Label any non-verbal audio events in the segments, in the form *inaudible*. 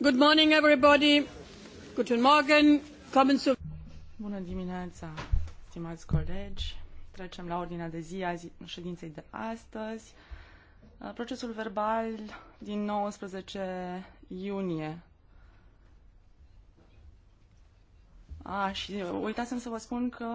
Good morning everybody. Guten Morgen. Kommen zu Bună dimineața, stimați colegi. Trecem la ordinea de zi a ședinței de astăzi. Procesul verbal din 19 iunie A, și uh, uitasem să vă spun că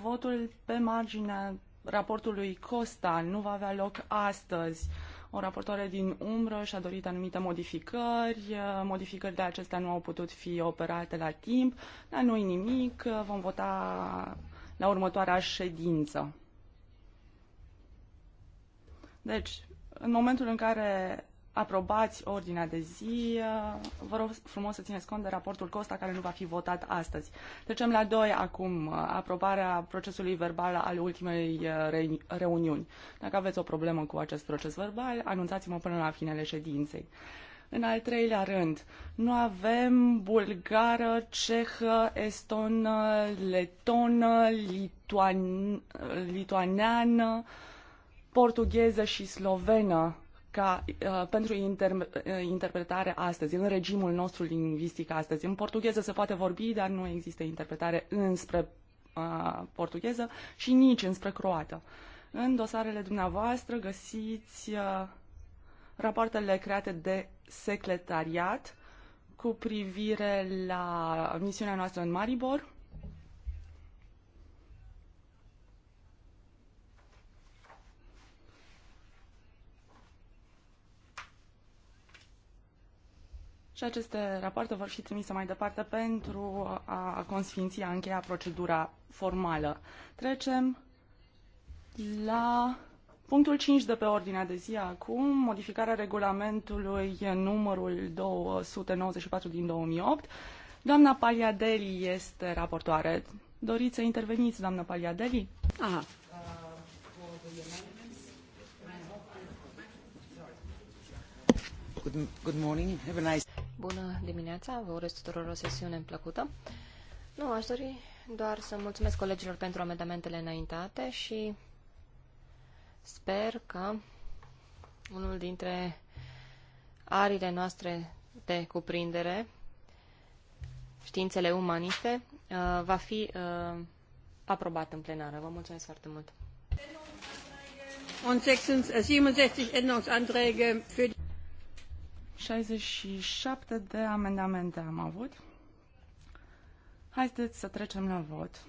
votul pe marginea raportului Costa nu va avea loc astăzi. O raportoare din umbră și-a dorit anumite modificări. Uh, modificări de acestea nu au putut fi operate la timp, dar nu-i nimic. Uh, vom vota la următoarea ședință. Deci, în momentul în care aprobați ordinea de zi, uh, vă rog frumos să țineți cont de raportul Costa care nu va fi votat astăzi. Trecem la doi acum, uh, aprobarea procesului verbal al ultimei uh, reuniuni. Dacă aveți o problemă cu acest proces verbal, anunțați-mă până la finele ședinței. În al treilea rând, nu avem bulgară, cehă, estonă, letonă, lituan, lituaneană, portugheză și slovenă ca, uh, pentru inter, uh, interpretare astăzi, în regimul nostru lingvistic astăzi. În portugheză se poate vorbi, dar nu există interpretare înspre uh, portugheză și nici înspre croată. În dosarele dumneavoastră găsiți uh, rapoartele create de secretariat cu privire la misiunea noastră în Maribor, și aceste rapoarte vor fi trimise mai departe pentru a consfinți, a încheia procedura formală. Trecem la punctul 5 de pe ordinea de zi acum, modificarea regulamentului numărul 294 din 2008. Doamna Paliadeli este raportoare. Doriți să interveniți, doamna Paliadeli? Aha. Uh, good, good morning. Have a nice bună dimineața, vă urez tuturor o sesiune plăcută. Nu, aș dori doar să mulțumesc colegilor pentru amendamentele înaintate și sper că unul dintre arile noastre de cuprindere, științele umaniste, uh, va fi uh, aprobat în plenară. Vă mulțumesc foarte mult! Und 67 Änderungsanträge für die 67 de amendamente am avut. Haideți să trecem la vot.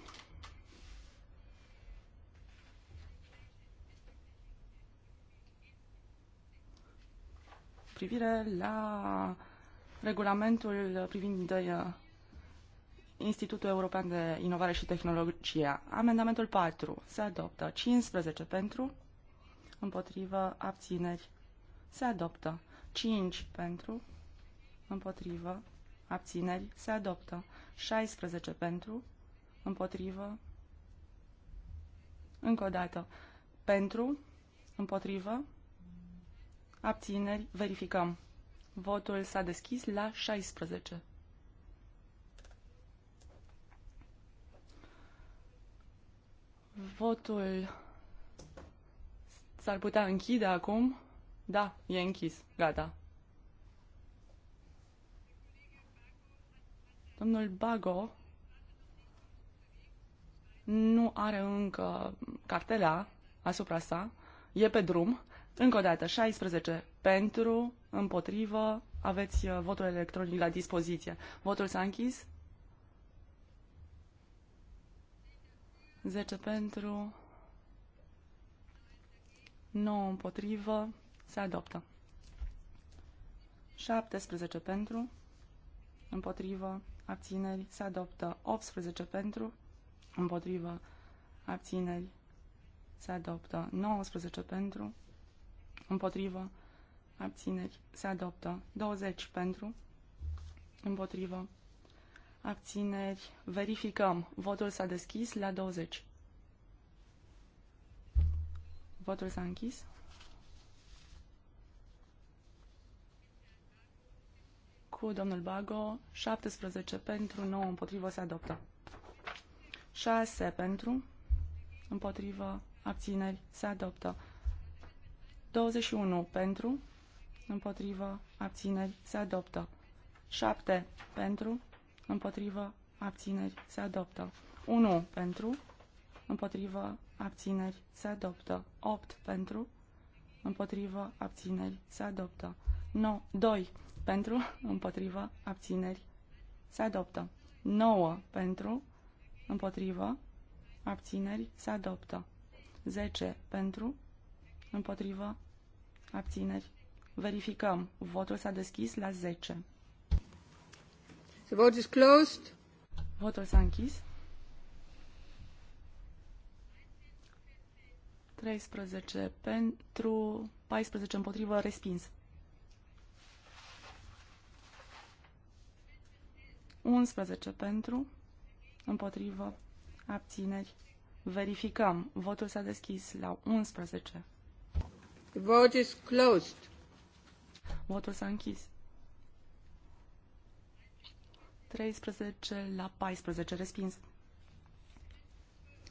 privire la regulamentul privind de uh, Institutul European de Inovare și Tehnologie. Amendamentul 4 se adoptă. 15 pentru, împotrivă, abțineri, se adoptă. 5 pentru, împotrivă, abțineri, se adoptă. 16 pentru, împotrivă, încă o dată, pentru, împotrivă, abțineri, verificăm. Votul s-a deschis la 16. Votul s-ar putea închide acum. Da, e închis. Gata. Domnul Bago nu are încă cartela asupra sa. E pe drum. Încă o dată, 16 pentru, împotrivă, aveți uh, votul electronic la dispoziție. Votul s-a închis. 10 pentru, 9 împotrivă. Se adoptă. 17 pentru, împotrivă, abțineri, se adoptă 18 pentru, împotrivă, abțineri, se adoptă 19 pentru, împotrivă, abțineri, se adoptă 20 pentru, împotrivă, abțineri, verificăm, votul s-a deschis la 20. Votul s-a închis. cu domnul Bago, 17 pentru, 9 împotrivă se adoptă. 6 pentru, împotrivă, abțineri se adoptă. 21 pentru, împotrivă, abțineri se adoptă. 7 pentru, împotrivă, abțineri se adoptă. 1 pentru, împotrivă, abțineri se adoptă. 8 pentru, împotrivă, abțineri se adoptă. 9, 2 pentru, împotrivă, abțineri, se adoptă. 9 pentru, împotrivă, abțineri, se adoptă. 10 pentru, împotrivă, abțineri. Verificăm. Votul s-a deschis la 10. The vote is closed. Votul s-a închis. 13 pentru, 14 împotrivă, respins. 11 pentru, împotrivă, abțineri. Verificăm. Votul s-a deschis la 11. The vote is closed. Votul s-a închis. 13 la 14, respins.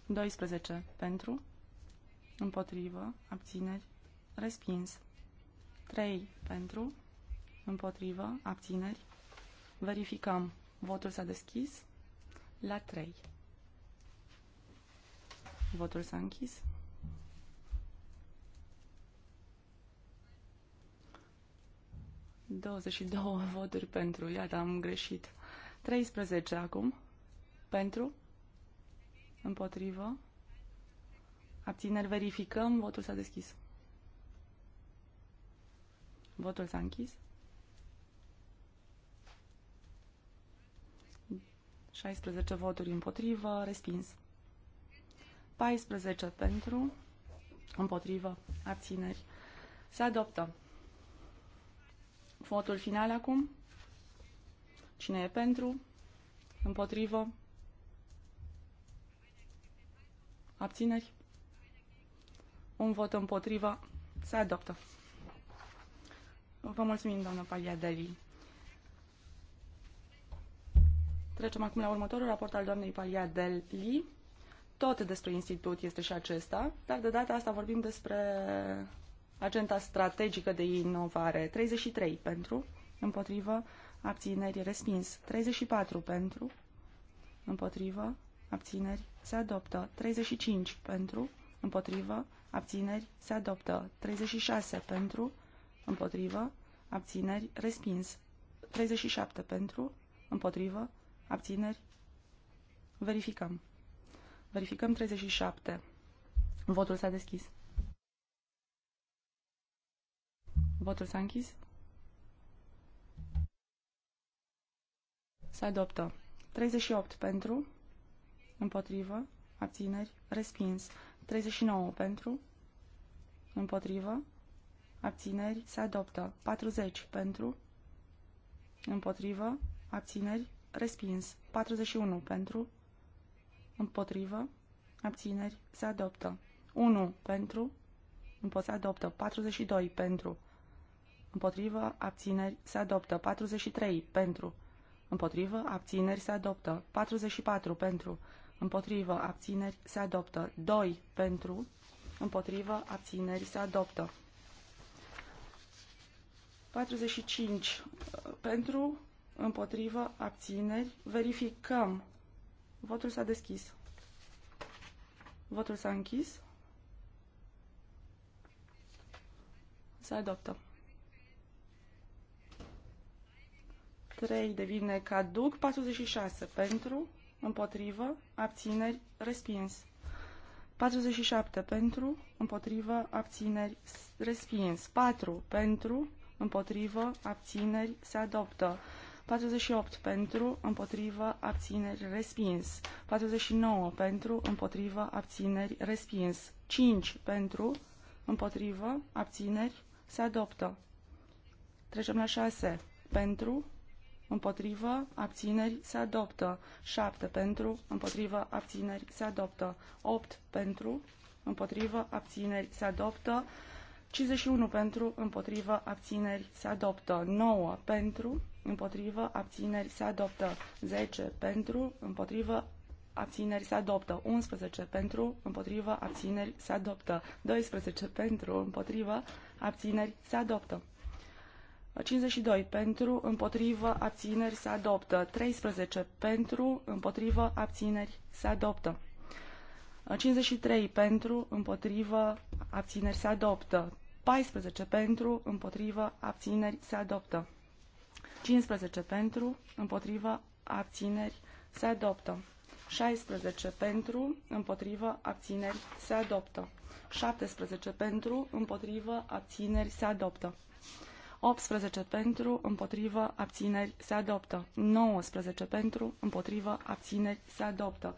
12 pentru, împotrivă, abțineri, respins. 3 pentru, împotrivă, abțineri, verificăm. Votul s-a deschis la 3. Votul s-a închis. Douăzeci și două *laughs* voturi pentru. Iată, am greșit. 13 acum. Pentru. Împotrivă. Abțineri verificăm. Votul s-a deschis. Votul s-a închis. 16 voturi împotrivă, respins. 14 pentru, împotrivă, abțineri. Se adoptă. Votul final acum. Cine e pentru? Împotrivă? Abțineri? Un vot împotrivă. Se adoptă. Vă mulțumim, doamnă Paliadeli. Trecem acum la următorul raport al doamnei Palia Deli. Tot despre institut este și acesta, dar de data asta vorbim despre agenda strategică de inovare. 33 pentru, împotrivă, abțineri, respins. 34 pentru, împotrivă, abțineri, se adoptă. 35 pentru, împotrivă, abțineri, se adoptă. 36 pentru, împotrivă, abțineri, respins. 37 pentru, împotrivă, Abțineri? Verificăm. Verificăm 37. Votul s-a deschis. Votul s-a închis. Se adoptă. 38 pentru, împotrivă, abțineri, respins. 39 pentru, împotrivă, abțineri, se adoptă. 40 pentru, împotrivă, abțineri, respins. 41 pentru, împotrivă, abțineri, se adoptă. 1 pentru, împotrivă, se adoptă. 42 pentru, împotrivă, abțineri, se adoptă. 43 pentru, împotrivă, abțineri, se adoptă. 44 pentru, împotrivă, abțineri, se adoptă. 2 pentru, împotrivă, abțineri, se adoptă. 45 uh, pentru, împotrivă, abțineri. Verificăm. Votul s-a deschis. Votul s-a închis. Se adoptă. 3 devine caduc, 46 pentru, împotrivă, abțineri, respins. 47 pentru, împotrivă, abțineri, respins. 4 pentru, împotrivă, abțineri, se adoptă. 48 pentru, împotrivă, abțineri, respins. 49 pentru, împotrivă, abțineri, respins. 5 pentru, împotrivă, abțineri, se adoptă. Trecem la 6. Pentru, împotrivă, abțineri, se adoptă. 7 pentru, împotrivă, abțineri, se adoptă. 8 pentru, împotrivă, abțineri, se adoptă. 51 pentru, împotrivă, abțineri, se adoptă. 9 pentru, împotrivă, abțineri se adoptă 10 pentru, împotrivă, abțineri se adoptă 11 pentru, împotrivă, abțineri se adoptă 12 pentru, împotrivă, abțineri se adoptă 52 pentru, împotrivă, abțineri se adoptă 13 pentru, împotrivă, abțineri se adoptă 53 pentru, împotrivă, abțineri se adoptă 14 pentru, împotrivă, abțineri se adoptă 15 pentru, împotrivă, abțineri, se adoptă. 16 pentru, împotrivă, abțineri, se adoptă. 17 pentru, împotrivă, abțineri, se adoptă. 18 pentru, împotrivă, abțineri, se adoptă. 19 pentru, împotrivă, abțineri, se adoptă.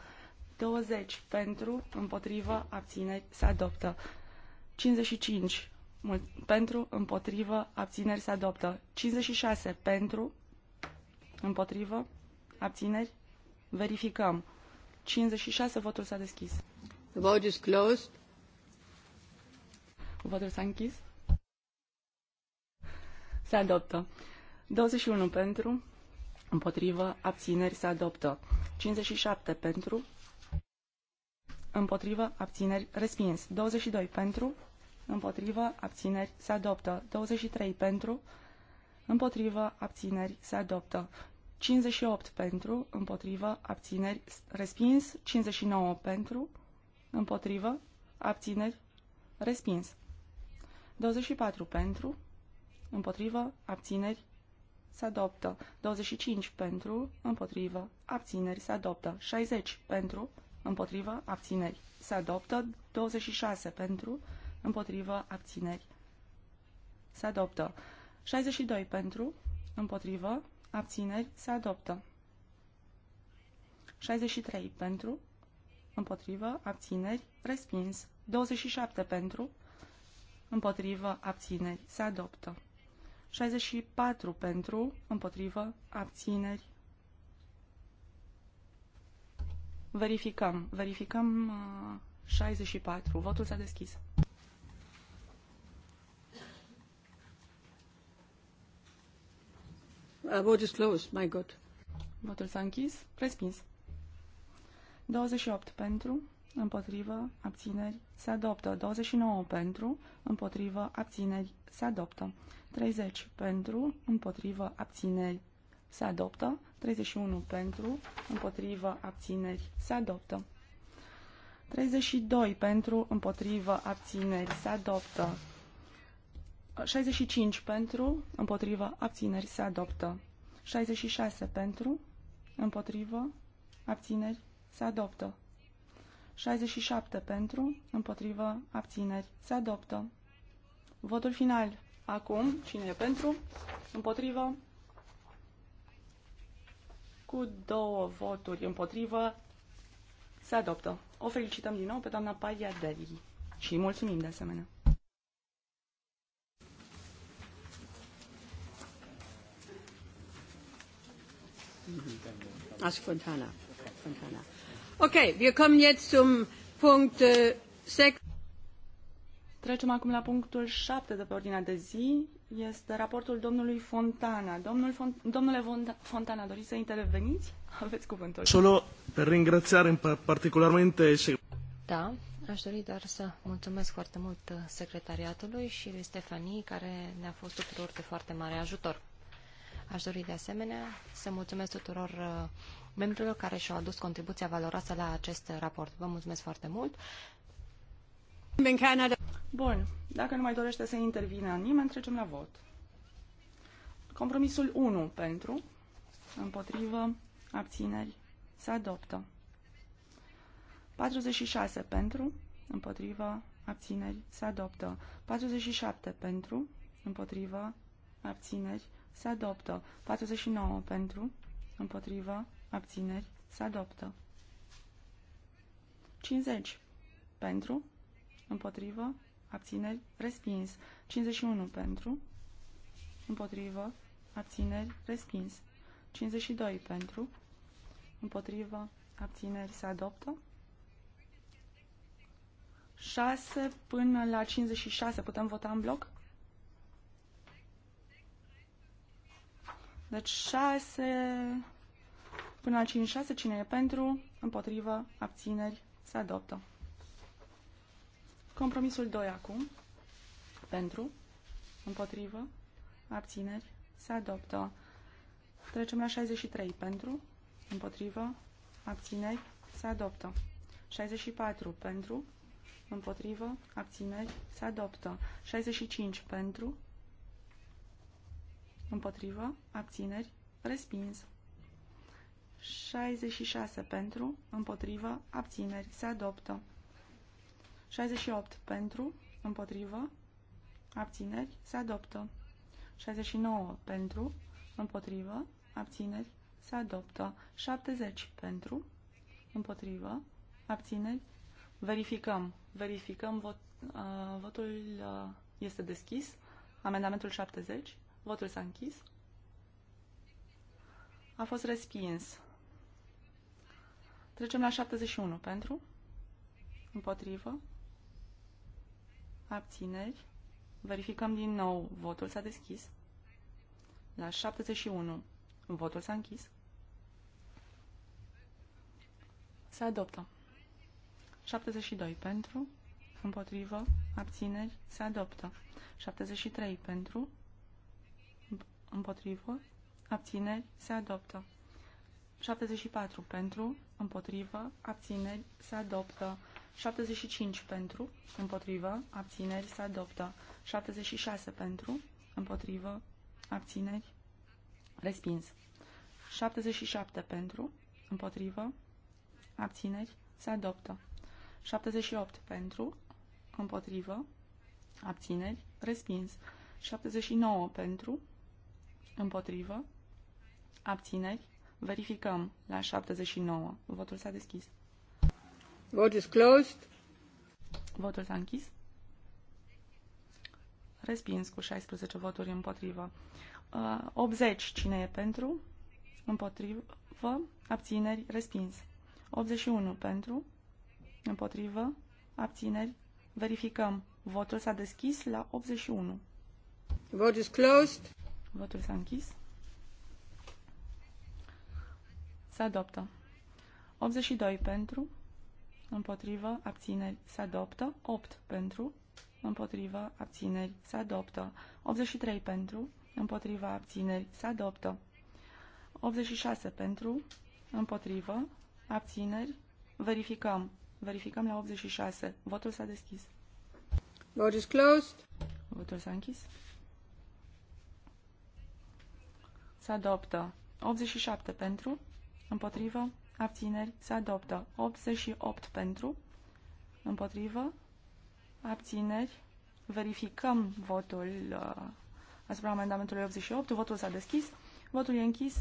20 pentru, împotrivă, abțineri, se adoptă. 55 mult. pentru, împotrivă, abțineri se adoptă. 56 pentru, împotrivă, abțineri, verificăm. 56, votul s-a deschis. The vote is closed. Votul s-a închis. Se adoptă. 21 pentru, împotrivă, abțineri se adoptă. 57 pentru, împotrivă, abțineri, respins. 22 pentru, împotrivă, abțineri, se adoptă. 23 pentru, împotrivă, abțineri, se adoptă. 58 pentru, împotrivă, abțineri, respins. 59 pentru, împotrivă, abțineri, respins. 24 pentru, împotrivă, abțineri, se adoptă. 25 pentru, împotrivă, abțineri, se adoptă. 60 pentru, împotrivă, abțineri, se adoptă. 26 pentru, împotrivă, abțineri. Se adoptă. 62 pentru, împotrivă, abțineri, se adoptă. 63 pentru, împotrivă, abțineri, respins. 27 pentru, împotrivă, abțineri, se adoptă. 64 pentru, împotrivă, abțineri. Verificăm, verificăm uh, 64. Votul s-a deschis. Uh, vote is closed. My God. Votul s-a închis. Respins. 28 pentru, împotrivă, abțineri, se adoptă. 29 pentru, împotrivă, abțineri, se adoptă. 30 pentru, împotrivă, abțineri, se adoptă. 31 pentru, împotrivă, abțineri, se adoptă. 32 pentru, împotrivă, abțineri, se adoptă. 65 pentru, împotriva, abțineri se adoptă. 66 pentru, împotrivă, abțineri se adoptă. 67 pentru, împotrivă, abțineri se adoptă. Votul final. Acum, cine e pentru? Împotrivă? Cu două voturi împotrivă, se adoptă. O felicităm din nou pe doamna Paia Deli și mulțumim de asemenea. Also ah, Fontana. Fontana. Okay, wir kommen jetzt zum Punkt 6. Äh, Trecem acum la punctul 7 de pe ordinea de zi. Este raportul domnului Fontana. Domnul Fon domnule Fontana, doriți să interveniți? *laughs* Aveți cuvântul. Solo per ringraziare particolarmente... Da, aș dori doar să mulțumesc foarte mult uh, secretariatului și lui Stefanii, care ne-a fost tuturor de foarte mare ajutor. Aș dori de asemenea să mulțumesc tuturor uh, membrilor care și-au adus contribuția valoroasă la acest raport. Vă mulțumesc foarte mult! Bun, dacă nu mai dorește să intervină nimeni, trecem la vot. Compromisul 1 pentru, împotrivă, abțineri, se adoptă. 46 pentru, împotrivă, abțineri, se adoptă. 47 pentru, împotrivă, abțineri, se adoptă. 49 pentru, împotrivă, abțineri, se adoptă. 50 pentru, împotrivă, abțineri, respins. 51 pentru, împotrivă, abțineri, respins. 52 pentru, împotrivă, abțineri, se adoptă. 6 până la 56 putem vota în bloc? Deci 6 până la 5, 6, cine e pentru, împotrivă, abțineri, se adoptă. Compromisul 2 acum, pentru, împotrivă, abțineri, se adoptă. Trecem la 63, pentru, împotrivă, abțineri, se adoptă. 64, pentru, împotrivă, abțineri, se adoptă. 65, pentru, împotrivă, abțineri, respins. 66 pentru, împotrivă, abțineri, se adoptă. 68 pentru, împotrivă, abțineri, se adoptă. 69 pentru, împotrivă, abțineri, se adoptă. 70 pentru, împotrivă, abțineri, verificăm. Verificăm, vot, uh, votul uh, este deschis. Amendamentul 70. Votul s-a închis. A fost respins. Trecem la 71. Pentru? Împotrivă? Abțineri? Verificăm din nou. Votul s-a deschis. La 71. Votul s-a închis. Se adoptă. 72 pentru, împotrivă, abțineri, se adoptă. 73 pentru, împotrivă, abțineri, se adoptă. 74 pentru, împotrivă, abțineri, se adoptă. 75 pentru, împotrivă, abțineri, se adoptă. 76 pentru, împotrivă, abțineri, respins. 77 pentru, împotrivă, abțineri, se adoptă. 78 pentru, împotrivă, abțineri, respins. 79 pentru, Împotrivă. Abțineri. Verificăm la 79. Votul s-a deschis. Vote is closed. Votul s-a închis. Respins cu 16 voturi împotrivă. 80. Uh, Cine e pentru? Împotrivă. Abțineri. Respins. 81 pentru. Împotrivă. Abțineri. Verificăm. Votul s-a deschis la 81. Vote is closed. Votul s-a închis. Se adoptă. 82 pentru, împotrivă, abțineri, se adoptă. 8 pentru, împotrivă, abțineri, se adoptă. 83 pentru, împotrivă, abțineri, se adoptă. 86 pentru, împotrivă, abțineri, verificăm. Verificăm la 86. Votul s-a deschis. Vote is closed. Votul s-a închis. se adoptă. 87 pentru, împotrivă, abțineri, se adoptă. 88 pentru, împotrivă, abțineri, verificăm votul uh, asupra amendamentului 88, votul s-a deschis, votul e închis,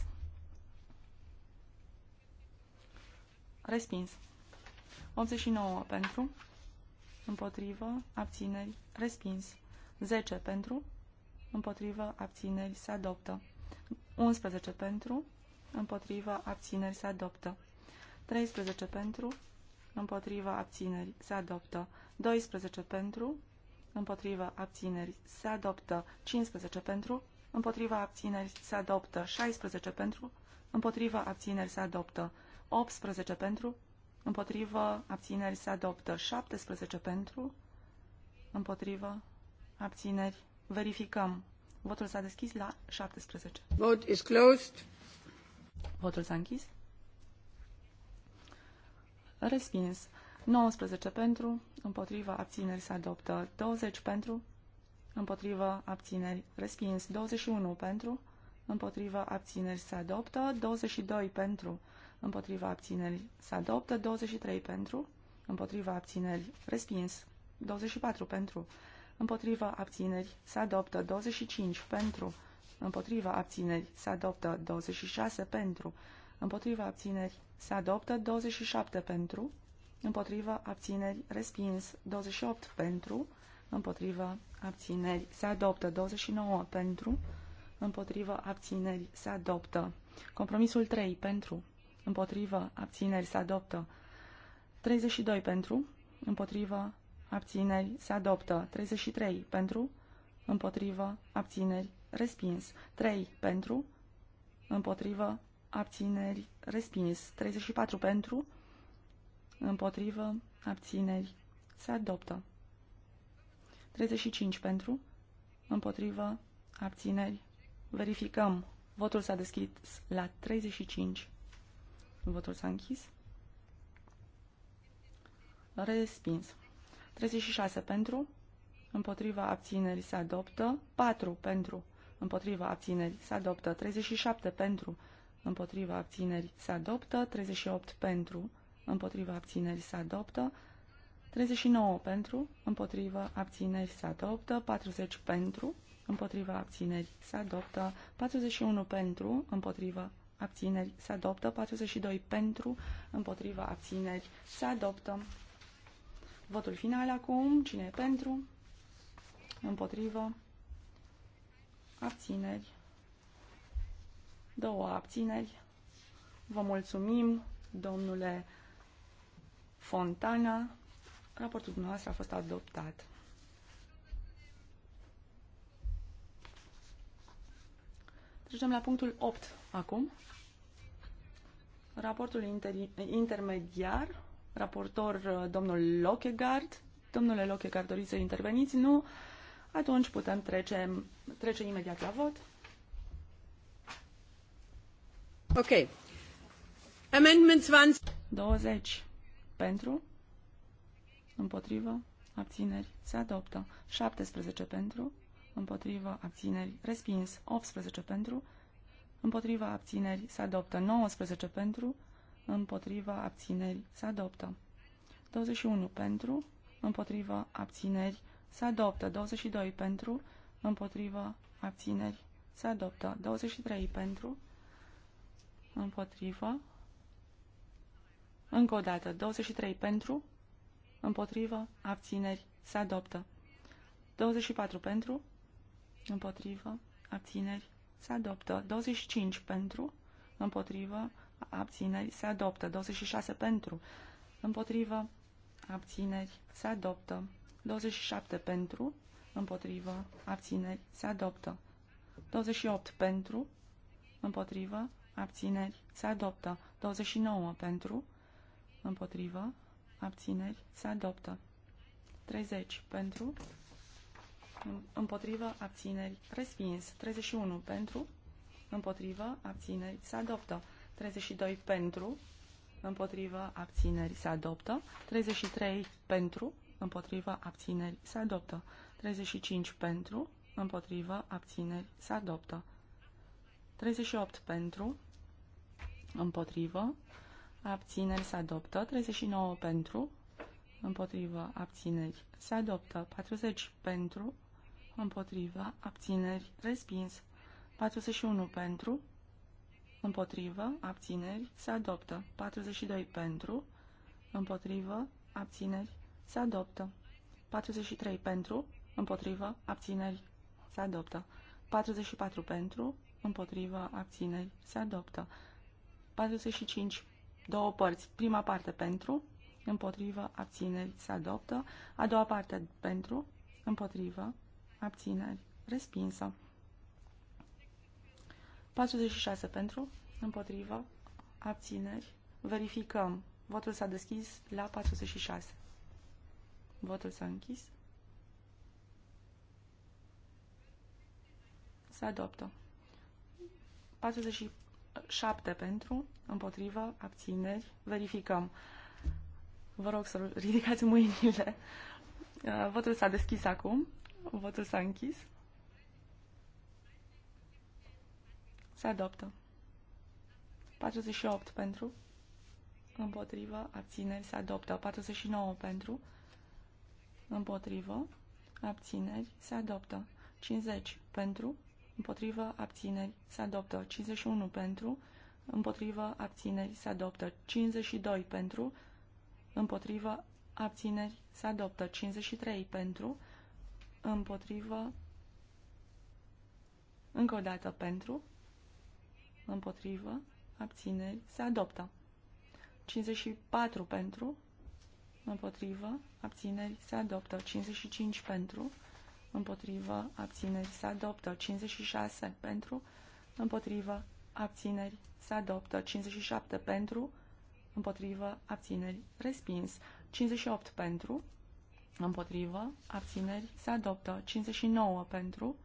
respins. 89 pentru, împotrivă, abțineri, respins. 10 pentru, împotrivă, abțineri, se adoptă. 11 pentru, împotriva abțineri se adoptă. 13 pentru, împotriva abțineri se adoptă. 12 pentru, împotriva abțineri se adoptă. 15 pentru, împotriva abțineri se adoptă. 16 pentru, împotriva abțineri se adoptă. 18 pentru, împotriva abțineri se adoptă. 17 pentru, împotriva abțineri verificăm. Votul s-a deschis la 17. Vote is closed. Votul s-a închis. Respins. 19 pentru, împotriva abțineri se adoptă. 20 pentru, împotriva abțineri respins. 21 pentru, împotriva abțineri se adoptă. 22 pentru, împotriva abțineri se adoptă. 23 pentru, împotriva abțineri respins. 24 pentru, împotriva abțineri se adoptă 25 pentru, împotriva abțineri se adoptă 26 pentru, împotriva abțineri se adoptă 27 pentru, împotriva abțineri respins 28 pentru, împotriva abțineri se adoptă 29 pentru, împotriva abțineri se adoptă. Compromisul 3 pentru, împotriva abțineri se adoptă 32 pentru, împotriva abțineri, se adoptă. 33 pentru, împotrivă, abțineri, respins. 3 pentru, împotrivă, abțineri, respins. 34 pentru, împotrivă, abțineri, se adoptă. 35 pentru, împotrivă, abțineri, verificăm. Votul s-a deschis la 35. Votul s-a închis. Respins. 36 pentru, împotriva abținerii se adoptă, 4 pentru, împotriva abținerii se adoptă, 37 pentru, împotriva abținerii se adoptă, 38 pentru, împotriva abținerii se adoptă, 39 pentru, împotriva abținerii se adoptă, 40 pentru, împotriva abținerii se adoptă, 41 pentru, împotriva abțineri se adoptă, 42 pentru, împotriva abțineri se adoptă. Votul final acum. Cine e pentru? Împotrivă? Abțineri? Două abțineri. Vă mulțumim, domnule Fontana. Raportul dumneavoastră a fost adoptat. Trecem la punctul 8 acum. Raportul inter intermediar raportor uh, domnul Lockegard. Domnule Lockegard, doriți să interveniți? Nu? Atunci putem trece, trece imediat la vot. Ok. Amendment 20. 20. Pentru. Împotrivă. Abțineri. Se adoptă. 17 pentru. Împotrivă. Abțineri. Respins. 18 pentru. Împotriva abțineri se adoptă 19 pentru, împotriva abținerii se adoptă. 21 pentru, împotriva abțineri se adoptă. 22 pentru, împotriva abțineri se adoptă. 23 pentru, împotriva, încă o dată, 23 pentru, împotriva, abțineri se adoptă. 24 pentru, împotriva, abțineri se adoptă. 25 pentru, împotriva, abțineri, se adoptă. 26 pentru, împotrivă, abțineri, se adoptă. 27 pentru, împotrivă, abțineri, se adoptă. 28 pentru, împotrivă, abțineri, se adoptă. 29 pentru, împotrivă, abțineri, se adoptă. 30 pentru, împotrivă, abțineri, respins. 31 pentru, împotrivă, abțineri, se adoptă. 32 pentru, împotriva abțineri se adoptă. 33 pentru, împotriva abțineri se adoptă. 35 pentru, împotriva abțineri se adoptă. 38 pentru, împotrivă, abțineri se adoptă, 39 pentru, împotrivă, abțineri se adoptă, 40 pentru, împotrivă, abțineri respins, 41 pentru, împotrivă, abțineri, se adoptă. 42 pentru, împotrivă, abțineri, se adoptă. 43 pentru, împotrivă, abțineri, se adoptă. 44 pentru, împotrivă, abțineri, se adoptă. 45, două părți, prima parte pentru, împotrivă, abțineri, se adoptă. A doua parte pentru, împotrivă, abțineri, respinsă. 46 pentru, împotrivă, abțineri. Verificăm. Votul s-a deschis la 46. Votul s-a închis. Se adoptă. 47 pentru, împotrivă, abțineri. Verificăm. Vă rog să ridicați mâinile. Uh, votul s-a deschis acum. Votul s-a închis. Se adoptă. 48 pentru. Împotrivă. Abțineri. Se adoptă. 49 pentru. Împotrivă. Abțineri. Se adoptă. 50 pentru. Împotrivă. Abțineri. Se adoptă. 51 pentru. Împotrivă. Abțineri. Se adoptă. 52 pentru. Împotrivă. Abțineri. Se adoptă. 53 pentru. Împotrivă. Încă o dată pentru împotrivă, abțineri, se adoptă. 54 pentru, împotrivă, abțineri, se adoptă. 55 pentru, împotrivă, abțineri, se adoptă. 56 pentru, împotrivă, abțineri, se adoptă. 57 pentru, împotrivă, abțineri, respins. 58 pentru, împotrivă, abțineri, se adoptă. 59 pentru,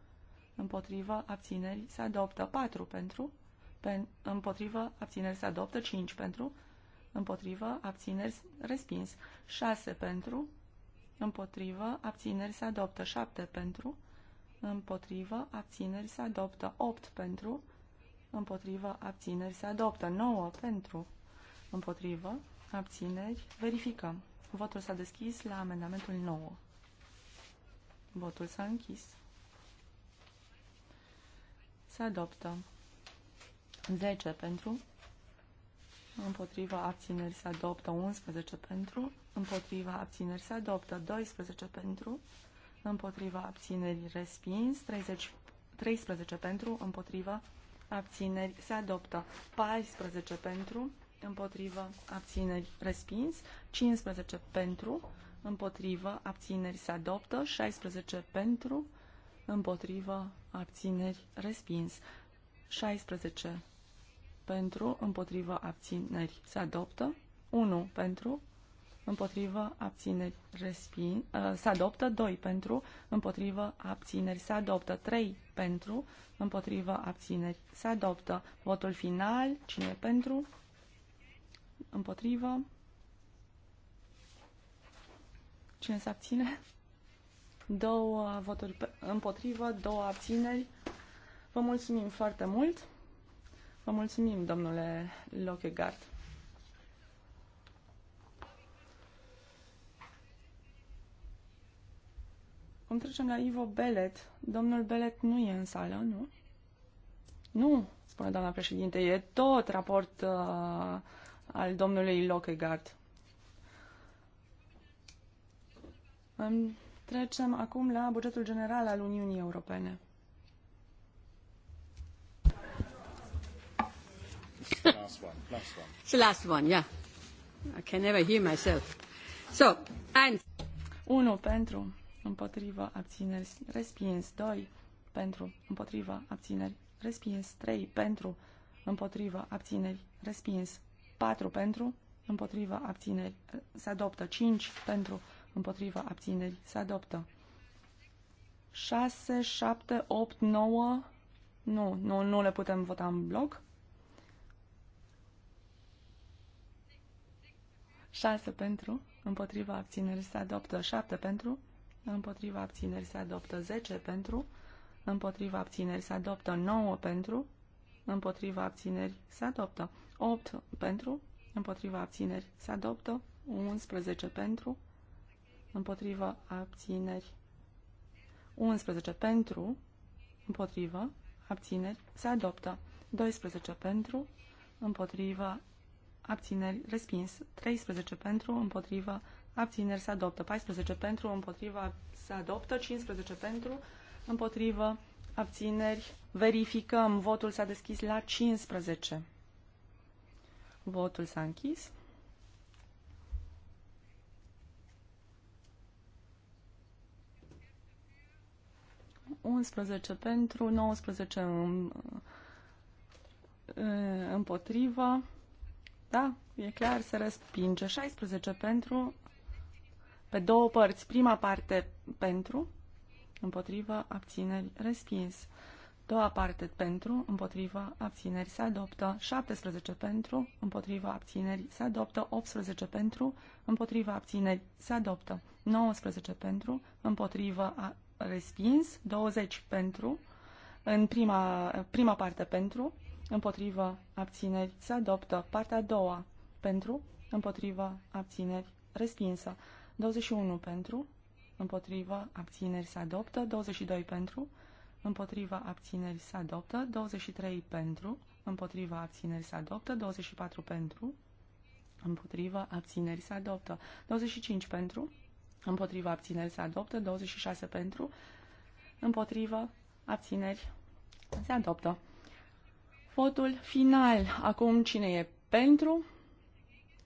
împotrivă, abțineri, se adoptă. 4 pentru, pen, împotrivă, abțineri se adoptă, 5 pentru, împotrivă, abțineri respins, 6 pentru, împotrivă, abțineri se adoptă, 7 pentru, împotrivă, abțineri se adoptă, 8 pentru, împotrivă, abțineri se adoptă, 9 pentru, împotrivă, abțineri, verificăm. Votul s-a deschis la amendamentul 9. Votul s-a închis. Se adoptă. 10 pentru, împotriva abțineri se adoptă 11 pentru, împotriva abțineri se adoptă 12 pentru, împotriva abțineri respins 30, 13 pentru, împotriva abțineri se adoptă 14 pentru, împotriva abțineri respins 15 pentru, împotriva abțineri se adoptă 16 pentru, împotriva abțineri respins 16 pentru, împotrivă, abțineri se adoptă. 1 pentru, împotrivă, abțineri respin, uh, se adoptă. 2 pentru, împotrivă, abțineri se adoptă. 3 pentru, împotrivă, abțineri se adoptă. Votul final, cine pentru, împotrivă, cine se abține? Două voturi împotrivă, două abțineri Vă mulțumim foarte mult. Vă mulțumim, domnule Lochegard. Cum trecem la Ivo Belet. Domnul Belet nu e în sală, nu? Nu, spune doamna președinte, e tot raport uh, al domnului Lochegard. Trecem acum la bugetul general al Uniunii Europene. It's the last one. yeah. I can never hear myself. So, and... 1 pentru, împotriva, abțineri, respins. 2 pentru, împotriva, abțineri, respins. 3 pentru, împotriva, abțineri, respins. 4 pentru, împotriva, abțineri, se adoptă. 5 pentru, împotriva, abțineri, se adoptă. 6, 7, 8, 9, nu, nu, nu le putem vota în bloc. 6 pentru, împotriva abținerii se adoptă 7 pentru, împotriva abținerii se adoptă 10 pentru, împotriva abținerii se adoptă 9 pentru, împotriva abținerii se adoptă 8 pentru, împotriva abținerii se adoptă 11 pentru, împotriva abținerii 11 pentru, împotriva abțineri se adoptă 12 pentru, împotriva abțineri, respins. 13 pentru, împotrivă, abțineri, se adoptă. 14 pentru, împotrivă, se adoptă. 15 pentru, împotrivă, abțineri, verificăm. Votul s-a deschis la 15. Votul s-a închis. Unsprezece pentru, 19 împotrivă. Da, e clar, se respinge. 16 pentru, pe două părți. Prima parte pentru, împotriva, abțineri, respins. Doua parte pentru, împotriva, abțineri, se adoptă. 17 pentru, împotriva, abțineri, se adoptă. 18 pentru, împotriva, abțineri, se adoptă. 19 pentru, împotriva, a, respins. 20 pentru, în prima, prima parte pentru, împotrivă, abțineri, se adoptă. Partea a doua, pentru, împotrivă, abțineri, respinsă. 21 pentru, împotrivă, abțineri, se adoptă. 22 pentru, împotriva abțineri se adoptă, 23 pentru, împotriva abțineri se adoptă, 24 pentru, împotriva abțineri se adoptă, 25 pentru, împotriva abțineri se adoptă, 26 pentru, împotriva abțineri se adoptă. Votul final. Acum cine e pentru?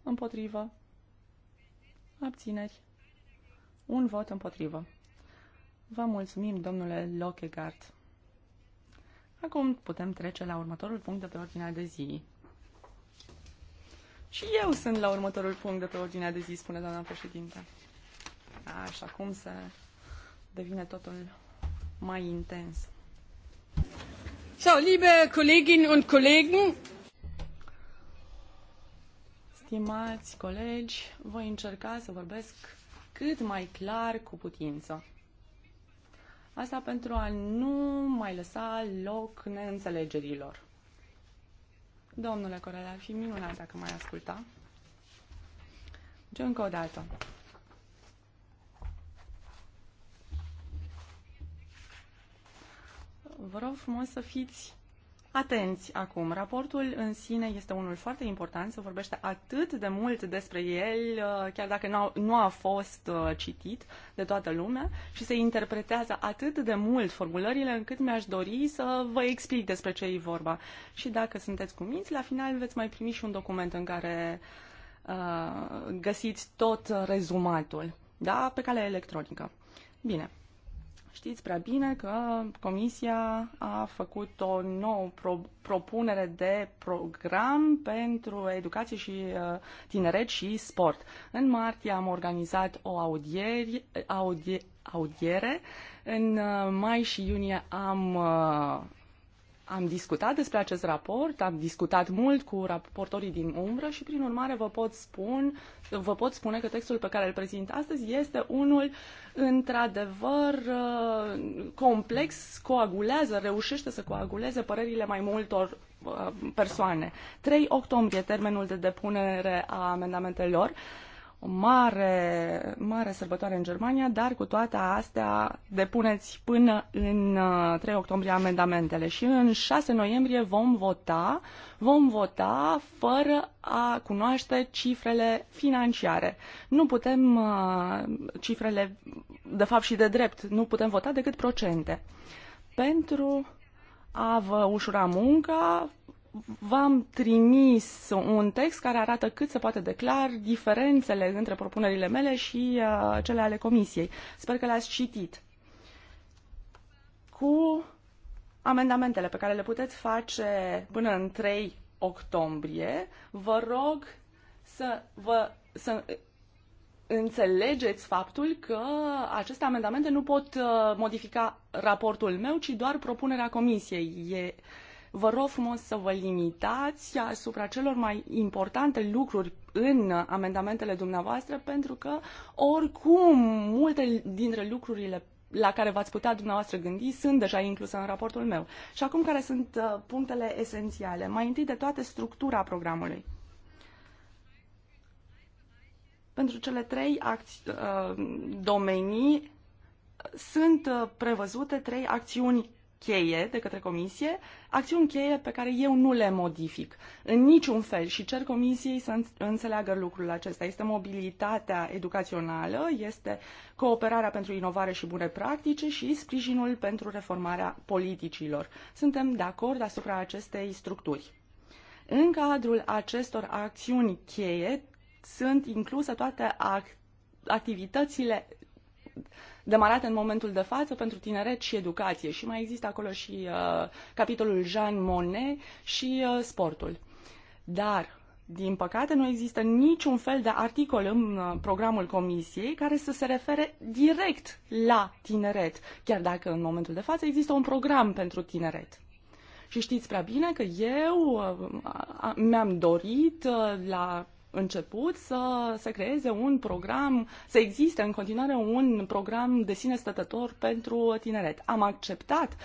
Împotrivă. Abțineri. Un vot împotrivă. Vă mulțumim, domnule Lockegart. Acum putem trece la următorul punct de pe ordinea de zi. Și eu sunt la următorul punct de pe ordinea de zi, spune doamna președinte. Așa cum se devine totul mai intens. So, liebe Kolleginnen und Kollegen, Stimați colegi, voi încerca să vorbesc cât mai clar cu putință. Asta pentru a nu mai lăsa loc neînțelegerilor. Domnule Corel, ar fi minunat dacă mai asculta. Deci, încă o dată, Vă rog frumos să fiți atenți acum. Raportul în sine este unul foarte important, se vorbește atât de mult despre el, uh, chiar dacă nu a fost uh, citit de toată lumea și se interpretează atât de mult formulările încât mi-aș dori să vă explic despre ce e vorba. Și dacă sunteți cuminți, la final veți mai primi și un document în care uh, găsiți tot rezumatul, da? pe cale electronică. Bine, Știți prea bine că Comisia a făcut o nouă pro- propunere de program pentru educație și uh, tineret și sport. În martie am organizat o audieri, audie, audiere. În uh, mai și iunie am uh, am discutat despre acest raport, am discutat mult cu raportorii din umbră și, prin urmare, vă pot, spun, vă pot spune că textul pe care îl prezint astăzi este unul într-adevăr uh, complex, coagulează, reușește să coaguleze părerile mai multor uh, persoane. 3 octombrie, termenul de depunere a amendamentelor o mare, mare sărbătoare în Germania, dar cu toate astea depuneți până în 3 uh, octombrie amendamentele și în 6 noiembrie vom vota, vom vota fără a cunoaște cifrele financiare. Nu putem uh, cifrele, de fapt și de drept, nu putem vota decât procente. Pentru a vă ușura munca, v-am trimis un text care arată cât se poate declar diferențele între propunerile mele și uh, cele ale comisiei. Sper că le-ați citit. Cu amendamentele pe care le puteți face până în 3 octombrie, vă rog să vă să înțelegeți faptul că aceste amendamente nu pot uh, modifica raportul meu, ci doar propunerea comisiei. E, Vă rog frumos să vă limitați asupra celor mai importante lucruri în amendamentele dumneavoastră, pentru că oricum multe dintre lucrurile la care v-ați putea dumneavoastră gândi sunt deja incluse în raportul meu. Și acum care sunt uh, punctele esențiale? Mai întâi de toate structura programului. Pentru cele trei uh, domenii sunt uh, prevăzute trei acțiuni cheie de către comisie, acțiuni cheie pe care eu nu le modific în niciun fel și cer comisiei să înțeleagă lucrul acesta. Este mobilitatea educațională, este cooperarea pentru inovare și bune practice și sprijinul pentru reformarea politicilor. Suntem de acord asupra acestei structuri. În cadrul acestor acțiuni cheie sunt incluse toate act- activitățile demarate în momentul de față pentru tineret și educație și mai există acolo și uh, capitolul Jean Monnet și uh, sportul. Dar din păcate, nu există niciun fel de articol în uh, programul comisiei care să se refere direct la tineret, chiar dacă în momentul de față există un program pentru tineret. Și știți prea bine că eu uh, mi-am dorit uh, la început să se creeze un program, să existe în continuare un program de sine stătător pentru tineret. Am acceptat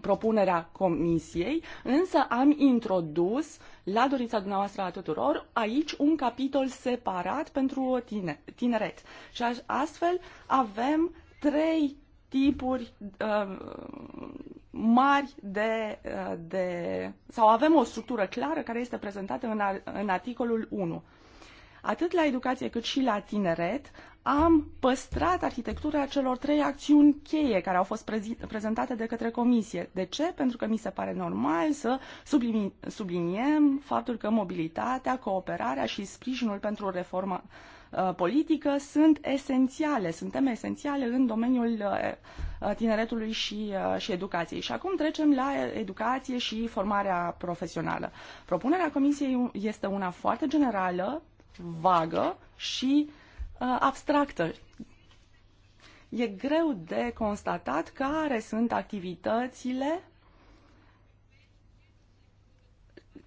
propunerea comisiei, însă am introdus la dorința dumneavoastră a tuturor, aici un capitol separat pentru tine, tineret. Și astfel avem trei tipuri uh, mari de, uh, de... sau avem o structură clară care este prezentată în, în articolul 1 atât la educație cât și la tineret, am păstrat arhitectura celor trei acțiuni cheie care au fost prezentate de către comisie. De ce? Pentru că mi se pare normal să subliniem faptul că mobilitatea, cooperarea și sprijinul pentru reforma uh, politică sunt esențiale, sunt teme esențiale în domeniul uh, uh, tineretului și, și educației. Și acum trecem la educație și formarea profesională. Propunerea Comisiei este una foarte generală, vagă și uh, abstractă. E greu de constatat care sunt activitățile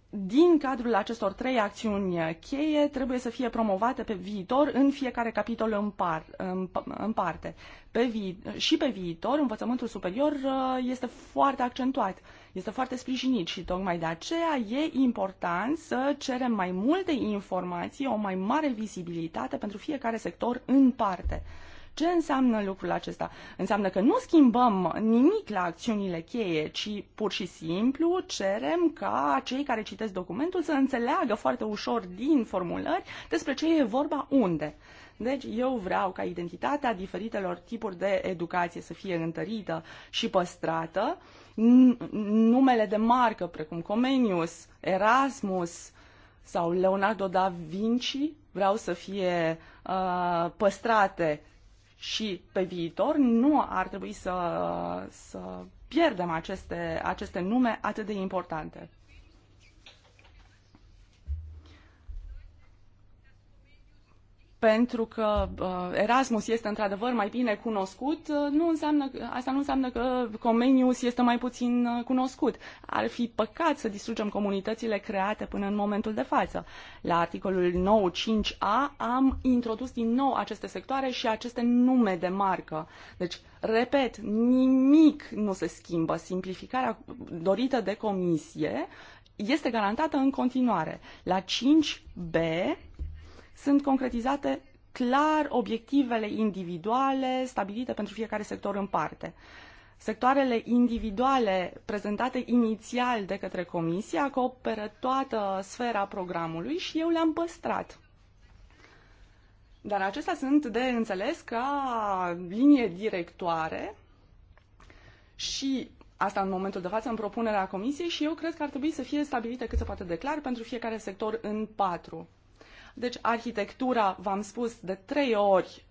din cadrul acestor trei acțiuni cheie trebuie să fie promovate pe viitor în fiecare capitol în, par, în, în parte. Pe vi- și pe viitor, învățământul superior uh, este foarte accentuat este foarte sprijinit și tocmai de aceea e important să cerem mai multe informații, o mai mare vizibilitate pentru fiecare sector în parte. Ce înseamnă lucrul acesta? Înseamnă că nu schimbăm nimic la acțiunile cheie, ci pur și simplu cerem ca cei care citesc documentul să înțeleagă foarte ușor din formulări despre ce e vorba unde. Deci eu vreau ca identitatea diferitelor tipuri de educație să fie întărită și păstrată, numele de marcă, precum Comenius, Erasmus sau Leonardo da Vinci, vreau să fie uh, păstrate și pe viitor, nu ar trebui să, să pierdem aceste, aceste nume atât de importante. pentru că uh, Erasmus este într-adevăr mai bine cunoscut, uh, nu înseamnă, asta nu înseamnă că Comenius este mai puțin uh, cunoscut. Ar fi păcat să distrugem comunitățile create până în momentul de față. La articolul 9.5a am introdus din nou aceste sectoare și aceste nume de marcă. Deci, repet, nimic nu se schimbă. Simplificarea dorită de comisie este garantată în continuare. La 5b sunt concretizate clar obiectivele individuale stabilite pentru fiecare sector în parte. Sectoarele individuale prezentate inițial de către Comisie acoperă toată sfera programului și eu le-am păstrat. Dar acestea sunt de înțeles ca linie directoare și asta în momentul de față în propunerea Comisiei și eu cred că ar trebui să fie stabilite cât se poate de clar pentru fiecare sector în patru. Deci arhitectura, v-am spus de trei ori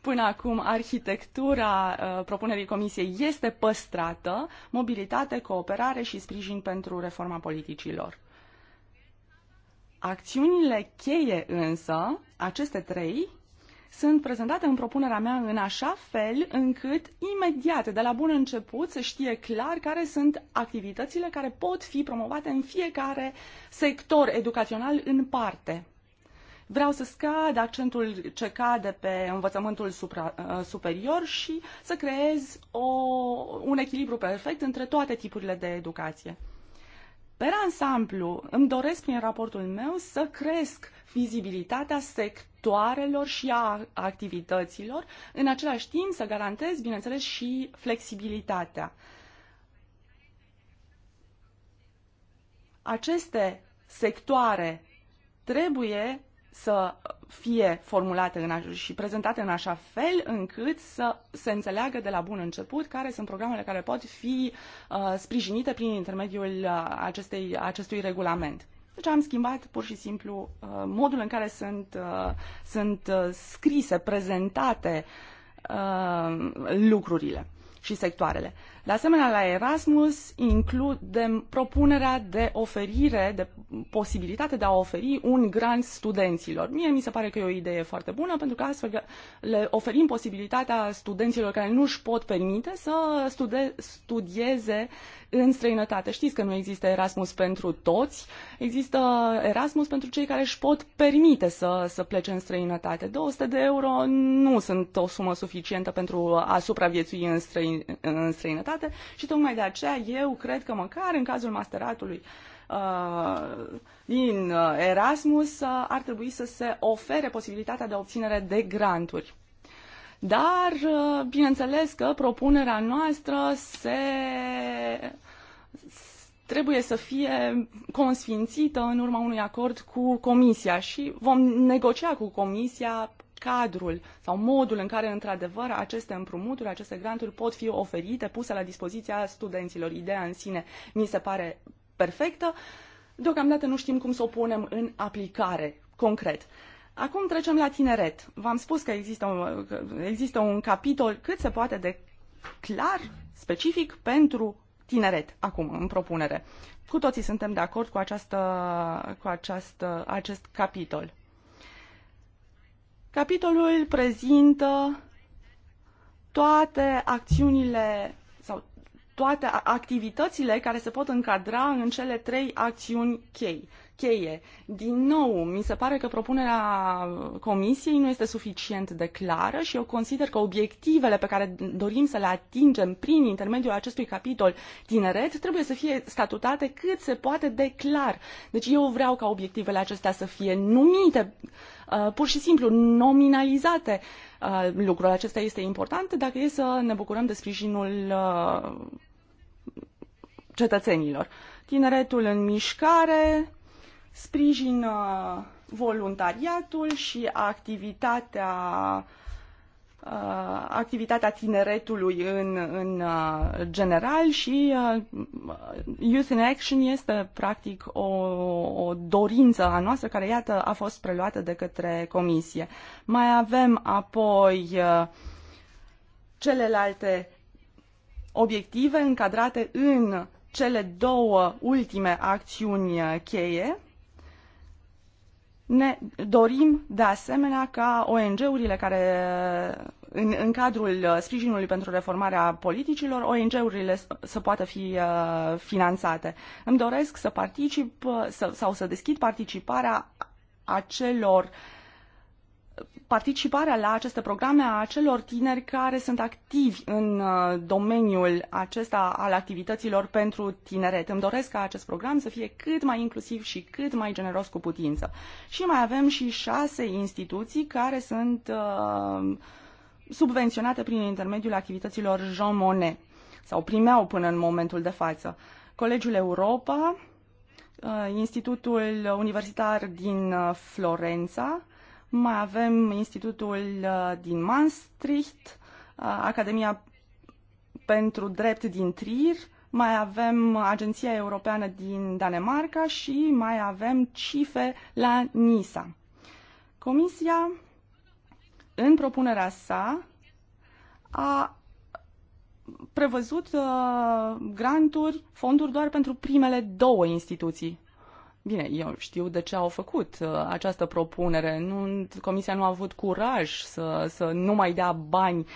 până acum, arhitectura propunerii Comisiei este păstrată, mobilitate, cooperare și sprijin pentru reforma politicilor. Acțiunile cheie însă, aceste trei, sunt prezentate în propunerea mea în așa fel încât imediat, de la bun început, să știe clar care sunt activitățile care pot fi promovate în fiecare sector educațional în parte. Vreau să scad accentul ce cade pe învățământul supra, uh, superior și să creez o, un echilibru perfect între toate tipurile de educație. Pe ansamblu, îmi doresc prin raportul meu să cresc vizibilitatea sectoarelor și a activităților, în același timp să garantez, bineînțeles, și flexibilitatea. Aceste sectoare trebuie să fie formulate în, și prezentate în așa fel încât să se înțeleagă de la bun început care sunt programele care pot fi uh, sprijinite prin intermediul uh, acestei, acestui regulament. Deci am schimbat pur și simplu uh, modul în care sunt, uh, sunt uh, scrise, prezentate uh, lucrurile și sectoarele. De asemenea, la Erasmus includem propunerea de oferire, de posibilitate de a oferi un grant studenților. Mie mi se pare că e o idee foarte bună, pentru că astfel le oferim posibilitatea studenților care nu își pot permite să stude- studieze în străinătate. Știți că nu există Erasmus pentru toți, există Erasmus pentru cei care își pot permite să, să plece în străinătate. 200 de euro nu sunt o sumă suficientă pentru a supraviețui în, străin- în străinătate societate și tocmai de aceea eu cred că măcar în cazul masteratului uh, din uh, Erasmus uh, ar trebui să se ofere posibilitatea de obținere de granturi. Dar, bineînțeles că propunerea noastră se trebuie să fie consfințită în urma unui acord cu Comisia și vom negocia cu Comisia cadrul sau modul în care, într-adevăr, aceste împrumuturi, aceste granturi pot fi oferite, puse la dispoziția studenților. Ideea în sine mi se pare perfectă. Deocamdată nu știm cum să o punem în aplicare concret. Acum trecem la tineret. V-am spus că există un, că există un capitol cât se poate de clar, specific pentru tineret acum în propunere. Cu toții suntem de acord cu, această, cu această, acest capitol. Capitolul prezintă toate acțiunile sau toate activitățile care se pot încadra în cele trei acțiuni chei cheie. Din nou, mi se pare că propunerea Comisiei nu este suficient de clară și eu consider că obiectivele pe care dorim să le atingem prin intermediul acestui capitol tineret trebuie să fie statutate cât se poate de clar. Deci eu vreau ca obiectivele acestea să fie numite, uh, pur și simplu nominalizate. Uh, lucrul acesta este important dacă e să ne bucurăm de sprijinul uh, cetățenilor. Tineretul în mișcare, sprijină voluntariatul și activitatea uh, activitatea tineretului în, în uh, general și uh, Youth in Action este practic o, o dorință a noastră care, iată, a fost preluată de către comisie. Mai avem apoi celelalte obiective încadrate în cele două ultime acțiuni cheie ne dorim de asemenea ca ONG-urile care în, în cadrul uh, sprijinului pentru reformarea politicilor, ONG-urile să poată fi uh, finanțate. Îmi doresc să particip uh, să, sau să deschid participarea acelor uh, participarea la aceste programe a acelor tineri care sunt activi în uh, domeniul acesta al activităților pentru tineret. Îmi doresc ca acest program să fie cât mai inclusiv și cât mai generos cu putință. Și mai avem și șase instituții care sunt uh, subvenționate prin intermediul activităților Jean Monnet sau primeau până în momentul de față. Colegiul Europa, uh, Institutul Universitar din Florența, mai avem Institutul uh, din Maastricht, uh, Academia pentru Drept din Trier, mai avem Agenția Europeană din Danemarca și mai avem CIFE la NISA. Comisia, în propunerea sa, a prevăzut uh, granturi, fonduri doar pentru primele două instituții Bine, eu știu de ce au făcut uh, această propunere. Nu, comisia nu a avut curaj să, să nu mai dea bani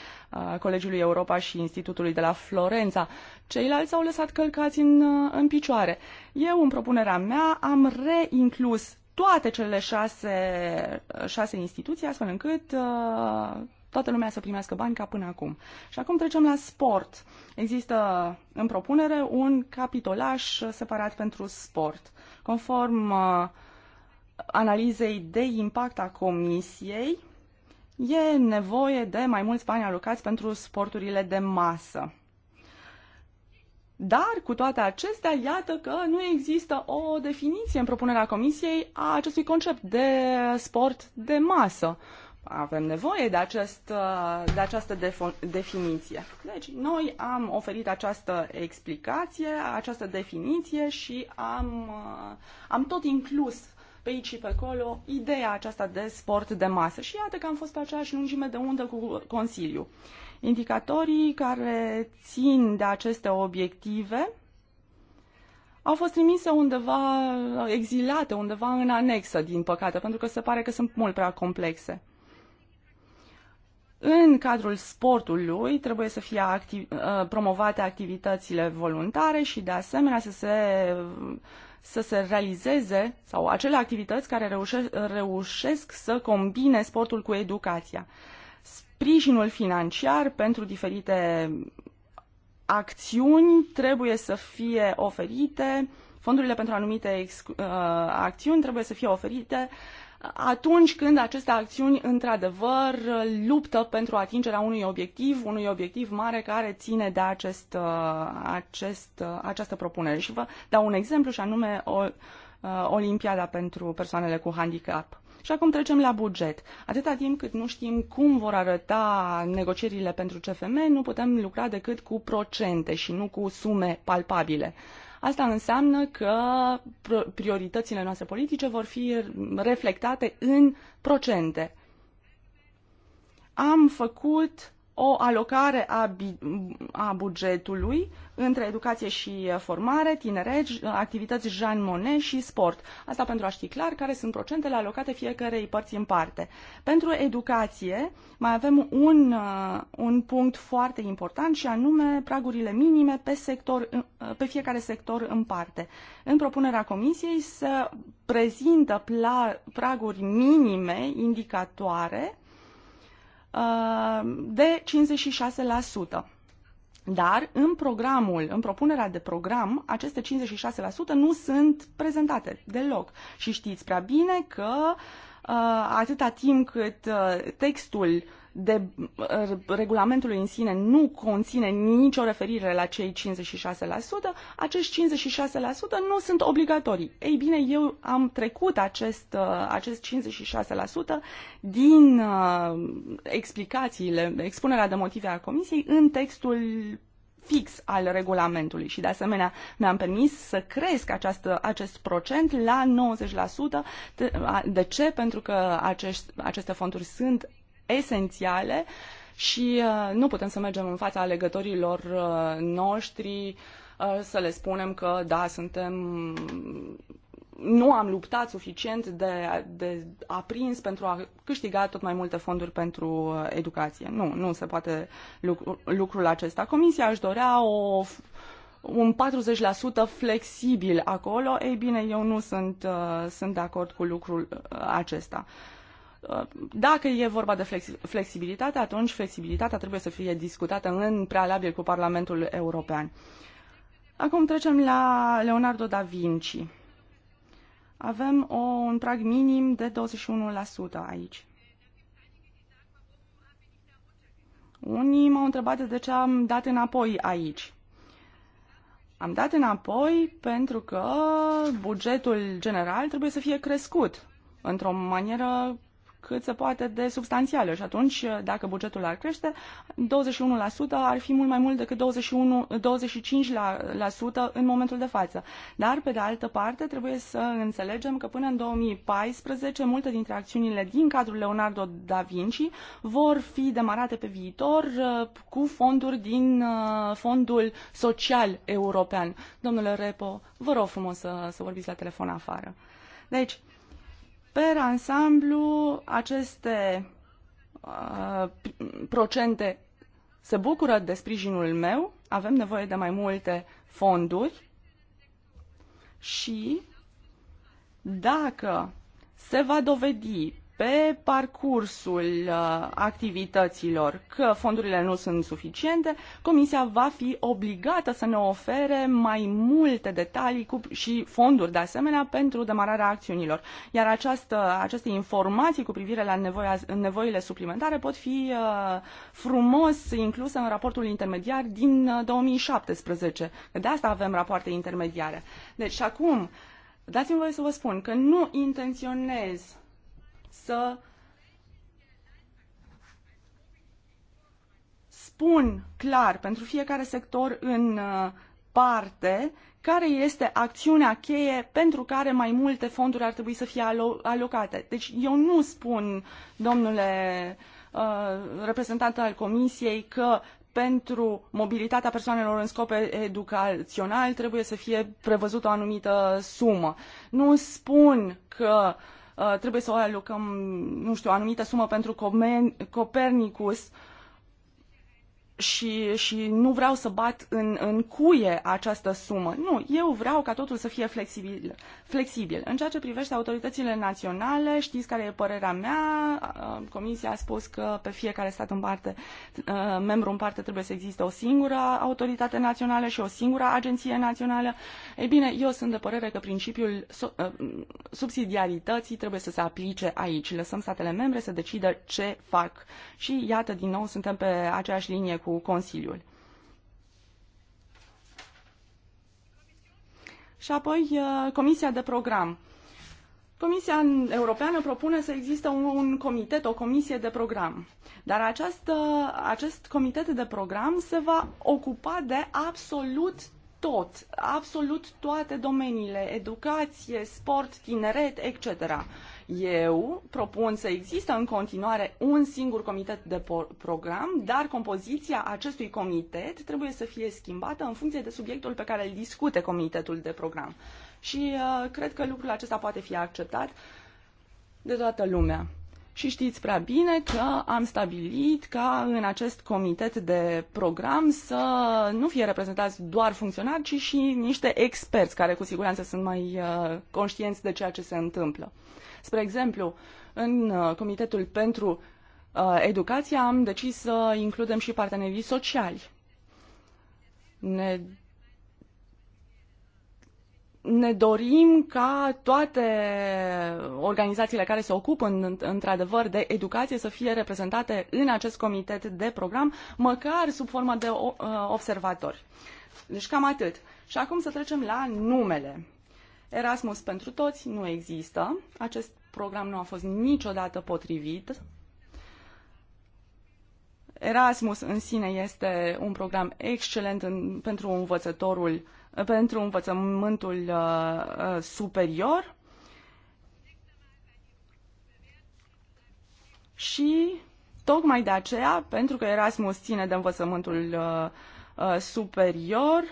uh, Colegiului Europa și Institutului de la Florența. Ceilalți au lăsat călcați în, uh, în picioare. Eu, în propunerea mea, am reinclus toate cele șase, șase instituții, astfel încât uh, toată lumea să primească bani ca până acum. Și acum trecem la sport. Există în propunere un capitolaș separat pentru sport. Conform uh, analizei de impact a Comisiei, e nevoie de mai mulți bani alocați pentru sporturile de masă. Dar, cu toate acestea, iată că nu există o definiție în propunerea Comisiei a acestui concept de sport de masă. Avem nevoie de, acest, uh, de această definiție. Deci, noi am oferit această explicație, această definiție și am, uh, am tot inclus pe aici și pe acolo ideea aceasta de sport de masă. Și iată că am fost pe aceeași lungime de undă cu Consiliu. Indicatorii care țin de aceste obiective au fost trimise undeva, exilate undeva în anexă, din păcate, pentru că se pare că sunt mult prea complexe. În cadrul sportului trebuie să fie activ, uh, promovate activitățile voluntare și de asemenea să se, să se realizeze sau acele activități care reușesc, reușesc să combine sportul cu educația. Sprijinul financiar pentru diferite acțiuni trebuie să fie oferite, fondurile pentru anumite uh, acțiuni trebuie să fie oferite uh, atunci când aceste acțiuni, într-adevăr, luptă pentru atingerea unui obiectiv, unui obiectiv mare care ține de acest, uh, acest, uh, această propunere. Și vă dau un exemplu și anume o, uh, Olimpiada pentru persoanele cu handicap. Și acum trecem la buget. Atâta timp cât nu știm cum vor arăta negocierile pentru CFM, nu putem lucra decât cu procente și nu cu sume palpabile. Uh, Asta înseamnă că prioritățile noastre politice vor fi reflectate în procente. Am făcut o alocare a, a bugetului între educație și formare, tineret, activități Jean Monnet și sport. Asta pentru a ști clar care sunt procentele alocate fiecarei părți în parte. Pentru educație mai avem un, uh, un punct foarte important și anume pragurile minime pe, sector, uh, pe fiecare sector în parte. În propunerea comisiei se prezintă praguri minime indicatoare de 56%. Dar în programul, în propunerea de program, aceste 56% nu sunt prezentate deloc. Și știți prea bine că uh, atâta timp cât uh, textul de uh, regulamentului în sine nu conține nicio referire la cei 56%, acești 56% nu sunt obligatorii. Ei bine, eu am trecut acest, uh, acest 56% din uh, explicațiile, expunerea de motive a Comisiei în textul fix al regulamentului și de asemenea mi-am permis să cresc această, acest procent la 90%. De ce? Pentru că acești, aceste fonduri sunt esențiale și uh, nu putem să mergem în fața alegătorilor uh, noștri uh, să le spunem că, da, suntem nu am luptat suficient de, de aprins pentru a câștiga tot mai multe fonduri pentru educație. Nu, nu se poate lucru, lucrul acesta. Comisia își dorea o, un 40% flexibil acolo. Ei bine, eu nu sunt, sunt de acord cu lucrul acesta. Uh, dacă e vorba de flexibilitate, atunci flexibilitatea trebuie să fie discutată în prealabil cu Parlamentul European. Acum trecem la Leonardo da Vinci. Avem o, un prag minim de 21% aici. Unii m-au întrebat de ce am dat înapoi aici. Am dat înapoi pentru că bugetul general trebuie să fie crescut într-o manieră cât se poate de substanțială și atunci, dacă bugetul ar crește, 21% ar fi mult mai mult decât 21, 25% la, la sută în momentul de față. Dar, pe de altă parte, trebuie să înțelegem că până în 2014 multe dintre acțiunile din cadrul Leonardo da Vinci vor fi demarate pe viitor uh, cu fonduri din uh, fondul social european. Domnule Repo, vă rog frumos să, să vorbiți la telefon afară. Deci, Per ansamblu, aceste uh, procente se bucură de sprijinul meu, avem nevoie de mai multe fonduri și dacă se va dovedi pe parcursul uh, activităților că fondurile nu sunt suficiente, Comisia va fi obligată să ne ofere mai multe detalii cu, și fonduri de asemenea pentru demararea acțiunilor. Iar această, aceste informații cu privire la nevoia, nevoile suplimentare pot fi uh, frumos incluse în raportul intermediar din 2017. Uh, de asta avem rapoarte intermediare. Deci acum, dați-mi voie să vă spun că nu intenționez să spun clar pentru fiecare sector în uh, parte care este acțiunea cheie pentru care mai multe fonduri ar trebui să fie alo alocate. Deci eu nu spun, domnule uh, reprezentant al Comisiei, că pentru mobilitatea persoanelor în scop educațional trebuie să fie prevăzută o anumită sumă. Nu spun că uh, Uh, trebuie să o alocăm, nu știu, o anumită sumă pentru Copernicus, și, și nu vreau să bat în, în cuie această sumă. Nu, eu vreau ca totul să fie flexibil. flexibil. În ceea ce privește autoritățile naționale, știți care e părerea mea, Comisia a spus că pe fiecare stat în parte, membru în parte trebuie să existe o singură autoritate națională și o singură agenție națională. Ei bine, eu sunt de părere că principiul subsidiarității trebuie să se aplice aici. Lăsăm statele membre să decidă ce fac. Și iată, din nou, suntem pe aceeași linie cu Consiliul. Și apoi uh, Comisia de Program. Comisia Europeană propune să existe un, un comitet, o comisie de program. Dar acest, acest comitet de program se va ocupa de absolut tot, absolut toate domeniile, educație, sport, tineret, etc. Eu propun să există în continuare un singur comitet de program, dar compoziția acestui comitet trebuie să fie schimbată în funcție de subiectul pe care îl discute comitetul de program. Și uh, cred că lucrul acesta poate fi acceptat de toată lumea. Și știți prea bine că am stabilit ca în acest comitet de program să nu fie reprezentați doar funcționari, ci și niște experți care cu siguranță sunt mai uh, conștienți de ceea ce se întâmplă. Uh, Spre exemplu, în uh, Comitetul pentru uh, Educație am decis să includem și partenerii sociali. Ne ne dorim ca toate organizațiile care se ocupă în, într-adevăr de educație să fie reprezentate în acest comitet de program, măcar sub formă de uh, observatori. Deci cam atât. Și acum să trecem la numele. Erasmus pentru toți nu există. Acest program nu a fost niciodată potrivit. Erasmus în sine este un program excelent în, pentru învățătorul pentru învățământul uh, uh superior și tocmai de aceea, pentru că Erasmus ține de învățământul uh, uh superior,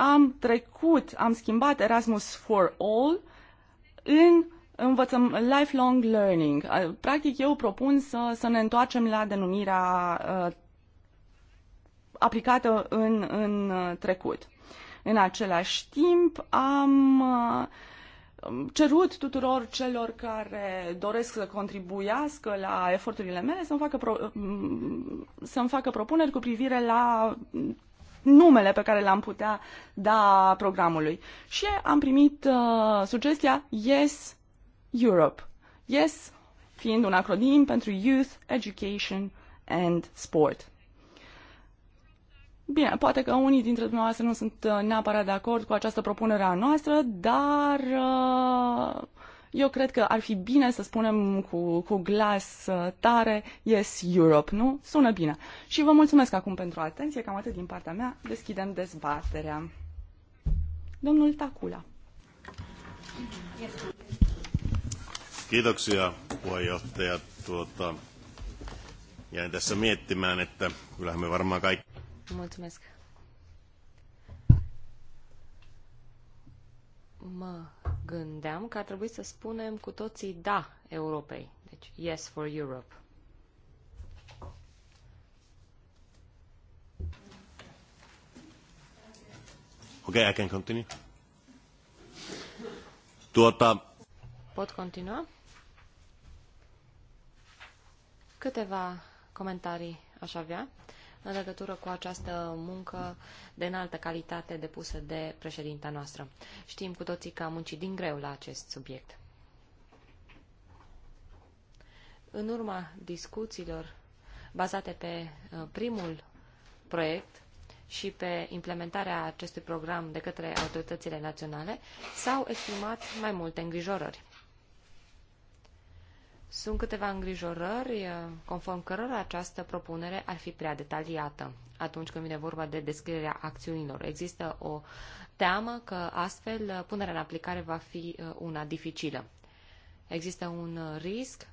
am trecut, am schimbat Erasmus for All în învățăm lifelong learning. Practic, eu propun să, să ne întoarcem la denumirea uh, aplicată în, în trecut. În același timp, am uh, cerut tuturor celor care doresc să contribuiască la eforturile mele să-mi facă, pro- să facă propuneri cu privire la numele pe care l-am putea da programului. Și am primit uh, sugestia Yes Europe. Yes fiind un acronim pentru Youth Education and Sport. Bine, poate că unii dintre dumneavoastră nu sunt uh, neapărat de acord cu această propunere a noastră, dar uh, eu cred că ar fi bine să spunem cu, cu glas uh, tare Yes Europe, nu? Sună bine. Și vă mulțumesc acum pentru atenție, cam atât din partea mea. Deschidem dezbaterea. Domnul Tacula. Kiitoksia puheenjohtaja. Tuota, jäin tässä miettimään, että kyllähän me varmaan kaikki... Mulțumesc. Mă gândeam că ar trebui să spunem cu toții da Europei. Deci, yes for Europe. Okay, I can continue. Tuota... Pot continua? Câteva comentarii aș avea în legătură cu această muncă de înaltă calitate depusă de președinta noastră. Știm cu toții că am muncit din greu la acest subiect. În urma discuțiilor bazate pe uh, primul proiect și pe implementarea acestui program de către autoritățile naționale, s-au exprimat mai multe îngrijorări. Sunt câteva îngrijorări eh, conform cărora această propunere ar fi prea detaliată atunci când vine vorba de descrierea acțiunilor. Există o teamă că astfel eh, punerea în aplicare va fi eh, una dificilă. Există un risc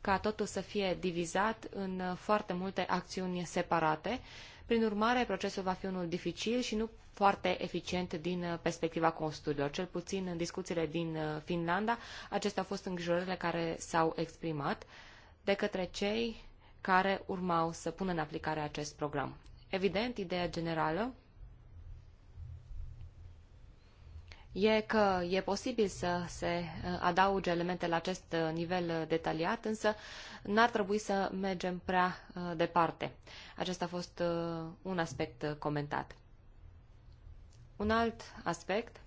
ca totul să fie divizat în foarte multe acțiuni separate prin urmare, procesul va fi unul dificil și nu foarte eficient din uh, perspectiva costurilor. Cel puțin în discuțiile din uh, Finlanda, acestea au fost îngrijorările care s-au exprimat de către cei care urmau să pună în aplicare acest program. Evident, ideea generală e că e posibil să se uh, adauge elemente la acest uh, nivel uh, detaliat, însă n-ar trebui să mergem prea departe. Acesta a fost un aspect comentat. Un alt aspect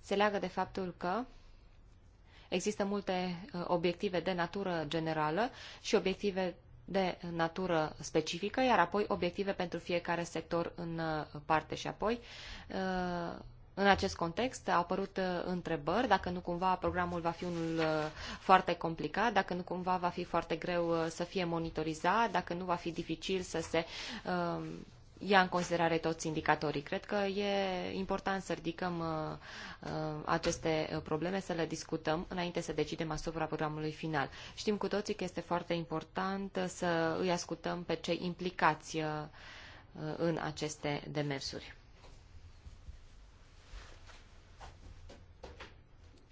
se leagă de faptul că există multe obiective de natură generală și obiective de natură specifică, iar apoi obiective pentru fiecare sector în parte și apoi în acest context au apărut uh, întrebări dacă nu cumva programul va fi unul uh, foarte complicat, dacă nu cumva va fi foarte greu uh, să fie monitorizat, dacă nu va fi dificil să se um, ia în considerare toți indicatorii. Cred că e important să ridicăm uh, aceste probleme, să le discutăm înainte să decidem asupra programului final. Știm cu toții că este foarte important să îi ascultăm pe cei implicați uh, în aceste demersuri.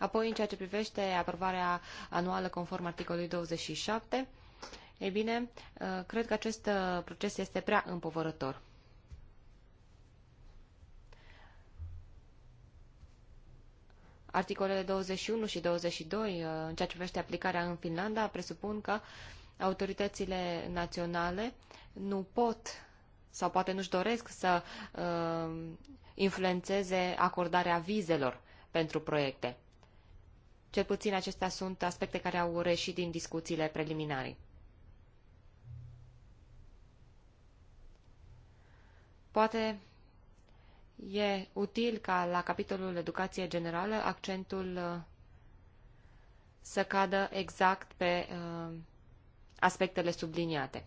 Apoi, în ceea ce privește aprobarea anuală conform articolului 27, ei bine, uh, cred că acest uh, proces este prea împovărător. Articolele 21 și 22, uh, în ceea ce privește aplicarea în Finlanda, presupun că autoritățile naționale nu pot sau poate nu-și doresc să uh, influențeze acordarea vizelor pentru proiecte. Cel puțin acestea sunt aspecte care au reșit din discuțiile preliminare. Poate e util ca la capitolul educație generală accentul uh, să cadă exact pe uh, aspectele subliniate.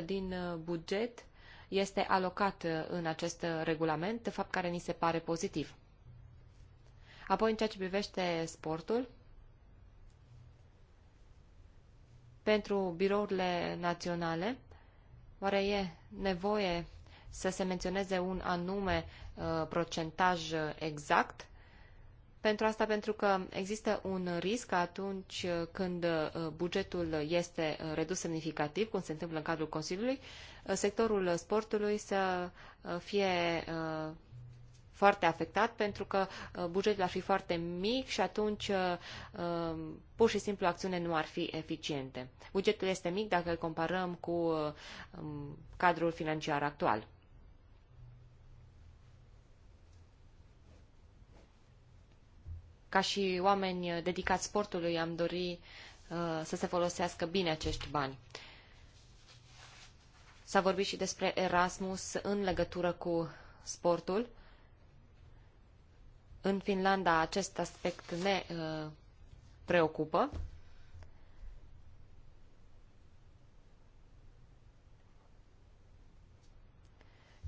90% din uh, buget este alocat în acest regulament, fapt care ni se pare pozitiv. Apoi, în ceea ce privește sportul, pentru birourile naționale, oare e nevoie să se menționeze un anume uh, procentaj exact? Pentru asta, pentru că există un risc atunci uh, când uh, bugetul este uh, redus semnificativ, cum se întâmplă în cadrul Consiliului, sectorul sportului să fie foarte afectat pentru că uh, bugetul ar fi foarte mic și atunci uh, um, pur și simplu acțiune nu ar fi eficiente. Bugetul este mic dacă îl comparăm cu uh, um, cadrul financiar actual. Ca și oameni dedicați sportului am dori să se folosească bine acești bani. S-a vorbit și despre Erasmus în legătură cu sportul în Finlanda acest aspect ne uh, preocupă.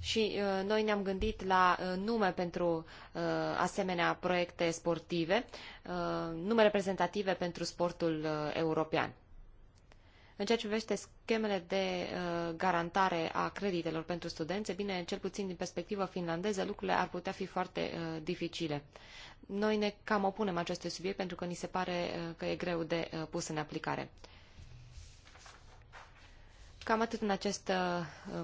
Și uh, noi ne-am gândit la uh, nume pentru uh, asemenea proiecte sportive, uh, nume reprezentative pentru sportul uh, european. În ceea ce privește schemele de uh, garantare a creditelor pentru studenți, bine, cel puțin din perspectivă finlandeză, lucrurile ar putea fi foarte uh, dificile. Noi ne cam opunem acestui subiect pentru că ni se pare uh, că e greu de uh, pus în aplicare. Cam atât în acest uh,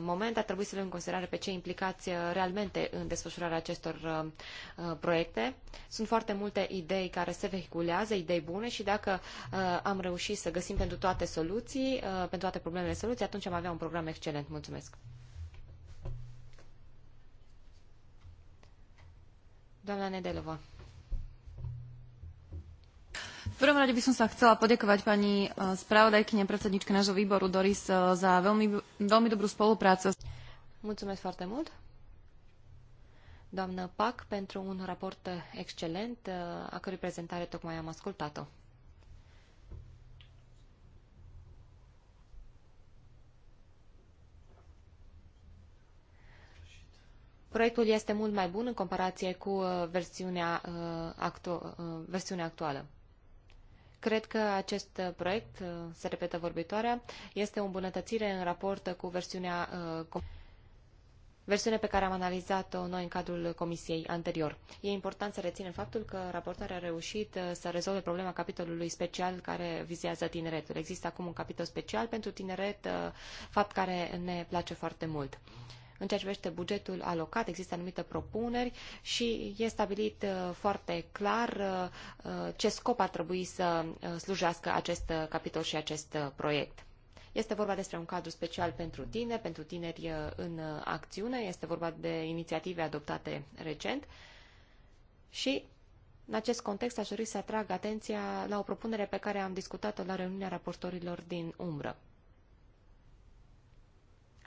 moment. Ar trebui să luăm în considerare pe cei implicați uh, realmente în desfășurarea acestor uh, proiecte. Sunt foarte multe idei care se vehiculează, idei bune și dacă am reușit să găsim pentru toate soluții, pentru toate problemele soluții, atunci am avea un program excelent. Mulțumesc! Doamna Nedelova. V prvom rade by som sa chcela poďakovať pani eh, spravodajkyne predsedničke nášho výboru Doris eh, za veľmi, veľmi dobrú spoluprácu. Mulțumesc foarte mult, doamnă Pac, pentru un raport excelent, eh, a cărui prezentare tocmai am ascultat-o. Proiectul este mult mai bun în comparație cu versiunea, actu- versiunea actuală. Cred că acest uh, proiect, uh, se repetă vorbitoarea, este o îmbunătățire în raport cu versiunea uh, versiune pe care am analizat-o noi în cadrul comisiei anterior. E important să reținem faptul că raportarea a reușit să rezolve problema capitolului special care vizează tineretul. Există acum un capitol special pentru tineret, fapt care ne place foarte mult. În ceea ce privește bugetul alocat, există anumite propuneri și e stabilit uh, foarte clar uh, uh, ce scop ar trebui să slujească acest capitol și acest proiect. Este vorba despre un cadru special pentru tine, pentru tineri în acțiune, este vorba de inițiative adoptate recent și în acest context aș dori să atrag atenția la o propunere pe care am discutat-o la reuniunea raportorilor din umbră.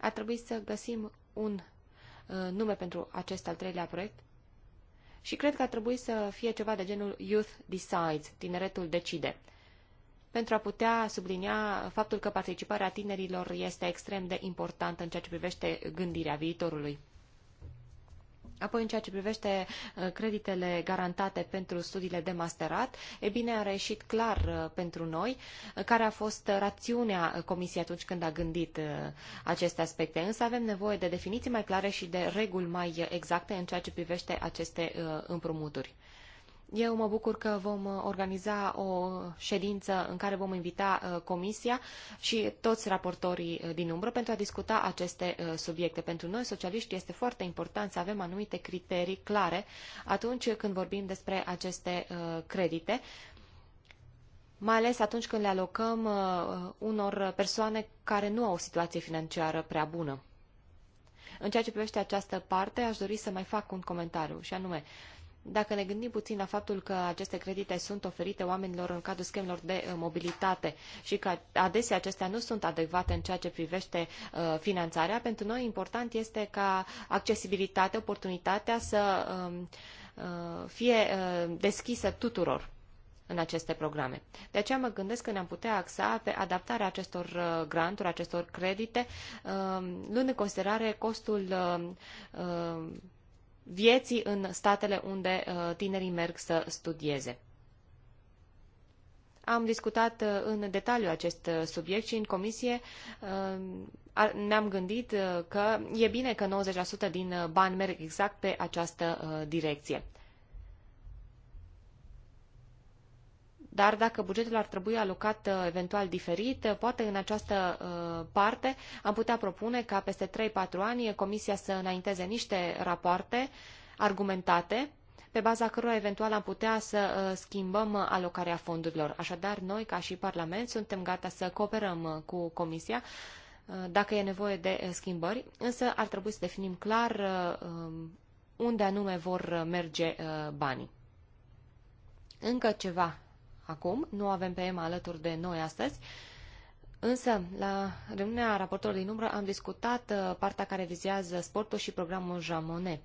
Ar trebui să găsim un uh, nume pentru acest al treilea proiect și cred că ar trebui să fie ceva de genul Youth Decides, tineretul decide, pentru a putea sublinia faptul că participarea tinerilor este extrem de importantă în ceea ce privește gândirea viitorului. Apoi, în ceea ce privește uh, creditele garantate pentru studiile de masterat, e bine, a reieșit clar uh, pentru noi uh, care a fost rațiunea Comisiei atunci când a gândit aceste aspecte. Însă avem nevoie de definiții mai clare și de reguli mai exacte în ceea ce privește aceste împrumuturi. Eu mă bucur că vom uh, organiza o ședință în care vom invita uh, Comisia și toți raportorii uh, din umbră pentru a discuta aceste subiecte. Pentru noi, socialiști, este foarte important să avem anumite criterii clare atunci când vorbim despre aceste credite mai ales atunci când le alocăm unor persoane care nu au o situație financiară prea bună. În ceea ce privește această parte, aș dori să mai fac un comentariu, și anume, dacă ne gândim puțin la faptul că aceste credite sunt oferite oamenilor în cadrul schemelor de uh, mobilitate și că adesea acestea nu sunt adecvate în ceea ce privește uh, finanțarea, pentru noi important este ca accesibilitatea, oportunitatea să um, uh, fie deschisă tuturor în aceste programe. De aceea mă gândesc că ne-am putea axa pe adaptarea acestor granturi, acestor credite, um, luând în considerare costul vieții în statele unde uh, tinerii merg să studieze. Am discutat uh, în detaliu acest uh, subiect și în comisie ne-am gândit că e bine că 90% din bani merg exact pe această direcție. Dar dacă bugetul ar trebui alocat uh, eventual diferit, uh, poate în această uh, parte am putea propune ca peste 3-4 ani Comisia să înainteze niște rapoarte argumentate pe baza cărora eventual am putea să schimbăm alocarea fondurilor. Așadar, noi, ca și Parlament, suntem gata să cooperăm cu Comisia dacă e nevoie de schimbări, însă ar trebui să definim clar um, unde anume vor merge banii. Încă ceva acum, nu avem pe Emma alături de noi astăzi, însă la reuniunea raportorului din umbră am discutat uh, partea care vizează sportul și programul Jamone.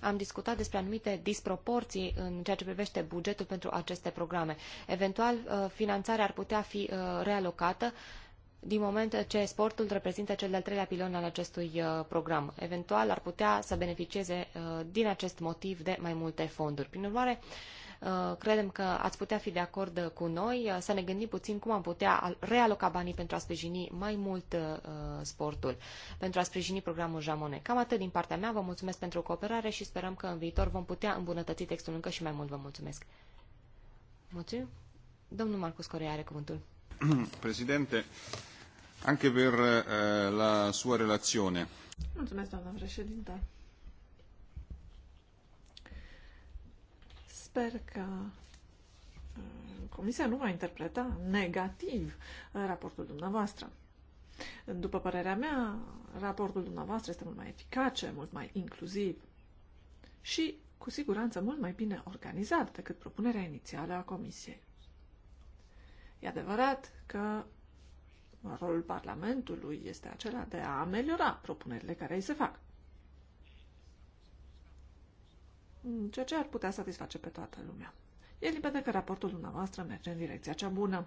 Am discutat despre anumite disproporții în ceea ce privește bugetul pentru aceste programe. Eventual, uh, finanțarea ar putea fi uh, realocată din moment ce sportul reprezintă cel de-al treilea pilon al acestui program. Eventual ar putea să beneficieze din acest motiv de mai multe fonduri. Prin urmare, Uh, credem că ați putea fi de acord cu noi uh, să ne gândim puțin cum am putea realoca banii pentru a sprijini mai mult uh, sportul, pentru a sprijini programul Jamone. Cam atât din partea mea, vă mulțumesc pentru cooperare și sperăm că în viitor vom putea îmbunătăți textul încă și mai mult. Vă mulțumesc. Mulțumim. Domnul Marcus Corea are cuvântul. *clears throat* Presidente, anche per uh, la sua relazione. Mulțumesc, doamna președinte. Sper că uh, Comisia nu va interpreta negativ uh, raportul dumneavoastră. După părerea mea, raportul dumneavoastră este mult mai eficace, mult mai inclusiv și, cu siguranță, mult mai bine organizat decât propunerea inițială a Comisiei. E adevărat că rolul Parlamentului este acela de a ameliora propunerile care îi se fac. Mm, ceea ce ar putea satisface pe toată lumea. E limpede că raportul dumneavoastră merge în direcția cea bună,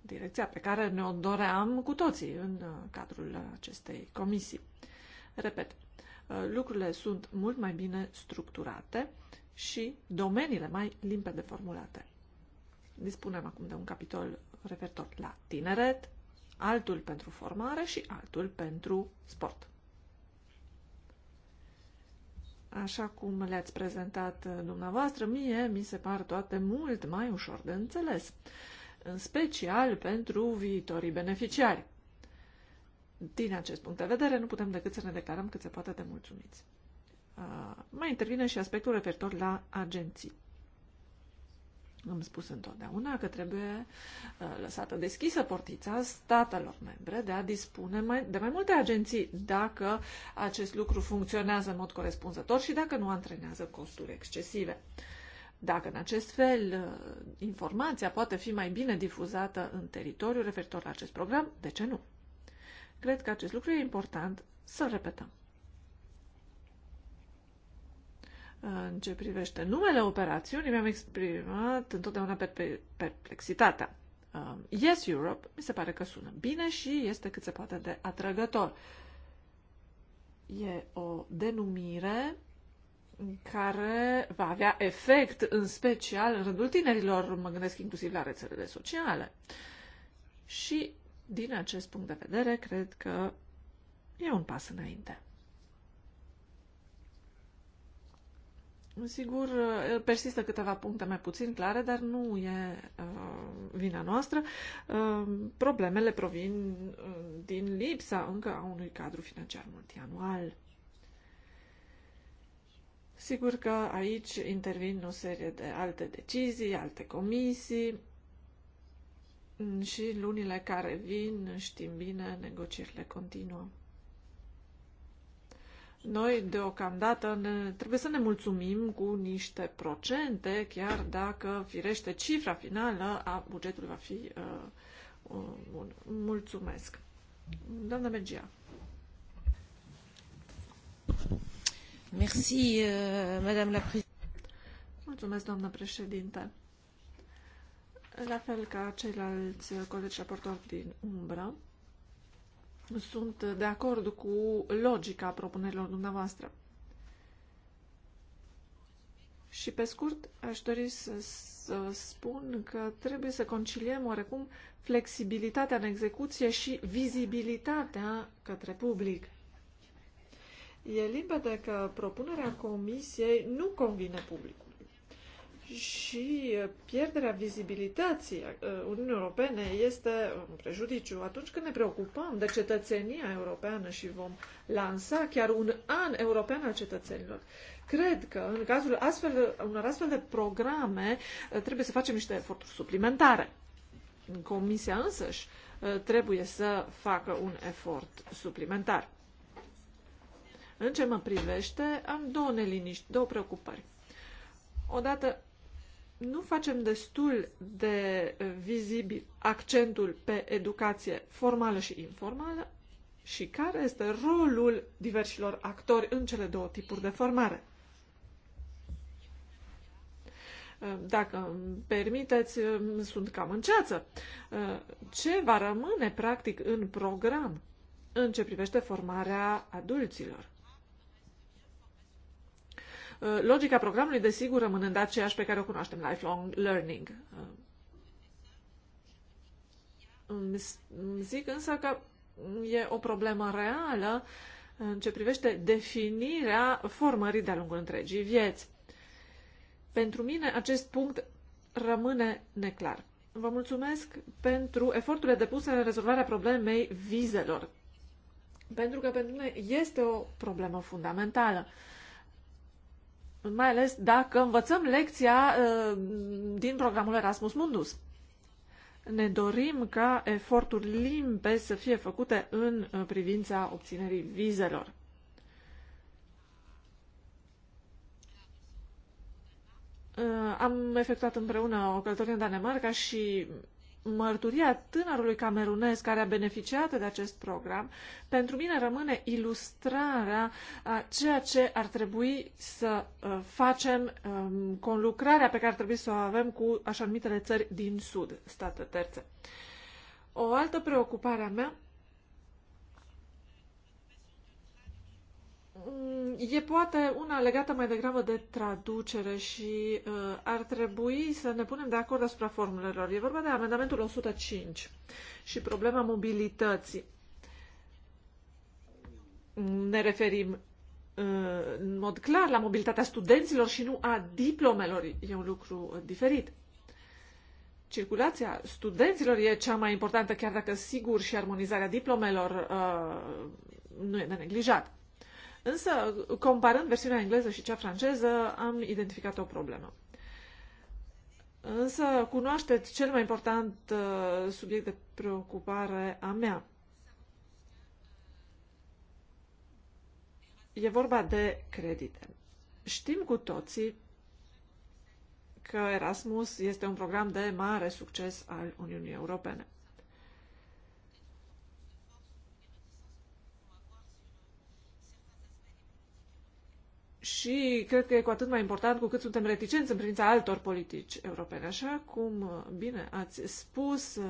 direcția pe care ne-o doream cu toții în uh, cadrul acestei comisii. Repet, uh, lucrurile sunt mult mai bine structurate și domeniile mai limpede formulate. Dispunem acum de un capitol referitor la tineret, altul pentru formare și altul pentru sport așa cum le-ați prezentat uh, dumneavoastră, mie mi se par toate mult mai ușor de înțeles, în special pentru viitorii beneficiari. Din acest punct de vedere, nu putem decât să ne declarăm cât se poate de mulțumiți. Uh, mai intervine și aspectul referitor la agenții. Am spus întotdeauna că trebuie uh, lăsată deschisă portița statelor membre de a dispune mai, de mai multe agenții dacă acest lucru funcționează în mod corespunzător și dacă nu antrenează costuri excesive. Dacă în acest fel uh, informația poate fi mai bine difuzată în teritoriu referitor la acest program, de ce nu? Cred că acest lucru e important să repetăm. În ce privește numele operațiunii, mi-am exprimat întotdeauna perplexitatea. Um, yes Europe mi se pare că sună bine și este cât se poate de atrăgător. E o denumire care va avea efect în special în rândul tinerilor, mă gândesc inclusiv la rețelele sociale. Și din acest punct de vedere, cred că e un pas înainte. Sigur, eh, persistă câteva puncte mai puțin clare, dar nu e uh, vina noastră. Uh, problemele provin uh, din lipsa încă a unui cadru financiar multianual. Sigur că aici intervin o serie de alte decizii, alte comisii mm, și lunile care vin, știm bine, negocierile continuă. Noi, deocamdată, ne, trebuie să ne mulțumim cu niște procente, chiar dacă, firește, cifra finală a bugetului va fi uh, uh un Mulțumesc. Doamna Mergia. Merci, uh, Madame la Mulțumesc, doamnă președinte. La fel ca ceilalți colegi raportori din umbră, sunt de acord cu logica propunerilor dumneavoastră. Și pe scurt, aș dori să, să spun că trebuie să conciliem oarecum flexibilitatea în execuție și vizibilitatea către public. E limpede că propunerea comisiei nu convine publicului și pierderea vizibilității uh, Uniunii Europene este un prejudiciu. Atunci când ne preocupăm de cetățenia europeană și vom lansa chiar un an european al cetățenilor, cred că în cazul astfel, unor astfel de programe uh, trebuie să facem niște eforturi suplimentare. Comisia însăși uh, trebuie să facă un efort suplimentar. În ce mă privește, am două neliniști, două preocupări. Odată, nu facem destul de vizibil accentul pe educație formală și informală și care este rolul diversilor actori în cele două tipuri de formare. Dacă îmi permiteți, sunt cam în ceață. Ce va rămâne practic în program în ce privește formarea adulților? Uh, logica programului, desigur, rămânând aceeași pe care o cunoaștem, lifelong learning. Uh, îmi zic însă că e o problemă reală în ce privește definirea formării de-a lungul întregii vieți. Pentru mine acest punct rămâne neclar. Vă mulțumesc pentru eforturile depuse în rezolvarea problemei vizelor, pentru că pentru mine este o problemă fundamentală mai ales dacă învățăm lecția uh, din programul Erasmus Mundus. Ne dorim ca eforturi limpe să fie făcute în uh, privința obținerii vizelor. Uh, am efectuat împreună o călătorie în Danemarca și mărturia tânărului camerunez care a beneficiat de acest program, pentru mine rămâne ilustrarea a ceea ce ar trebui să facem, conlucrarea pe care ar trebui să o avem cu așa numitele țări din Sud, state terțe. O altă preocupare a mea Mm, e poate una legată mai degrabă de traducere și uh, ar trebui să ne punem de acord asupra formulelor. E vorba de amendamentul 105 și problema mobilității. Ne referim uh, în mod clar la mobilitatea studenților și nu a diplomelor. E un lucru diferit. Circulația studenților e cea mai importantă, chiar dacă sigur și armonizarea diplomelor uh, nu e de neglijat. Însă, comparând versiunea engleză și cea franceză, am identificat o problemă. Însă, cunoașteți cel mai important uh, subiect de preocupare a mea. E vorba de credite. Știm cu toții că Erasmus este un program de mare succes al Uniunii Europene. și cred că e cu atât mai important cu cât suntem reticenți în privința altor politici europene. Așa cum uh, bine ați spus, uh,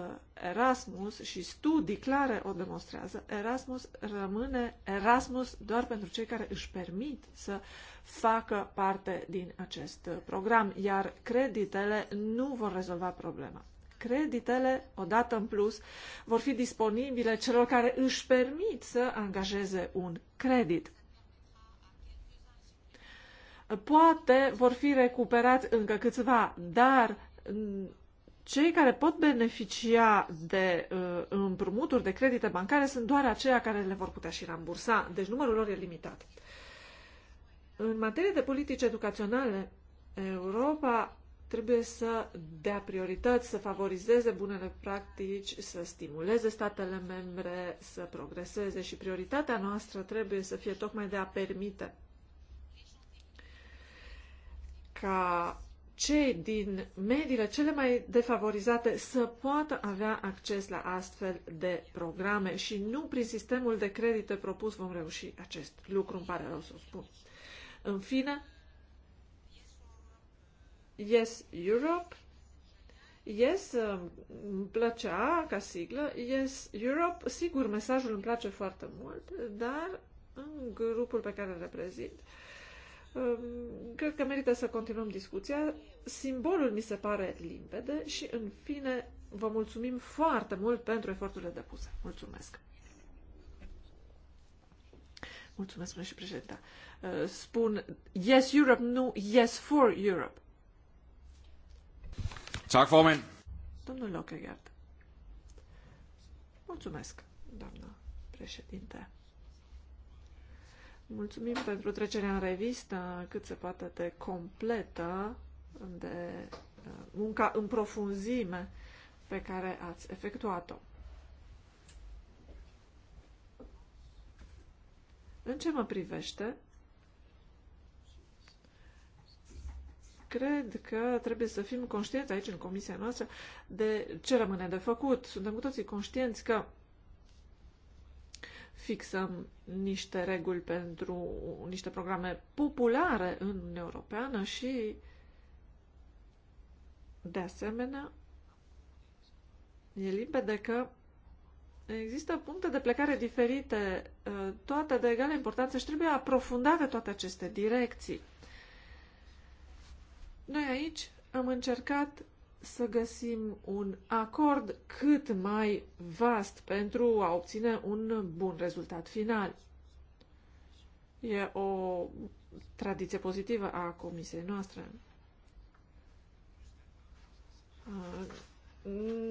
Erasmus și studii clare o demonstrează, Erasmus rămâne Erasmus doar pentru cei care își permit să facă parte din acest uh, program, iar creditele nu vor rezolva problema. Creditele, odată în plus, vor fi disponibile celor care își permit să angajeze un credit Poate vor fi recuperați încă câțiva, dar mm, cei care pot beneficia de uh, împrumuturi, de credite bancare, sunt doar aceia care le vor putea și rambursa, deci numărul lor e limitat. În materie de politici educaționale, Europa trebuie să dea priorități, să favorizeze bunele practici, să stimuleze statele membre, să progreseze și prioritatea noastră trebuie să fie tocmai de a permite ca cei din mediile cele mai defavorizate să poată avea acces la astfel de programe și nu prin sistemul de credite propus vom reuși acest lucru, îmi pare rău să o spun. În fine, Yes Europe, Yes, îmi plăcea ca siglă, Yes Europe, sigur, mesajul îmi place foarte mult, dar în grupul pe care îl reprezint, uh, Ehm, cred că merită să continuăm discuția. Simbolul mi se pare limpede și, în fine, vă mulțumim foarte mult pentru eforturile depuse. Mulțumesc! Mulțumesc, spune și președinta. Ehm, spun Yes Europe, nu Yes for Europe. Tak, formand. Domnul Lockegaard. Mulțumesc, doamnă președinte. Mulțumim pentru trecerea în revistă cât se poate de completă de uh, munca în profunzime pe care ați efectuat-o. În ce mă privește, cred că trebuie să fim conștienți aici, în comisia noastră, de ce rămâne de făcut. Suntem cu toții conștienți că fixăm niște reguli pentru niște programe populare în Uniunea Europeană și, de asemenea, e limpede că există puncte de plecare diferite, uh, toate de egală importanță și trebuie aprofundate toate aceste direcții. Noi aici am încercat să găsim un acord cât mai vast pentru a obține un bun rezultat final. E o tradiție pozitivă a comisiei noastre.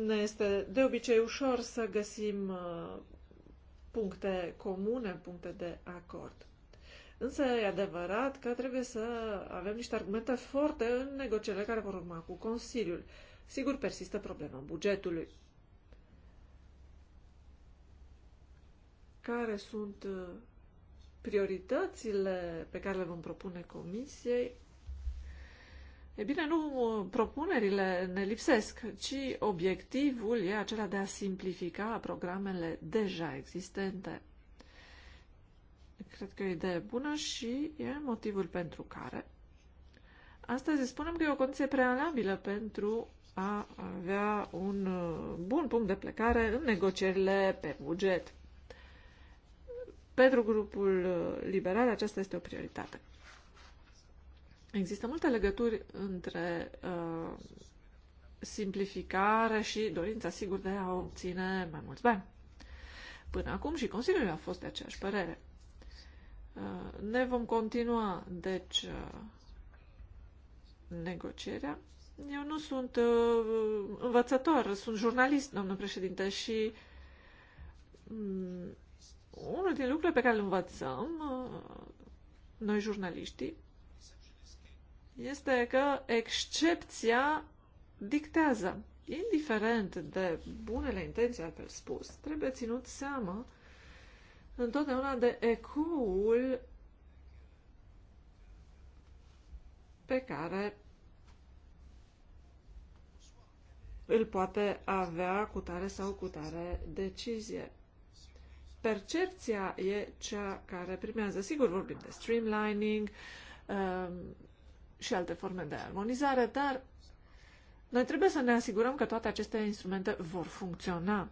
Ne este de obicei ușor să găsim uh, puncte comune, puncte de acord. Însă e adevărat că trebuie să avem niște argumente forte în negocierile care vor urma cu Consiliul. Sigur, persistă problema bugetului. Care sunt uh, prioritățile pe care le vom propune Comisiei? E bine, nu uh, propunerile ne lipsesc, ci obiectivul e acela de a simplifica programele deja existente. Cred că e o idee bună și e motivul pentru care astăzi spunem că e o condiție prealabilă pentru a avea un uh, bun punct de plecare în negocierile pe buget. Pentru grupul uh, liberal aceasta este o prioritate. Există multe legături între uh, simplificare și dorința, sigur, de a obține mai mulți bani. Până acum și Consiliul a fost de aceeași părere. Uh, ne vom continua, deci, uh, negocierea. Eu nu sunt uh, învățător, sunt jurnalist, domnul președinte, și mm, unul din lucrurile pe care le învățăm noi jurnaliștii este că excepția dictează. Indiferent de bunele intenții, altfel spus, trebuie ținut seama uh, întotdeauna de ecoul pe care îl poate avea cu tare sau cu tare decizie. Percepția e cea care primează. Sigur, vorbim de streamlining um, și alte forme de armonizare, dar noi trebuie să ne asigurăm că toate aceste instrumente vor funcționa.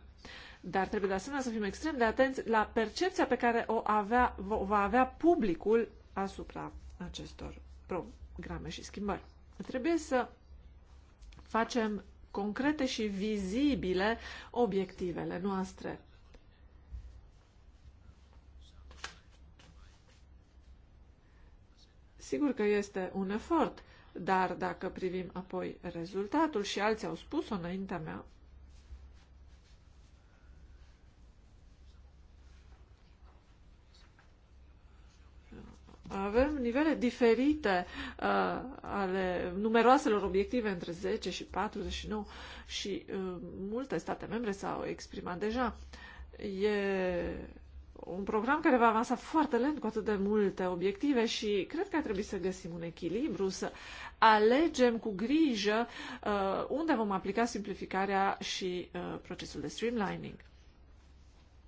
Dar trebuie de asemenea să fim extrem de atenți la percepția pe care o avea, va avea publicul asupra acestor programe și schimbări. Trebuie să facem concrete și vizibile obiectivele noastre. Sigur că este un efort, dar dacă privim apoi rezultatul și alții au spus-o înaintea mea, Avem nivele diferite uh, ale numeroaselor obiective între 10 și 49 și uh, multe state membre s-au exprimat deja. E un program care va avansa foarte lent cu atât de multe obiective și cred că ar trebui să găsim un echilibru, să alegem cu grijă uh, unde vom aplica simplificarea și uh, procesul de streamlining.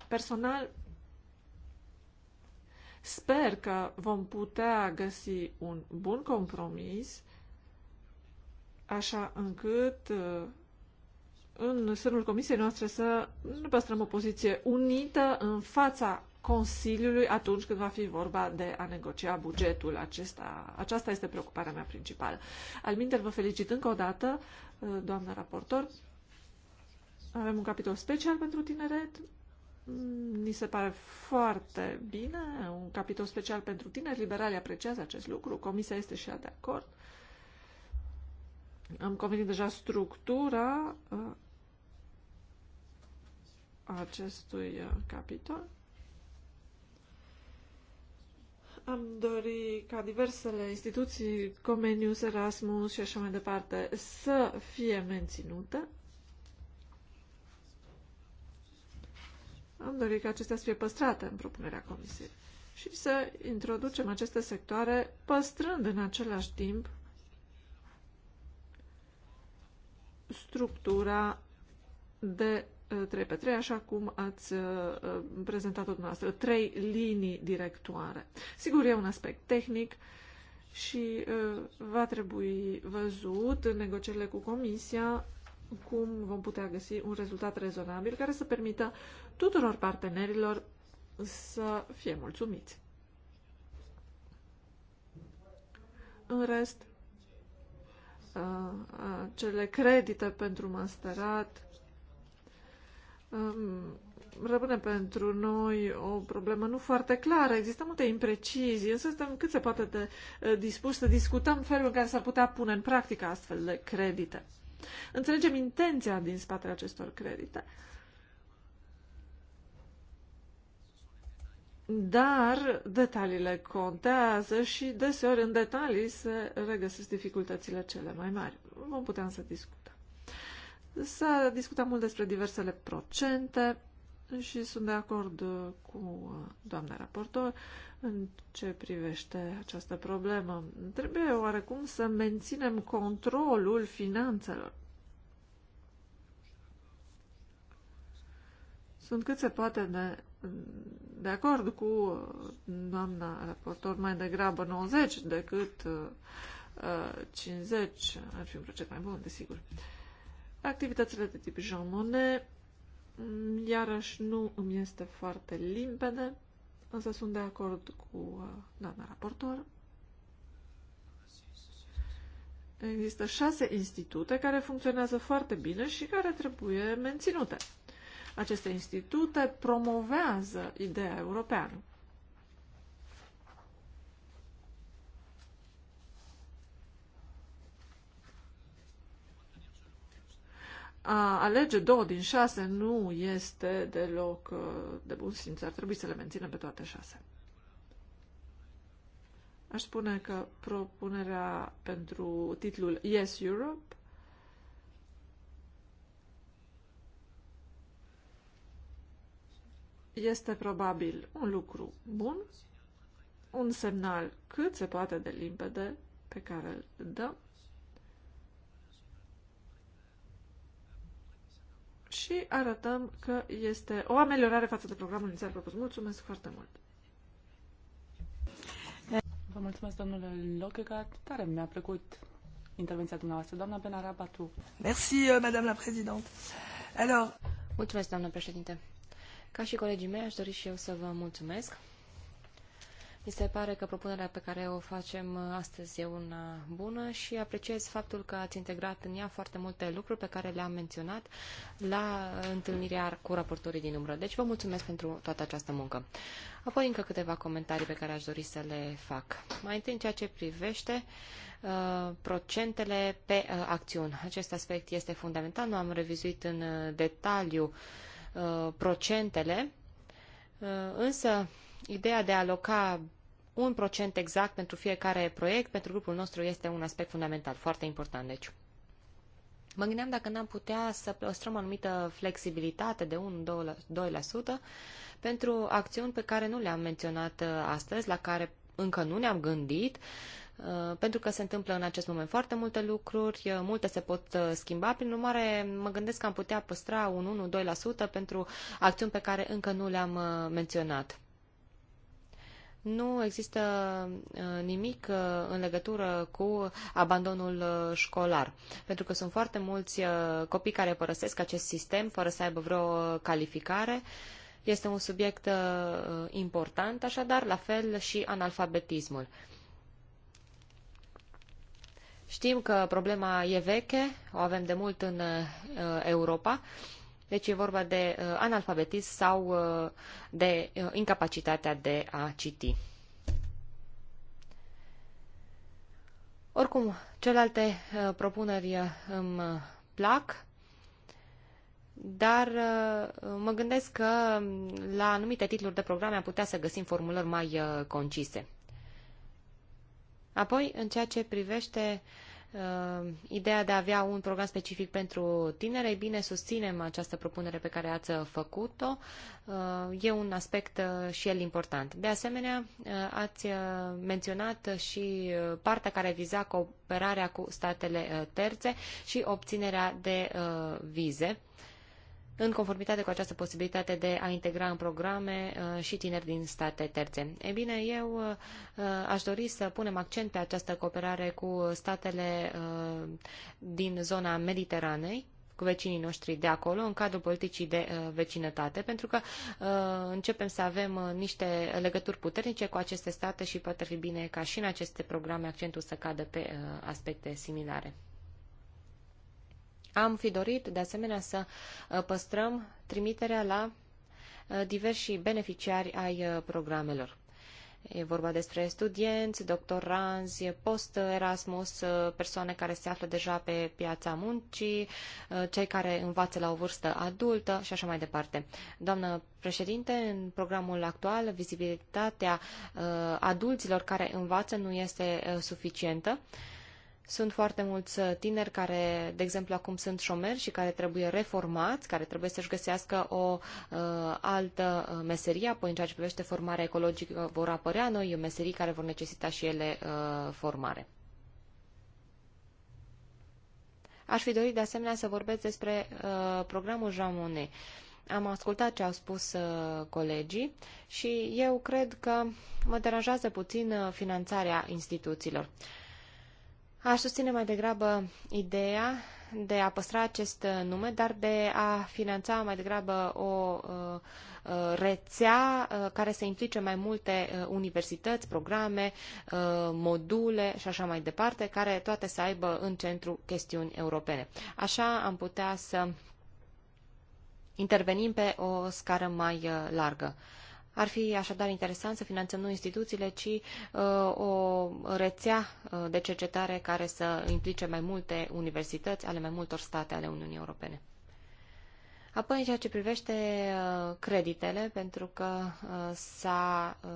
Personal, Sper că vom putea găsi un bun compromis, așa încât uh, în sânul comisiei noastre să ne păstrăm o poziție unită în fața Consiliului atunci când va fi vorba de a negocia bugetul acesta. Aceasta este preocuparea mea principală. Alminter, vă felicit încă o dată, uh, doamnă raportor. Avem un capitol special pentru tineret Ni mm, se pare foarte bine, un capitol special pentru tineri, liberalii apreciază acest lucru, comisia este și ea de acord. Am convenit deja structura uh, acestui uh, capitol. Am dori ca diversele instituții, Comenius, Erasmus și așa mai departe, să fie menținute Am dorit ca acestea să fie păstrate în propunerea Comisiei și să introducem aceste sectoare păstrând în același timp structura de 3 ă, pe 3, așa cum ați ă, ă, prezentat-o dumneavoastră, trei linii directoare. Sigur, e un aspect tehnic și va trebui văzut în negocierile cu Comisia cum vom putea găsi un rezultat rezonabil care să permită tuturor partenerilor să fie mulțumiți. În rest, uh, uh, cele credite pentru masterat um, rămâne pentru noi o problemă nu foarte clară. Există multe imprecizii, însă suntem cât se poate de uh, dispuși să discutăm felul în care s-ar putea pune în practică astfel de credite. Înțelegem intenția din spatele acestor credite. Dar detaliile contează și deseori în detalii se regăsesc dificultățile cele mai mari. Vom putea să discutăm. S-a discutat mult despre diversele procente și sunt de acord cu uh, doamna raportor. În ce privește această problemă, trebuie oarecum să menținem controlul finanțelor. Sunt cât se poate de, de acord cu doamna raportor, mai degrabă 90 decât uh, 50, ar fi un proces mai bun, desigur. Activitățile de tip Jean Monnet, iarăși nu îmi este foarte limpede însă sunt de acord cu uh, doamna raportor. Există șase institute care funcționează foarte bine și care trebuie menținute. Aceste institute promovează ideea europeană. a alege două din șase nu este deloc uh, de bun simț. Ar trebui să le menținem pe toate șase. Aș spune că propunerea pentru titlul Yes Europe este probabil un lucru bun, un semnal cât se poate de limpede pe care îl dăm și arătăm că este o ameliorare față de programul inițial propus. Mulțumesc foarte mult! Vă mulțumesc, domnule Lockegaard. Tare mi-a plăcut intervenția dumneavoastră. Doamna Benara Batu. Merci, euh, madame la présidente. Alors... Mulțumesc, doamnă președinte. Ca și colegii mei, aș dori și eu să vă mulțumesc mi se pare că propunerea pe care o facem astăzi e una bună și apreciez faptul că ați integrat în ea foarte multe lucruri pe care le-am menționat la întâlnirea cu raportorii din umbră. Deci vă mulțumesc pentru toată această muncă. Apoi încă câteva comentarii pe care aș dori să le fac. Mai întâi în ceea ce privește uh, procentele pe uh, acțiuni. Acest aspect este fundamental. Nu am revizuit în uh, detaliu uh, procentele, uh, însă ideea de a aloca un procent exact pentru fiecare proiect, pentru grupul nostru este un aspect fundamental, foarte important. Deci, mă gândeam dacă n-am putea să păstrăm anumită flexibilitate de 1-2% pentru acțiuni pe care nu le-am menționat uh, astăzi, la care încă nu ne-am gândit, uh, pentru că se întâmplă în acest moment foarte multe lucruri, uh, multe se pot schimba, prin urmare mă gândesc că am putea păstra un 1-2% pentru acțiuni pe care încă nu le-am menționat nu există uh, nimic uh, în legătură cu abandonul uh, școlar, pentru că sunt foarte mulți copii care părăsesc acest sistem fără să aibă vreo calificare. Este un subiect important, așadar, la fel și analfabetismul. Știm că problema e veche, o avem de mult în Europa deci e vorba de uh, analfabetism sau uh, de uh, incapacitatea de a citi. Oricum, celelalte uh, propuneri uh, îmi plac, dar uh, mă gândesc că la anumite titluri de programe am putea să găsim formulări mai uh, concise. Apoi, în ceea ce privește uh, uh, ideea de a avea un program specific pentru tinere, bine, susținem această propunere pe care ați făcut-o. Uh, e un aspect uh, și el important. De asemenea, uh, ați uh, menționat și uh, partea care viza cooperarea cu statele uh, terțe și obținerea de uh, vize în conformitate cu această posibilitate de a integra în programe uh, și tineri din state terțe. E bine, eu uh, uh, aș dori să punem accent pe această cooperare cu statele din zona Mediteranei, cu vecinii noștri de acolo, în cadrul politicii de uh, vecinătate, pentru că uh, începem să avem uh, niște legături puternice cu aceste state și poate fi bine ca și în aceste programe accentul să cadă pe aspecte similare. Am fi dorit, de asemenea, să uh, păstrăm trimiterea la uh, diversi beneficiari ai uh, programelor. E vorba despre studenți, doctoranzi, post-Erasmus, persoane care se află deja pe piața muncii, cei care învață la o vârstă adultă și așa mai departe. Doamnă președinte, în programul actual, vizibilitatea adulților care învață nu este suficientă sunt foarte mulți uh, tineri care, de exemplu, acum sunt șomeri și care trebuie reformați, care trebuie să-și găsească o uh, altă uh, meserie. Apoi, în ceea ce privește formarea ecologică, vor apărea noi meserii care vor necesita și ele uh, formare. Aș fi dorit de asemenea să vorbesc despre uh, programul Jean Monnet. Am ascultat ce au spus uh, colegii și eu cred că mă deranjează puțin uh, finanțarea instituțiilor. Uh, Aș susține mai degrabă ideea de a păstra acest nume, dar de a finanța mai degrabă o uh, uh, rețea uh, care să implice mai multe universități, programe, module și așa mai departe, care toate să aibă în centru chestiuni europene. Așa am putea să intervenim pe o scară mai largă. Ar fi așadar interesant să finanțăm nu instituțiile, ci uh, o rețea uh, de cercetare care să implice mai multe universități ale mai multor state ale Uniunii Europene. Apoi, în ceea ce privește uh, creditele, pentru că uh, s-a uh,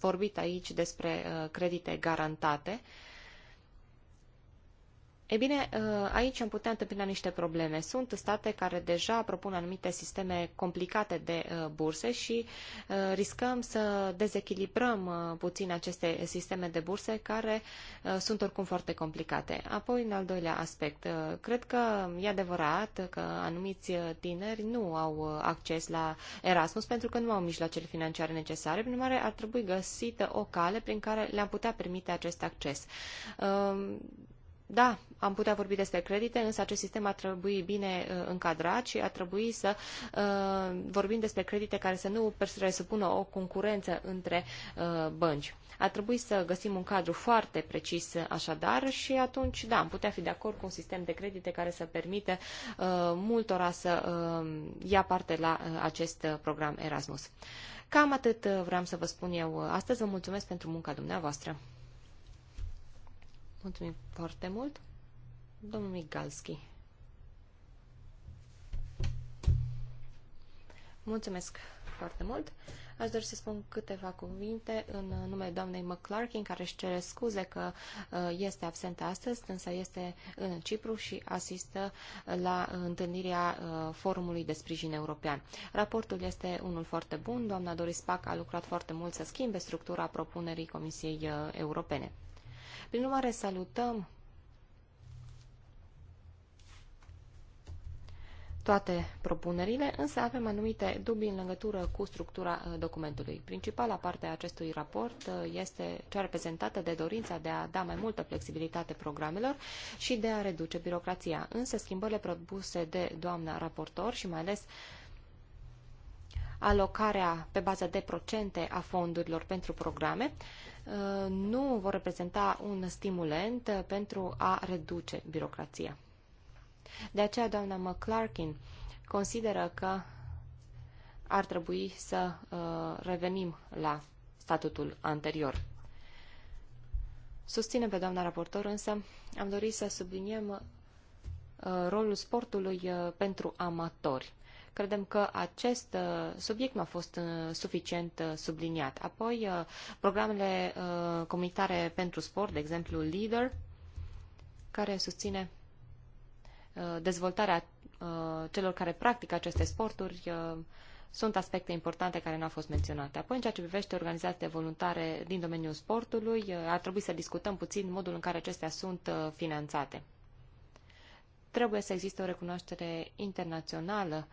vorbit aici despre uh, credite garantate, uh, E bine, uh, aici am putea întâmpina niște probleme. Sunt state care deja propun anumite sisteme complicate de uh, burse și uh, riscăm să dezechilibrăm puțin aceste sisteme de burse care sunt oricum foarte complicate. Apoi, în al doilea aspect, cred că e adevărat că anumiți tineri nu au acces la Erasmus pentru că nu au mijloacele financiare necesare, prin urmare ar trebui găsită o cale prin care le-am putea permite acest acces. Da, am putea vorbi despre credite, însă acest sistem ar trebui bine uh, încadrat și ar trebui să uh, vorbim despre credite care să nu presupună o concurență între uh, bănci. Ar trebui să găsim un cadru foarte precis așadar și atunci, da, am putea fi de acord cu un sistem de credite care să permite uh, multora să uh, ia parte la uh, acest program Erasmus. Cam atât vreau să vă spun eu astăzi. Vă mulțumesc pentru munca dumneavoastră. Mulțumim foarte mult. Domnul Migalski. Mulțumesc foarte mult. Aș dori să spun câteva cuvinte în numele doamnei McClarkin, care își cere scuze că uh, este absentă astăzi, însă este în Cipru și asistă la întâlnirea uh, Forumului de Sprijin European. Raportul este unul foarte bun. Doamna Doris Pac a lucrat foarte mult să schimbe structura propunerii Comisiei uh, Europene. Prin urmare, salutăm toate propunerile, însă avem anumite dubii în legătură cu structura uh, documentului. Principala parte a acestui raport uh, este cea reprezentată de dorința de a da mai multă flexibilitate programelor și de a reduce birocrația. Însă schimbările propuse de doamna raportor și mai ales alocarea pe bază de procente a fondurilor pentru programe Uh, nu vor reprezenta un stimulent pentru a reduce birocrația. De aceea, doamna McClarkin consideră că ar trebui să uh, revenim la statutul anterior. Susținem pe doamna raportor, însă am dorit să subliniem uh, rolul sportului pentru amatori. Credem că acest uh, subiect nu a fost uh, suficient uh, subliniat. Apoi, programele comunitare pentru sport, de exemplu LEADER, care susține dezvoltarea celor care practică aceste sporturi, sunt aspecte importante care nu au fost menționate. Apoi, în ceea ce privește organizațiile voluntare din domeniul sportului, ar trebui să discutăm puțin modul în care acestea sunt finanțate. Trebuie să existe o recunoaștere internațională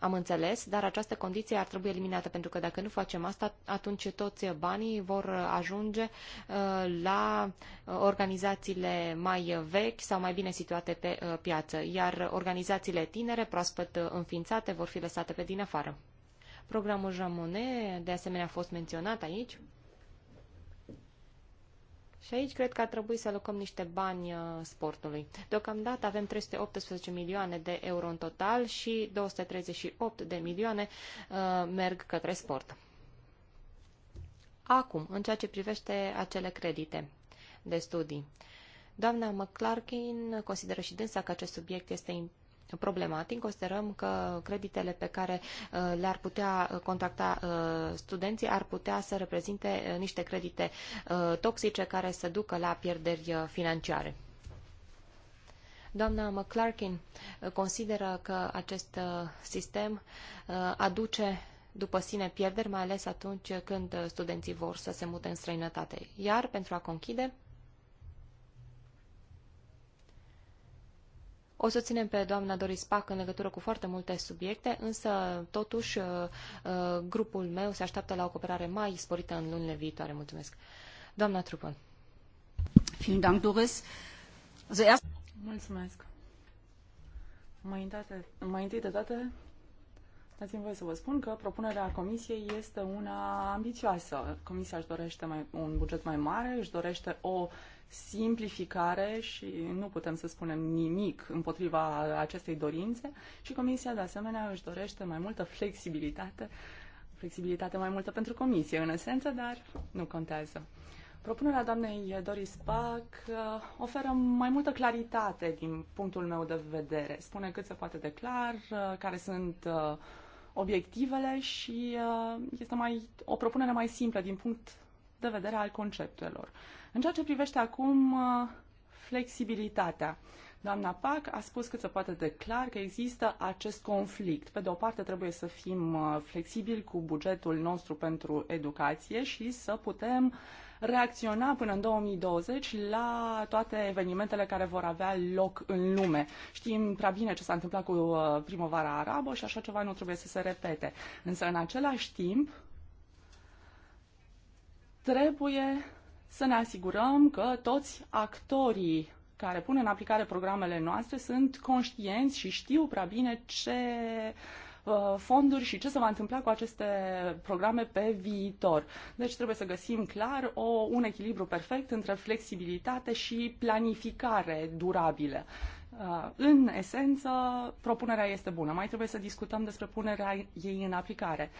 am înțeles, dar această condiție ar trebui eliminată, pentru că dacă nu facem asta, atunci toți banii vor ajunge uh, la uh, organizațiile mai vechi sau mai bine situate pe uh, piață, iar organizațiile tinere, proaspăt înființate, vor fi lăsate pe din afară. Programul Jamone, de asemenea, a fost menționat aici. Și aici cred că ar trebui să alocăm niște bani uh, sportului. Deocamdată avem 318 milioane de euro în total și 238 de milioane uh, merg către sport. Acum, în ceea ce privește acele credite de studii. Doamna McClarkin consideră și dânsa că acest subiect este important problematic. Considerăm că creditele pe care uh, le-ar putea uh, contacta uh, studenții ar putea să reprezinte niște credite toxice care să ducă la pierderi financiare. Doamna McClarkin consideră că acest sistem aduce după sine pierderi, mai ales atunci când studenții vor să se mute în străinătate. Iar, pentru a conchide, O să ținem pe doamna Doris Pac în legătură cu foarte multe subiecte, însă, totuși, uh, uh, grupul meu se așteaptă la o cooperare mai sporită în lunile viitoare. Mulțumesc. Doamna Trupăn. Mulțumesc. Mai, date, mai întâi de toate, dați-mi voie să vă spun că propunerea Comisiei este una ambițioasă. Comisia își dorește mai, un buget mai mare, își dorește o simplificare și nu putem să spunem nimic împotriva acestei dorințe și Comisia de asemenea își dorește mai multă flexibilitate, flexibilitate mai multă pentru Comisie în esență, dar nu contează. Propunerea doamnei Doris Pac uh, oferă mai multă claritate din punctul meu de vedere. Spune cât se poate de clar, uh, care sunt uh, obiectivele și este mai, o propunere mai simplă din punct de vedere al conceptelor. În ceea ce privește acum uh, flexibilitatea, doamna Pac a spus cât se poate de clar că există acest conflict. Pe de o parte trebuie să fim uh, flexibili cu bugetul nostru pentru educație și să putem reacționa până în 2020 la toate evenimentele care vor avea loc în lume. Știm prea bine ce s-a întâmplat cu uh, primăvara arabă și așa ceva nu trebuie să se repete. Însă, în același timp, Trebuie să ne asigurăm că toți actorii care pun în aplicare programele noastre sunt conștienți și știu prea bine ce uh, fonduri și ce se va întâmpla cu aceste programe pe viitor. Deci trebuie să găsim clar o, un echilibru perfect între flexibilitate și planificare durabilă. Uh, în esență, propunerea este bună. Mai trebuie să discutăm despre punerea ei în aplicare.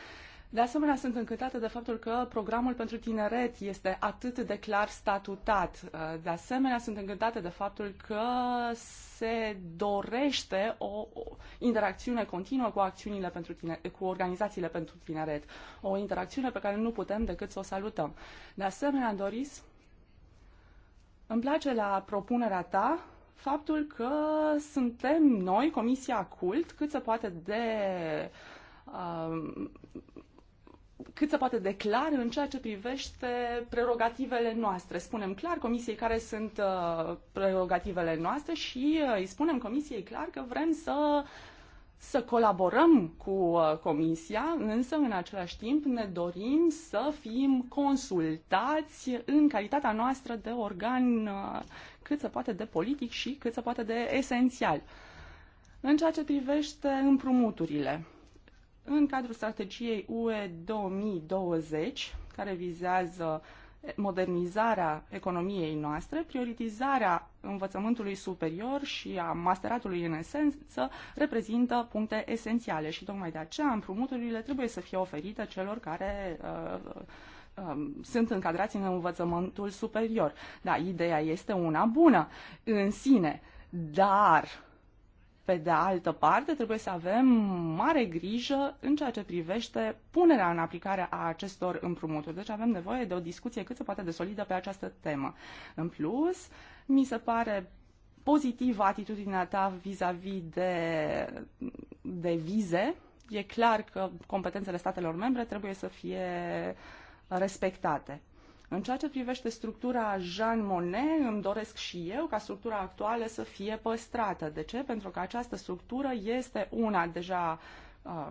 De asemenea, sunt încântată de faptul că programul pentru tineret este atât de clar statutat. Uh, de asemenea, sunt încântată de faptul că se dorește o interacțiune continuă cu acțiunile pentru tine, cu organizațiile pentru tineret. O interacțiune pe care nu putem decât să o salutăm. De asemenea, Doris, îmi place la propunerea ta faptul că suntem noi, Comisia Cult, cât se poate de uh, cât se poate declar în ceea ce privește prerogativele noastre. Spunem clar Comisiei care sunt uh, prerogativele noastre și uh, îi spunem Comisiei clar că vrem să să colaborăm cu uh, Comisia, însă în același timp ne dorim să fim consultați în calitatea noastră de organ cât se poate de politic și cât se poate de esențial. În ceea ce privește împrumuturile, în cadrul strategiei UE 2020, care vizează modernizarea economiei noastre, prioritizarea învățământului superior și a masteratului în esență reprezintă puncte esențiale și tocmai de aceea împrumuturile trebuie să fie oferite celor care uh, uh, um, sunt încadrați în învățământul superior. Da, ideea este una bună în sine, dar pe de altă parte, trebuie să avem mare grijă în ceea ce privește punerea în aplicare a acestor împrumuturi. Deci avem nevoie de o discuție cât se poate de solidă pe această temă. În plus, mi se pare pozitivă atitudinea ta vis-a-vis -vis de, de vize. E clar că competențele statelor membre trebuie să fie respectate. În ceea ce privește structura Jean Monnet, îmi doresc și eu ca structura actuală să fie păstrată. De ce? Pentru că această structură este una deja uh,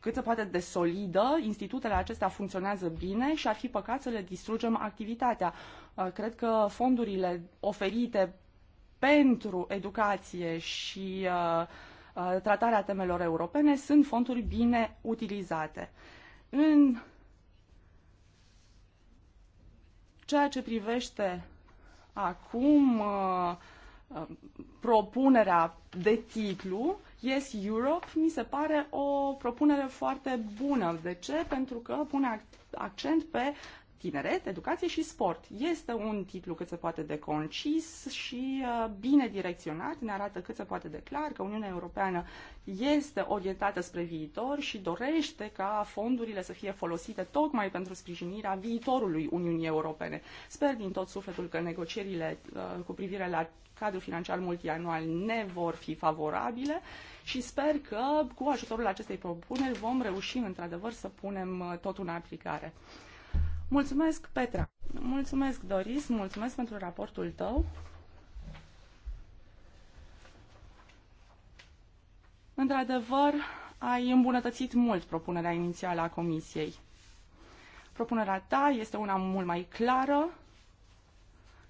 cât se poate de solidă, institutele acestea funcționează bine și ar fi păcat să le distrugem activitatea. Uh, cred că fondurile oferite pentru educație și uh, tratarea temelor europene sunt fonduri bine utilizate. În Ceea ce privește acum uh, uh, propunerea de titlu, Yes Europe, mi se pare o propunere foarte bună. De ce? Pentru că pune accent pe tineret, educație și sport. Este un titlu cât se poate de concis și uh, bine direcționat, ne arată cât se poate de clar că Uniunea Europeană este orientată spre viitor și dorește ca fondurile să fie folosite tocmai pentru sprijinirea viitorului Uniunii Europene. Sper din tot sufletul că negocierile uh, cu privire la cadrul financiar multianual ne vor fi favorabile și sper că cu ajutorul acestei propuneri vom reuși într-adevăr să punem uh, totul în aplicare. Mulțumesc, Petra. Mulțumesc, Doris. Mulțumesc pentru raportul tău. Într-adevăr, ai îmbunătățit mult propunerea inițială a Comisiei. Propunerea ta este una mult mai clară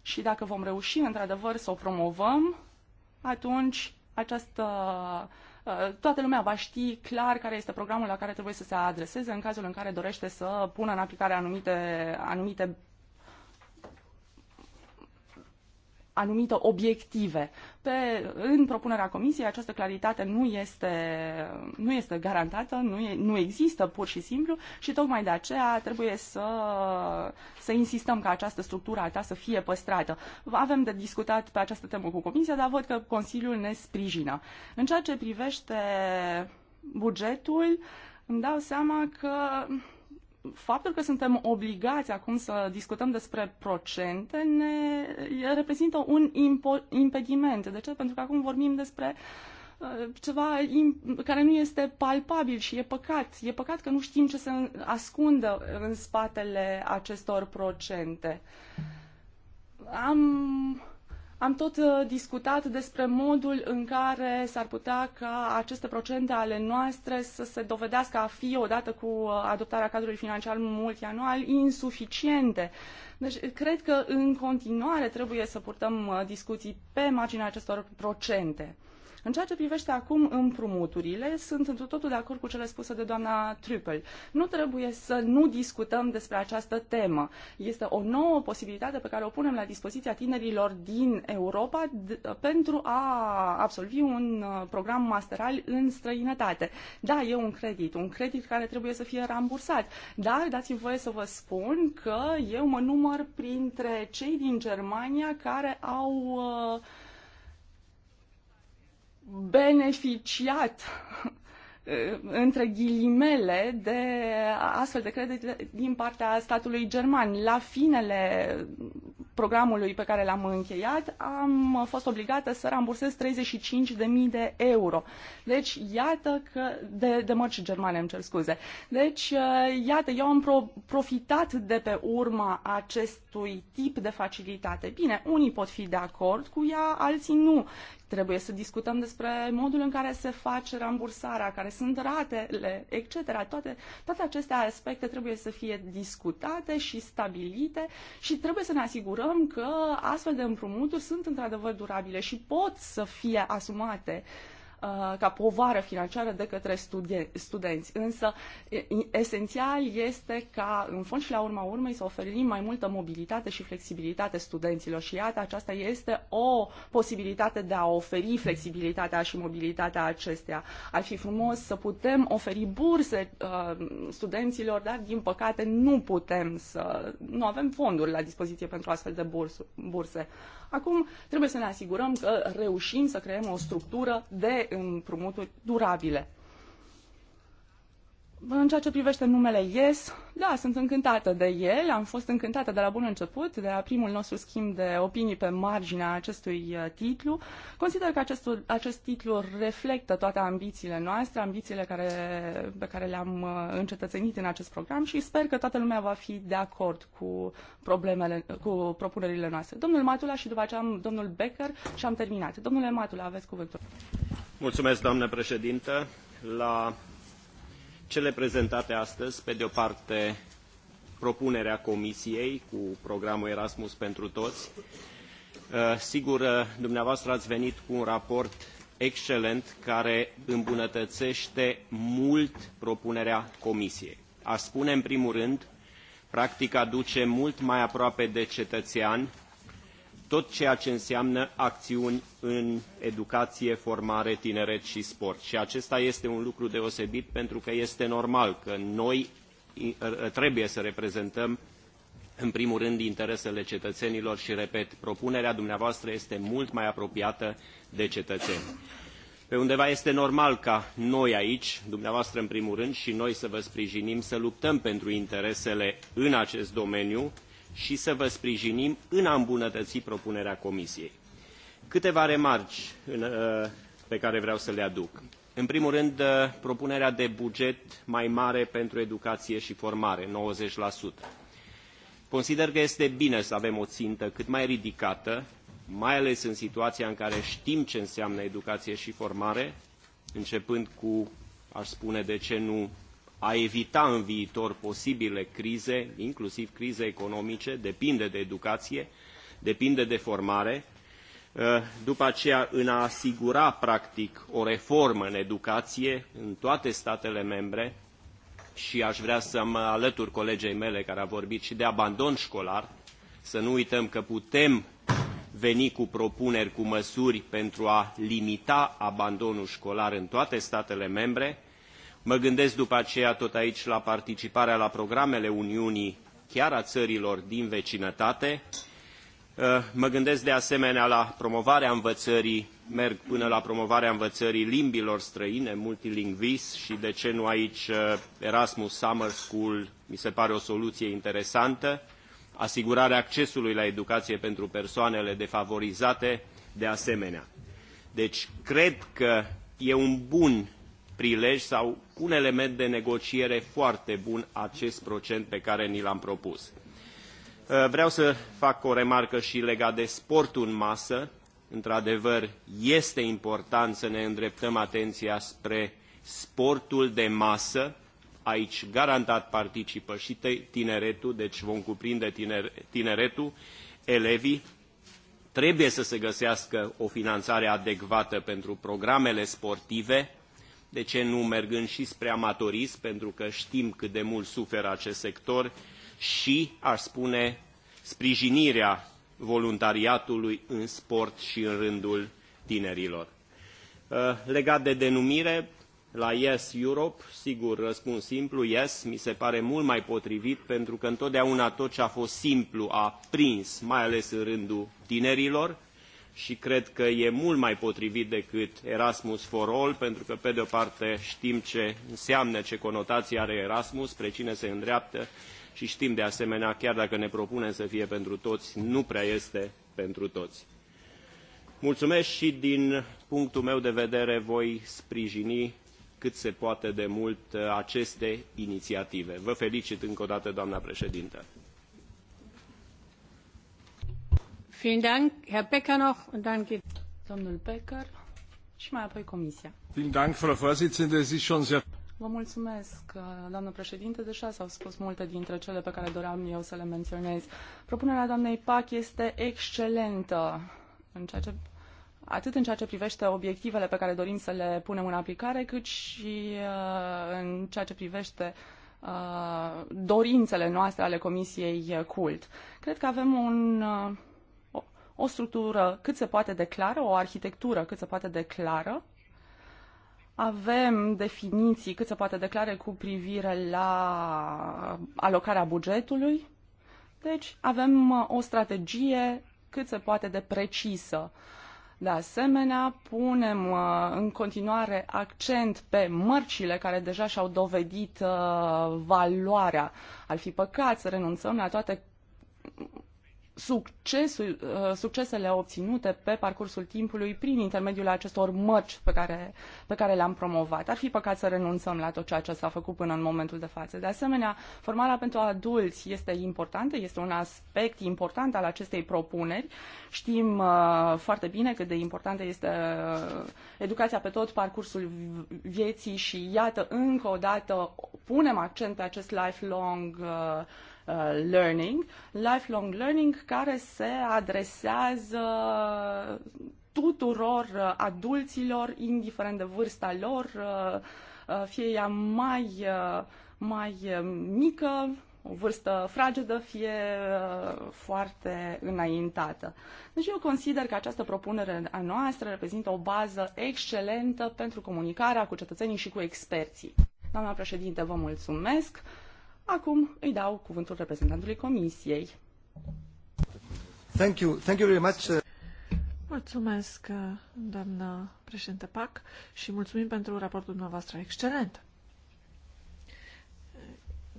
și dacă vom reuși, într-adevăr, să o promovăm, atunci această uh, toată lumea va ști clar care este programul la care trebuie să se adreseze în cazul în care dorește să pună în aplicare anumite, anumite anumite obiective. Pe, în propunerea comisiei această claritate nu este, nu este garantată, nu, e, nu există pur și simplu și tocmai de aceea trebuie să, să insistăm ca această structură a ta să fie păstrată. Avem de discutat pe această temă cu comisia, dar văd că Consiliul ne sprijină. În ceea ce privește bugetul, îmi dau seama că faptul că suntem obligați acum să discutăm despre procente ne reprezintă un impediment. De ce? Pentru că acum vorbim despre uh, ceva care nu este palpabil și e păcat. E păcat că nu știm ce se ascundă în spatele acestor procente. Am am tot uh, discutat despre modul în care s-ar putea ca aceste procente ale noastre să se dovedească a fi, odată cu uh, adoptarea cadrului financiar multianual, insuficiente. Deci, cred că în continuare trebuie să purtăm uh, discuții pe marginea acestor procente. În ceea ce privește acum împrumuturile, sunt într totul de acord cu cele spuse de doamna Trüppel. Nu trebuie să nu discutăm despre această temă. Este o nouă posibilitate pe care o punem la dispoziția tinerilor din Europa pentru a absolvi un uh, program masteral în străinătate. Da, e un credit, un credit care trebuie să fie rambursat, dar dați-mi voie să vă spun că eu mă număr printre cei din Germania care au uh, beneficiat *laughs* eh, între ghilimele de astfel de credite din partea statului german. La finele programului pe care l-am încheiat, am fost obligată să rambursez 35.000 de euro. Deci, iată că... De, de mărci germane, îmi cer scuze. Deci, eh, iată, eu am pro, profitat de pe urma acestui tip de facilitate. Bine, unii pot fi de acord cu ea, alții nu. Trebuie să discutăm despre modul în care se face rambursarea, care sunt ratele, etc. Toate, toate aceste aspecte trebuie să fie discutate și stabilite și trebuie să ne asigurăm că astfel de împrumuturi sunt într-adevăr durabile și pot să fie asumate uh, Uh, ca povară financiară de către studen- studenți. Însă, esențial este ca, în fond și la urma urmei, să oferim mai multă mobilitate și flexibilitate studenților. Și iată, aceasta este o posibilitate de a oferi flexibilitatea și mobilitatea acestea. Ar fi frumos să putem oferi burse uh, studenților, dar, din păcate, nu putem să. nu avem fonduri la dispoziție pentru astfel de burse. Acum trebuie să ne asigurăm că reușim să creăm o structură de împrumuturi durabile. În ceea ce privește numele Yes, da, sunt încântată de el, am fost încântată de la bun început, de la primul nostru schimb de opinii pe marginea acestui uh, titlu. Consider că acest, acest titlu reflectă toate ambițiile noastre, ambițiile care, pe care le-am uh, încetățenit în acest program și sper că toată lumea va fi de acord cu, problemele, cu propunerile noastre. Domnul Matula și după aceea domnul Becker și am terminat. Domnule Matula, aveți cuvântul. Mulțumesc, doamnă președintă. La cele prezentate astăzi, pe de o parte propunerea Comisiei cu programul Erasmus pentru toți. Uh, sigur, uh, dumneavoastră ați venit cu un raport excelent care îmbunătățește mult propunerea Comisiei. A spune, în primul rând, practic aduce mult mai aproape de cetățean tot ceea ce înseamnă acțiuni în educație, formare, tineret și sport. Și acesta este un lucru deosebit pentru că este normal că noi ă, ă, trebuie să reprezentăm în primul rând interesele cetățenilor și, repet, propunerea dumneavoastră este mult mai apropiată de cetățeni. Pe undeva este normal ca noi aici, dumneavoastră în primul rând, și noi să vă sprijinim să luptăm pentru interesele în acest domeniu, și să vă sprijinim în a îmbunătăți propunerea Comisiei. Câteva remarci uh, pe care vreau să le aduc. În primul rând, uh, propunerea de buget mai mare pentru educație și formare, 90%. Consider că este bine să avem o țintă cât mai ridicată, mai ales în situația în care știm ce înseamnă educație și formare, începând cu, aș spune, de ce nu, a evita în viitor posibile crize, inclusiv crize economice, depinde de educație, depinde de formare, uh, după aceea în a asigura practic o reformă în educație în toate statele membre și aș vrea să mă alătur colegei mele care a vorbit și de abandon școlar, să nu uităm că putem veni cu propuneri, cu măsuri pentru a limita abandonul școlar în toate statele membre, Mă gândesc după aceea tot aici la participarea la programele Uniunii, chiar a țărilor din vecinătate. Uh, mă gândesc de asemenea la promovarea învățării, merg până la promovarea învățării limbilor străine, multilingvis și de ce nu aici uh, Erasmus Summer School mi se pare o soluție interesantă, asigurarea accesului la educație pentru persoanele defavorizate de asemenea. Deci cred că e un bun prilej sau un element de negociere foarte bun acest procent pe care ni l-am propus. Uh, vreau să fac o remarcă și legat de sportul în masă. Într-adevăr, este important să ne îndreptăm atenția spre sportul de masă. Aici garantat participă și tineretul, deci vom cuprinde tineretul, elevii. Trebuie să se găsească o finanțare adecvată pentru programele sportive, de ce nu mergând și spre amatorism, pentru că știm cât de mult suferă acest sector și, aș spune, sprijinirea voluntariatului în sport și în rândul tinerilor. Uh, legat de denumire, la Yes Europe, sigur, răspuns simplu, Yes, mi se pare mult mai potrivit, pentru că întotdeauna tot ce a fost simplu a prins, mai ales în rândul tinerilor, și cred că e mult mai potrivit decât Erasmus for All, pentru că, pe de o parte, știm ce înseamnă, ce conotații are Erasmus, spre cine se îndreaptă și știm, de asemenea, chiar dacă ne propunem să fie pentru toți, nu prea este pentru toți. Mulțumesc și din punctul meu de vedere voi sprijini cât se poate de mult aceste inițiative. Vă felicit încă o dată, doamna președintă. Vă mulțumesc, uh, doamnă președinte. Deja s-au spus multe dintre cele pe care doream eu să le menționez. Propunerea doamnei PAC este excelentă în ceea ce, atât în ceea ce privește obiectivele pe care dorim să le punem în aplicare, cât și uh, în ceea ce privește uh, dorințele noastre ale Comisiei CULT. Cred că avem un uh, o structură cât se poate de clară, o arhitectură cât se poate de clară. Avem definiții cât se poate de clare cu privire la alocarea bugetului. Deci avem uh, o strategie cât se poate de precisă. De asemenea, punem uh, în continuare accent pe mărcile care deja și-au dovedit uh, valoarea. Ar fi păcat să renunțăm la toate succesul, uh, succesele obținute pe parcursul timpului prin intermediul acestor mărci pe care, pe care le-am promovat. Ar fi păcat să renunțăm la tot ceea ce s-a făcut până în momentul de față. De asemenea, formarea pentru adulți este importantă, este un aspect important al acestei propuneri. Știm uh, foarte bine cât de importantă este uh, educația pe tot parcursul vieții și iată, încă o dată, punem accent pe acest lifelong uh, Uh, learning, lifelong learning care se adresează tuturor uh, adulților, indiferent de vârsta lor, uh, fie ea mai, mai mică, o vârstă fragedă, fie foarte înaintată. Deci eu consider că această propunere a noastră reprezintă o bază excelentă pentru comunicarea cu cetățenii și cu experții. Doamna președinte, vă mulțumesc. Acum îi dau cuvântul reprezentantului Comisiei. Thank you. Thank you very much. Uh, Mulțumesc, uh, doamnă președinte PAC, și mulțumim pentru raportul dumneavoastră excelent,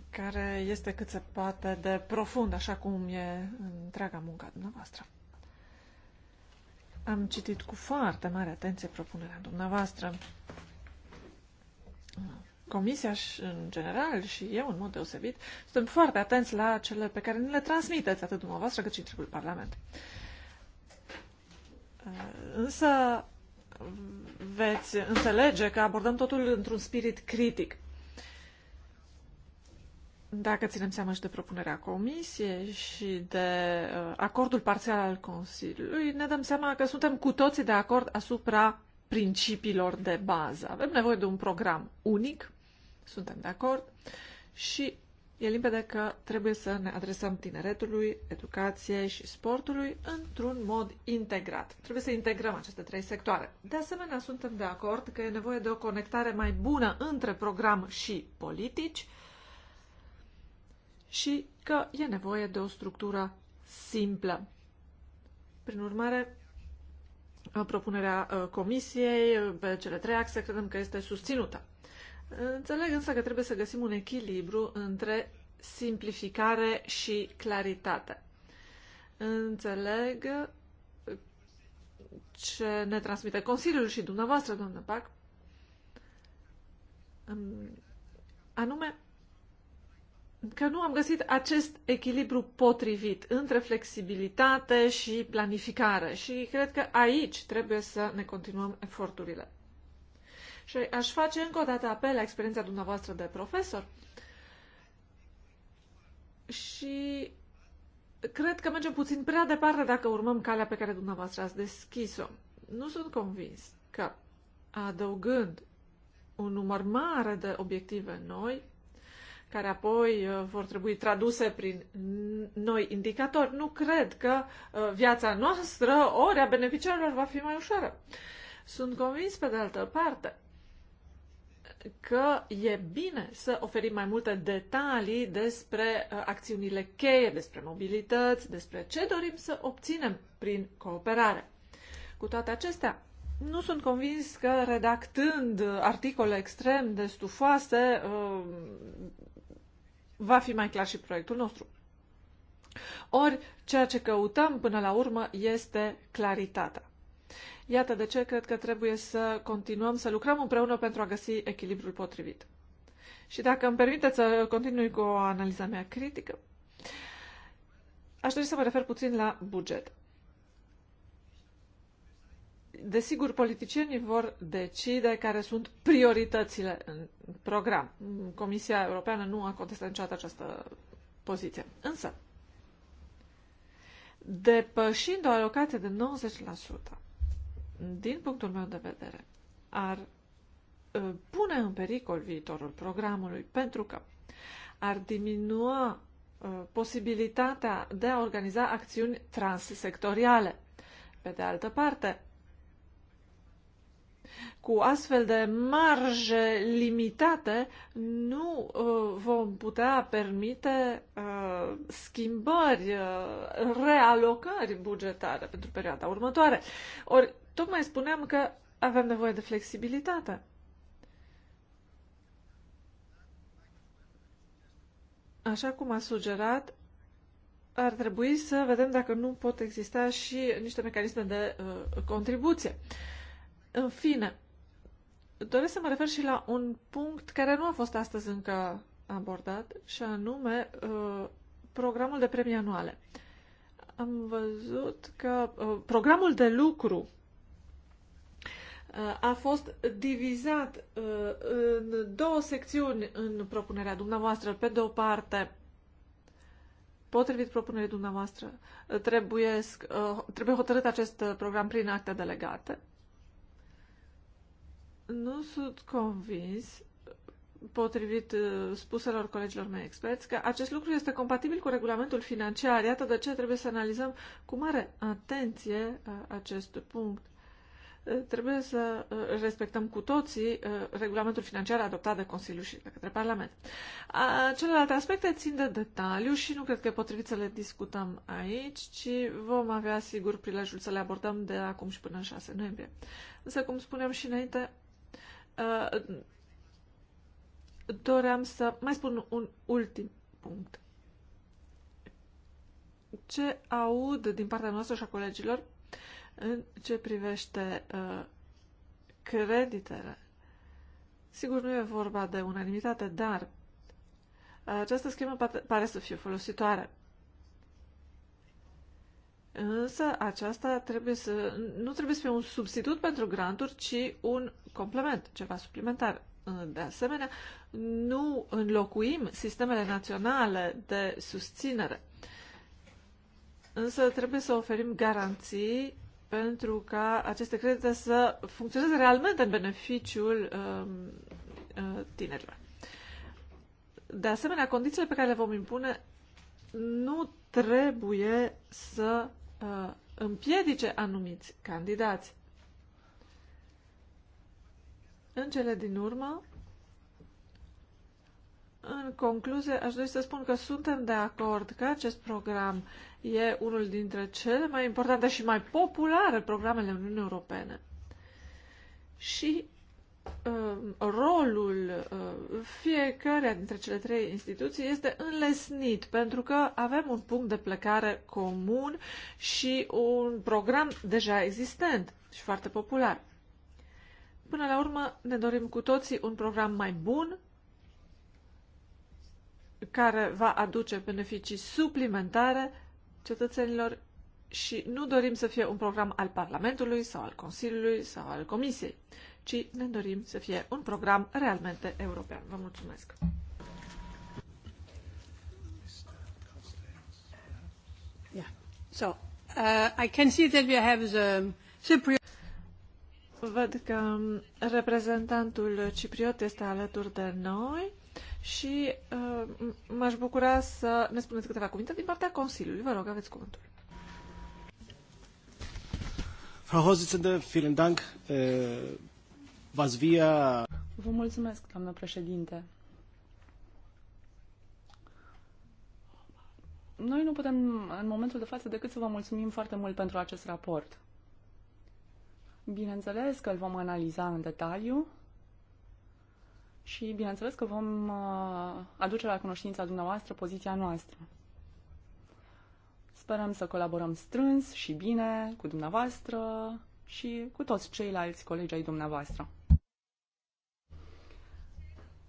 care este cât se poate de profund, așa cum e întreaga munca dumneavoastră. Am citit cu foarte mare atenție propunerea dumneavoastră Comisia și în general și eu în mod deosebit suntem foarte atenți la cele pe care ne le transmiteți atât dumneavoastră cât și întregul Parlament. Uh, însă veți înțelege că abordăm totul într-un spirit critic. Dacă ținem seama și de propunerea Comisiei și de uh, acordul parțial al Consiliului, ne dăm seama că suntem cu toții de acord asupra principiilor de bază. Avem nevoie de un program unic suntem de acord și e limpede că trebuie să ne adresăm tineretului, educației și sportului într-un mod integrat. Trebuie să integrăm aceste trei sectoare. De asemenea, suntem de acord că e nevoie de o conectare mai bună între program și politici și că e nevoie de o structură simplă. Prin urmare, propunerea uh, Comisiei uh, pe cele trei axe credem că este susținută. Înțeleg însă că trebuie să găsim un echilibru între simplificare și claritate. Înțeleg ce ne transmite Consiliul și dumneavoastră, domnule Pac, anume că nu am găsit acest echilibru potrivit între flexibilitate și planificare și cred că aici trebuie să ne continuăm eforturile. Și aș face încă o dată apel la experiența dumneavoastră de profesor. Și cred că mergem puțin prea departe dacă urmăm calea pe care dumneavoastră ați deschis-o. Nu sunt convins că adăugând un număr mare de obiective noi, care apoi uh, vor trebui traduse prin noi indicatori. Nu cred că uh, viața noastră, ori a beneficiarilor, va fi mai ușoară. Sunt convins, pe de altă parte, că e bine să oferim mai multe detalii despre uh, acțiunile cheie, despre mobilități, despre ce dorim să obținem prin cooperare. Cu toate acestea, nu sunt convins că redactând articole extrem de stufoase uh, va fi mai clar și proiectul nostru. Ori, ceea ce căutăm până la urmă este claritatea. Iată de ce cred că trebuie să continuăm să lucrăm împreună pentru a găsi echilibrul potrivit. Și dacă îmi permiteți să continui cu o analiza mea critică, aș dori să mă refer puțin la buget. Desigur, politicienii vor decide care sunt prioritățile în program. Comisia Europeană nu a contestat niciodată această poziție. Însă, depășind o alocație de 90%, din punctul meu de vedere, ar uh, pune în pericol viitorul programului pentru că ar diminua uh, posibilitatea de a organiza acțiuni transsectoriale. Pe de altă parte, cu astfel de marje limitate, nu uh, vom putea permite uh, schimbări, uh, realocări bugetare pentru perioada următoare. Ori Tocmai spuneam că avem nevoie de flexibilitate. Așa cum a sugerat, ar trebui să vedem dacă nu pot exista și niște mecanisme de uh, contribuție. În fine, doresc să mă refer și la un punct care nu a fost astăzi încă abordat, și anume uh, programul de premii anuale. Am văzut că uh, programul de lucru a fost divizat uh, în două secțiuni în propunerea dumneavoastră. Pe de o parte, potrivit propunerii dumneavoastră, trebuie, uh, trebuie hotărât acest uh, program prin acte delegate. Nu sunt convins, potrivit spuselor colegilor mei experți, că acest lucru este compatibil cu regulamentul financiar. Iată de ce trebuie să analizăm cu mare atenție acest punct. Eh, trebuie să eh, respectăm cu toții eh, regulamentul financiar adoptat de Consiliu și de către Parlament. Celelalte aspecte țin de detaliu și nu cred că e potrivit să le discutăm aici, ci vom avea sigur prilejul să le abordăm de acum și până în 6 noiembrie. Însă, cum spuneam și înainte, doream să mai spun un ultim punct. Ce aud din partea noastră și a colegilor în ce privește uh, creditele, sigur nu e vorba de unanimitate, dar uh, această schemă pare să fie folositoare. Însă aceasta trebuie să, nu trebuie să fie un substitut pentru granturi, ci un complement, ceva suplimentar. De asemenea, nu înlocuim sistemele naționale de susținere. Însă trebuie să oferim garanții pentru ca aceste credite să funcționeze realmente în beneficiul um, uh, tinerilor. De asemenea, condițiile pe care le vom impune nu trebuie să uh, împiedice anumiți candidați. În cele din urmă, în concluzie, aș dori să spun că suntem de acord că acest program uh, E unul dintre cele mai importante și mai populare programele Uniunii Europene. Și uh, rolul uh, dintre cele trei instituții este înlesnit pentru că avem un punct de plecare comun și un program deja existent și foarte popular. Până la urmă, ne dorim cu toții un program mai bun, care va aduce beneficii suplimentare cetățenilor și nu dorim să fie un program al Parlamentului sau al Consiliului sau al Comisiei, ci ne dorim să fie un program realmente european. Vă mulțumesc! So, uh, I can see that we have the Cypriot. Văd că um, reprezentantul Cipriot este alături de noi și uh, m-aș bucura să ne spuneți câteva cuvinte din partea Consiliului. Vă rog, aveți cuvântul. Frau Vorsitzende, vielen Dank. Äh, was wir... Vă mulțumesc, doamnă președinte. Noi nu putem, în momentul de față, decât să vă mulțumim foarte mult pentru acest raport. Bineînțeles că îl vom analiza în detaliu și bineînțeles că vom uh, aduce la cunoștința dumneavoastră poziția noastră. Sperăm să colaborăm strâns și bine cu dumneavoastră și cu toți ceilalți colegi ai dumneavoastră.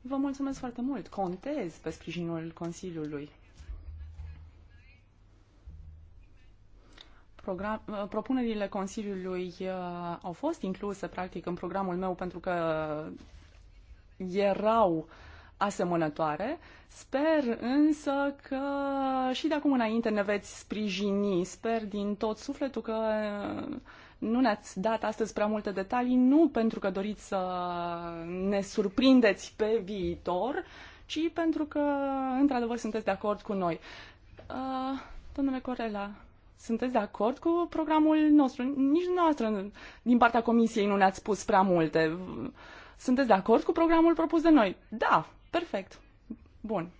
Vă mulțumesc foarte mult. Contez pe sprijinul Consiliului. Program, uh, propunerile Consiliului uh, au fost incluse, practic, în programul meu pentru că erau asemănătoare. Sper însă că și de acum înainte ne veți sprijini. Sper din tot sufletul că nu ne-ați dat astăzi prea multe detalii, nu pentru că doriți să ne surprindeți pe viitor, ci pentru că, într-adevăr, sunteți de acord cu noi. Uh, domnule Corela, sunteți de acord cu programul nostru? Nici noastră, din partea Comisiei, nu ne-ați spus prea multe. Uh, sunteți de acord cu programul propus de noi? Da, perfect. Bun.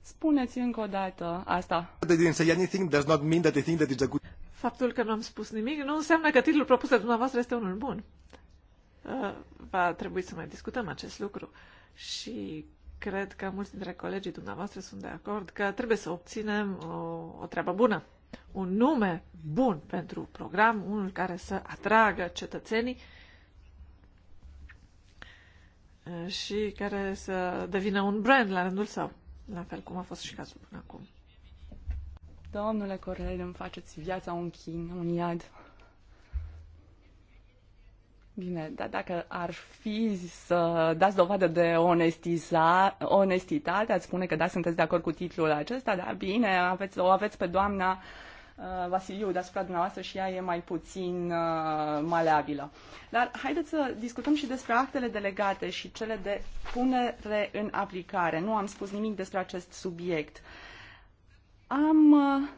Spuneți încă o dată asta. Faptul că nu am spus nimic nu înseamnă că titlul propus de dumneavoastră este unul bun. Uh, va trebui să mai discutăm acest lucru și cred că mulți dintre colegii dumneavoastră sunt de acord că trebuie să obținem o, o treabă bună un nume bun pentru program, unul care să atragă cetățenii eh, și care să devină un brand la rândul său, la fel cum a fost și cazul până acum. Domnule Corel, îmi faceți viața un chin, un iad. Bine, dar dacă ar fi să dați dovadă de onestiza, onestitate, ați spune că da, sunteți de acord cu titlul acesta, dar bine, aveți, o aveți pe doamna uh, Vasiliu deasupra dumneavoastră și ea e mai puțin uh, maleabilă. Dar haideți să discutăm și despre actele delegate și cele de punere în aplicare. Nu am spus nimic despre acest subiect. Am... Uh,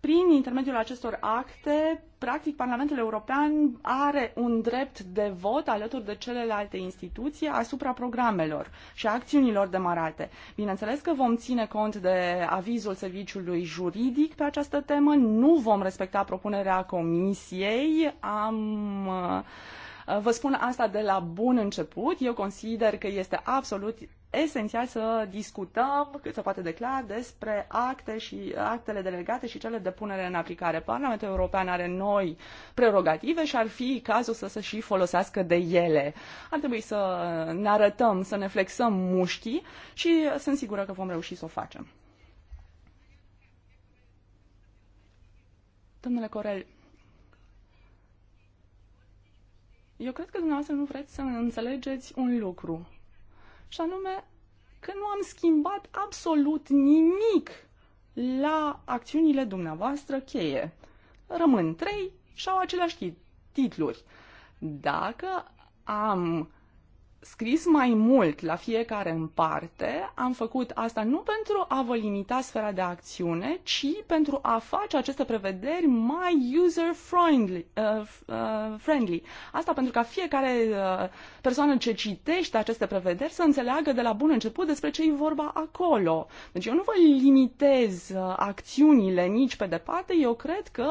prin intermediul acestor acte, practic Parlamentul European are un drept de vot alături de celelalte instituții asupra programelor și acțiunilor demarate. Bineînțeles că vom ține cont de avizul serviciului juridic pe această temă, nu vom respecta propunerea Comisiei, am uh, Vă spun asta de la bun început. Eu consider că este absolut esențial să discutăm cât se poate declara despre acte și actele delegate și cele de punere în aplicare. Parlamentul European are noi prerogative și ar fi cazul să se și folosească de ele. Ar trebui să ne arătăm, să ne flexăm mușchii și sunt sigură că vom reuși să o facem. Domnule Corel, Eu cred că dumneavoastră nu vreți să înțelegeți un lucru. Și anume că nu am schimbat absolut nimic la acțiunile dumneavoastră cheie. Rămân trei și au aceleași titluri. Dacă am scris mai mult la fiecare în parte, am făcut asta nu pentru a vă limita sfera de acțiune, ci pentru a face aceste prevederi mai user-friendly. Uh, uh, friendly. Asta pentru ca fiecare uh, persoană ce citește aceste prevederi să înțeleagă de la bun început despre ce e vorba acolo. Deci eu nu vă limitez uh, acțiunile nici pe departe, eu cred că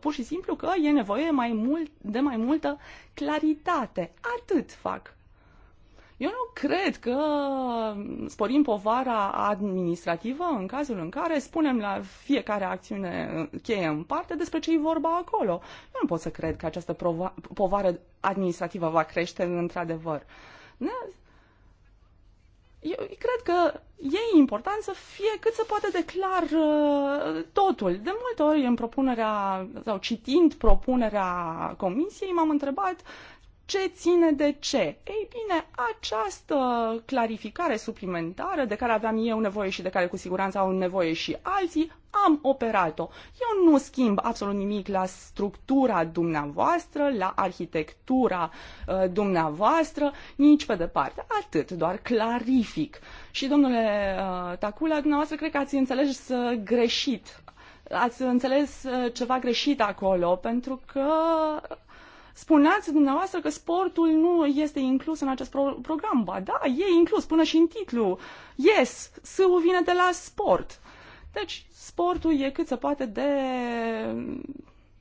pur și simplu că e nevoie mai mult, de mai multă claritate. Atât fac. Eu nu cred că sporim povara administrativă în cazul în care spunem la fiecare acțiune cheie în parte despre ce e vorba acolo. Eu nu pot să cred că această povară administrativă va crește într-adevăr. Eu cred că e important să fie cât se poate de clar uh, totul. De multe ori în propunerea sau citind propunerea comisiei m-am întrebat uh, ce ține de ce? Ei bine, această clarificare suplimentară de care aveam eu nevoie și de care cu siguranță au nevoie și alții, am operat-o. Eu nu schimb absolut nimic la structura dumneavoastră, la arhitectura uh, dumneavoastră, nici pe departe. Atât, doar clarific. Și, domnule uh, Tacula, dumneavoastră cred că ați înțeles uh, greșit. Ați înțeles uh, ceva greșit acolo, pentru că uh, Spuneați dumneavoastră că sportul nu este inclus în acest pro- program. Ba da, e inclus până și în titlu. Yes, sâul vine de la sport. Deci, sportul e cât se poate de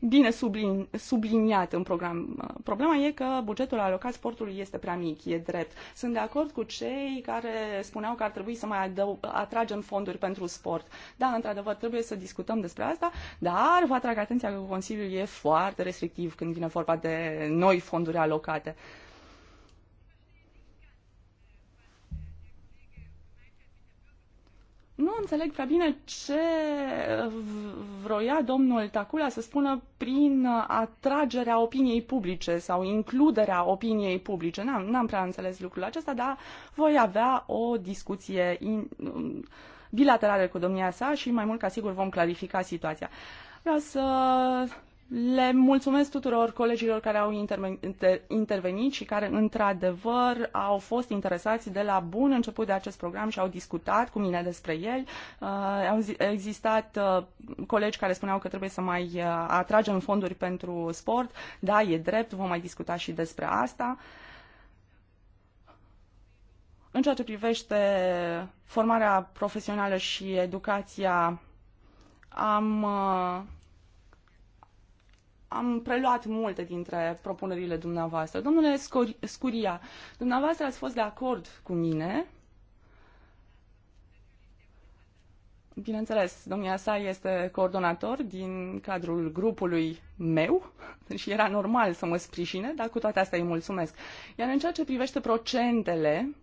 bine sublin, subliniat în program. Problema e că bugetul alocat sportului este prea mic, e drept. Sunt de acord cu cei care spuneau că ar trebui să mai adău, atragem fonduri pentru sport. Da, într-adevăr, trebuie să discutăm despre asta, dar vă atrag atenția că Consiliul e foarte restrictiv când vine vorba de noi fonduri alocate. Uh, Nu înțeleg prea bine ce vroia domnul Tacula să spună prin atragerea opiniei publice sau includerea opiniei publice. N-am, n-am prea înțeles lucrul acesta, dar voi avea o discuție in, bilaterală cu domnia sa și mai mult ca sigur vom clarifica situația. Vreau să le mulțumesc tuturor colegilor care au intervenit și care, într-adevăr, au fost interesați de la bun început de acest program și au discutat cu mine despre el. Uh, au existat uh, colegi care spuneau că trebuie să mai uh, atragem fonduri pentru sport. Da, e drept, vom mai discuta și despre asta. În ceea ce privește formarea profesională și educația, am am preluat multe dintre propunerile dumneavoastră. Domnule Scuria, dumneavoastră ați fost de acord cu mine. Bineînțeles, domnia sa este coordonator din cadrul grupului meu și era normal să mă sprijine, dar cu toate astea îi mulțumesc. Iar în ceea ce privește procentele,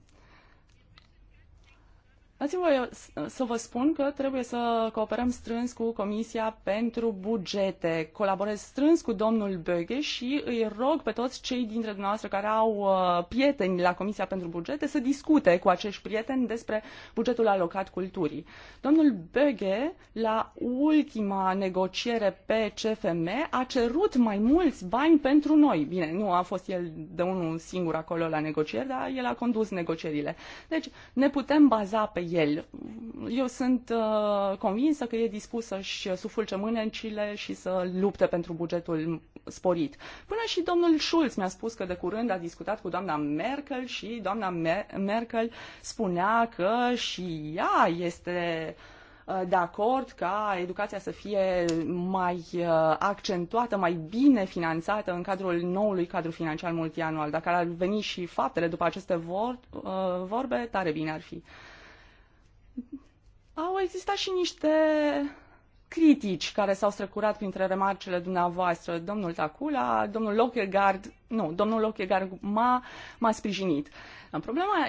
Dați-mi voie să vă spun că trebuie să cooperăm strâns cu Comisia pentru Bugete. Colaborez strâns cu domnul Böge și îi rog pe toți cei dintre dumneavoastră care au uh, prieteni la Comisia pentru Bugete să discute cu acești prieteni despre bugetul alocat culturii. Domnul Böge, la ultima negociere pe CFM, a cerut mai mulți bani pentru noi. Bine, nu a fost el de unul singur acolo la negocieri, dar el a condus negocierile. Deci ne putem baza pe el. Eu sunt uh, convinsă că e dispus să-și sufulce mânecile și să lupte pentru bugetul sporit. Până și domnul Schulz mi-a spus că de curând a discutat cu doamna Merkel și doamna Merkel spunea că și ea este uh, de acord ca educația să fie mai uh, accentuată, mai bine finanțată în cadrul noului cadru financiar multianual. Dacă ar veni și faptele după aceste vor, vorbe, tare bine ar fi. Au existat și niște critici care s-au strecurat printre remarcele dumneavoastră, domnul Tacula, domnul Lockegard, nu, domnul Lockegard m-a, m-a sprijinit. Problema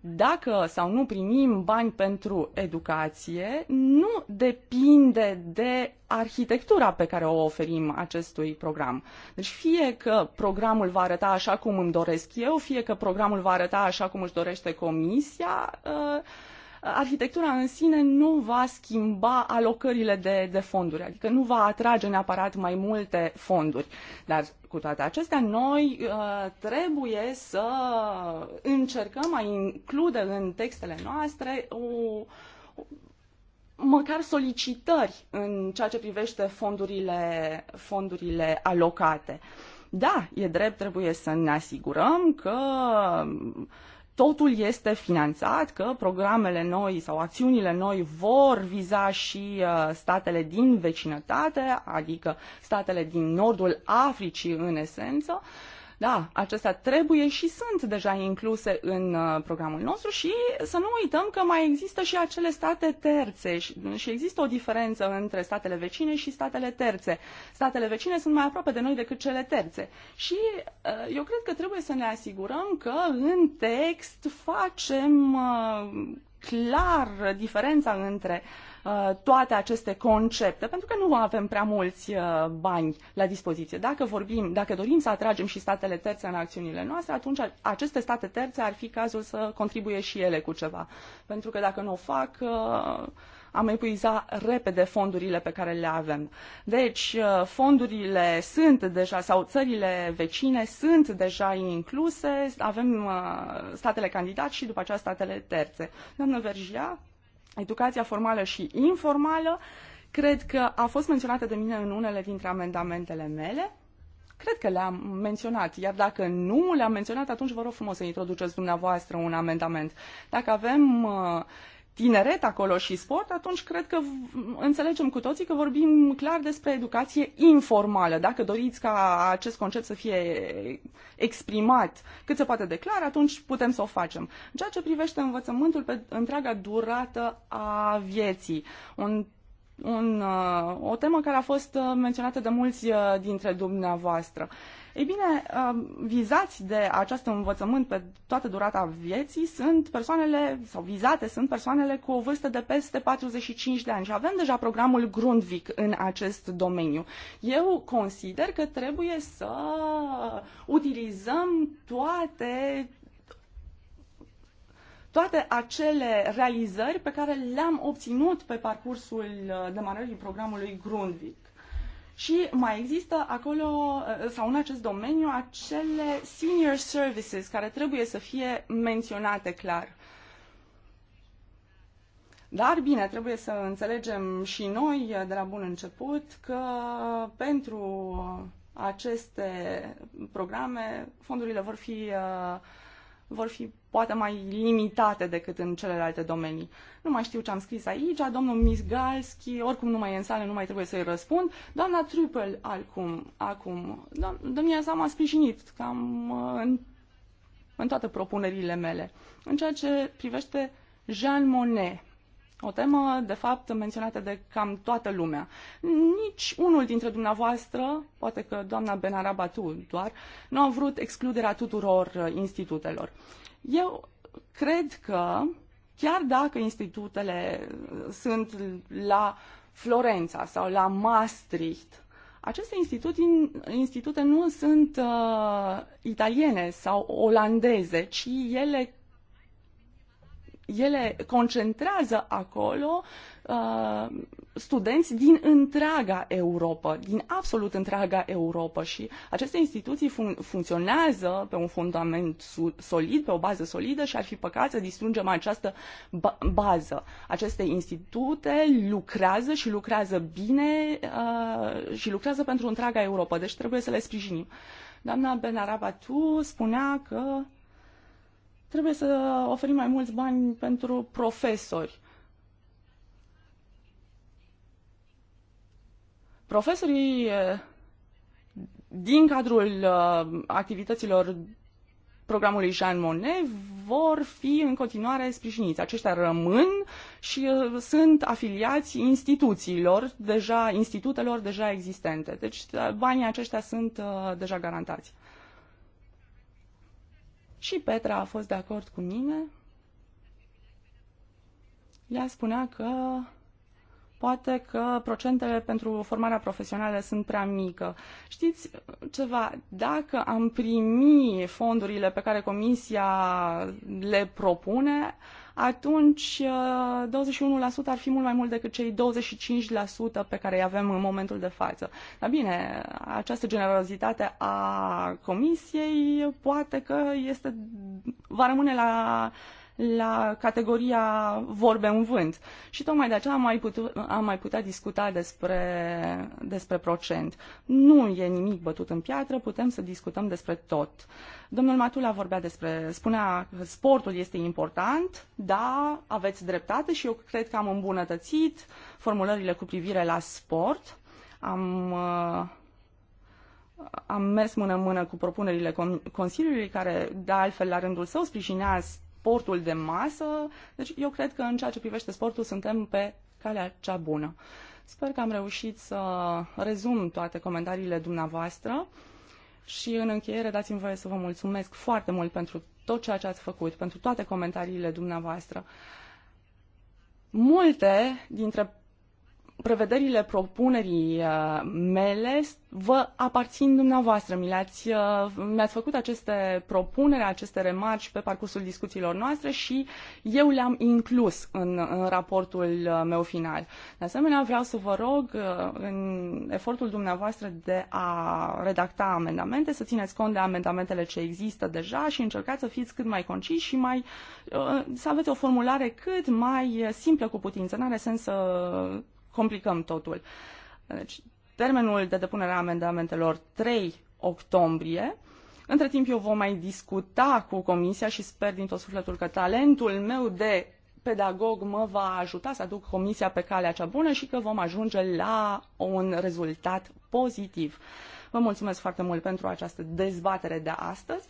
dacă sau nu primim bani pentru educație nu depinde de arhitectura pe care o oferim acestui program. Deci fie că programul va arăta așa cum îmi doresc eu, fie că programul va arăta așa cum își dorește comisia, uh, arhitectura în sine nu va schimba alocările de, de fonduri, adică nu va atrage neapărat mai multe fonduri. Dar cu toate acestea, noi uh, trebuie să încercăm a include în textele noastre o, o măcar solicitări în ceea ce privește fondurile, fondurile alocate. Da, e drept, trebuie să ne asigurăm că uh, totul este finanțat, că programele noi sau acțiunile noi vor viza și uh, statele din vecinătate, adică statele din nordul Africii în esență, da, acestea trebuie și sunt deja incluse în uh, programul nostru și să nu uităm că mai există și acele state terțe și, și există o diferență între statele vecine și statele terțe. Statele vecine sunt mai aproape de noi decât cele terțe și uh, eu cred că trebuie să ne asigurăm că în text facem uh, clar diferența între uh, Uh, toate aceste concepte, pentru că nu avem prea mulți uh, bani la dispoziție. Dacă vorbim, dacă dorim să atragem și statele terțe în acțiunile noastre, atunci aceste state terțe ar fi cazul să contribuie și ele cu ceva. Pentru că dacă nu o fac, uh, am epuiza repede fondurile pe care le avem. Deci, fondurile sunt deja, sau țările vecine sunt deja incluse, avem statele candidat și după aceea statele terțe. Doamnă Vergia, educația formală și informală, cred că a fost menționată de mine în unele dintre amendamentele mele. Cred că le-am menționat, iar dacă nu le-am menționat, atunci vă rog frumos să introduceți dumneavoastră un amendament. Dacă avem uh, tineret acolo și sport, atunci cred că înțelegem cu toții că vorbim clar despre educație informală. Dacă doriți ca acest concept să fie exprimat cât se poate de clar, atunci putem să o facem. În ceea ce privește învățământul pe întreaga durată a vieții, un un, uh, o temă care a fost uh, menționată de mulți uh, dintre dumneavoastră. Ei bine, um, vizați de acest învățământ pe toată durata vieții sunt persoanele, sau vizate sunt persoanele cu o vârstă de peste 45 de ani și avem deja programul Grundvik în acest domeniu. Eu consider că trebuie să utilizăm toate toate acele realizări pe care le-am obținut pe parcursul uh, demarării programului Grundvik. Și mai există acolo, uh, sau în acest domeniu, acele senior services care trebuie să fie menționate clar. Dar bine, trebuie să înțelegem și noi uh, de la bun început că pentru aceste programe fondurile vor fi uh, vor fi poate mai limitate decât în celelalte domenii. Nu mai știu ce am scris aici, domnul Misgalski, oricum nu mai e în sală, nu mai trebuie să-i răspund. Doamna Trupel acum, acum. domnia sa m-a sprijinit cam uh, în, în toate propunerile mele. În ceea ce privește Jean Monnet, o temă, de fapt, menționată de cam toată lumea. Nici unul dintre dumneavoastră, poate că doamna Benarabatu doar, nu a vrut excluderea tuturor uh, institutelor. Eu cred că, chiar dacă institutele uh, sunt la Florența sau la Maastricht, aceste institute nu sunt uh, italiene sau olandeze, ci ele ele concentrează acolo uh, studenți din întreaga Europa, din absolut întreaga Europa și aceste instituții fun- funcționează pe un fundament solid, pe o bază solidă și ar fi păcat să distrugem această ba- bază. Aceste institute lucrează și lucrează bine uh, și lucrează pentru întreaga Europa, deci trebuie să le sprijinim. Doamna Benarabatu spunea că Trebuie să oferim mai mulți bani pentru profesori. Profesorii din cadrul activităților programului Jean Monnet vor fi în continuare sprijiniți. Aceștia rămân și sunt afiliați instituțiilor, deja institutelor deja existente. Deci banii aceștia sunt deja garantați. Și Petra a fost de acord cu mine. Ea spunea că poate că procentele pentru formarea profesională sunt prea mică. Știți ceva, dacă am primi fondurile pe care Comisia le propune, uh, atunci 21% uh, ar fi mult mai mult decât cei 25% pe care îi avem în momentul de față. Dar bine, această generozitate a Comisiei poate că este, va rămâne la la categoria vorbe în vânt. Și tocmai de aceea am mai, putu- am mai putea discuta despre, despre procent. Nu e nimic bătut în piatră, putem să discutăm despre tot. Domnul Matula vorbea despre, spunea că sportul este important, da, aveți dreptate și eu cred că am îmbunătățit formulările cu privire la sport. Am uh, am mers mână în mână cu propunerile Consiliului, care, de altfel, la rândul său, sprijinea sportul de masă. Deci eu cred că în ceea ce privește sportul suntem pe calea cea bună. Sper că am reușit să rezum toate comentariile dumneavoastră și în încheiere dați-mi voie să vă mulțumesc foarte mult pentru tot ceea ce ați făcut, pentru toate comentariile dumneavoastră. Multe dintre prevederile propunerii uh, mele vă aparțin dumneavoastră. Mi le-ați, uh, mi-ați făcut aceste propuneri, aceste remarci pe parcursul discuțiilor noastre și eu le-am inclus în, în raportul uh, meu final. De asemenea, vreau să vă rog în efortul dumneavoastră de a redacta amendamente, să țineți cont de amendamentele ce există deja și încercați să fiți cât mai conciși și mai, să aveți o formulare cât mai simplă cu putință. N-are sens să complicăm totul. Deci, termenul de depunere a amendamentelor 3 octombrie. Între timp eu vom mai discuta cu comisia și sper din tot sufletul că talentul meu de pedagog mă va ajuta să aduc comisia pe calea cea bună și că vom ajunge la un rezultat pozitiv. Vă mulțumesc foarte mult pentru această dezbatere de astăzi.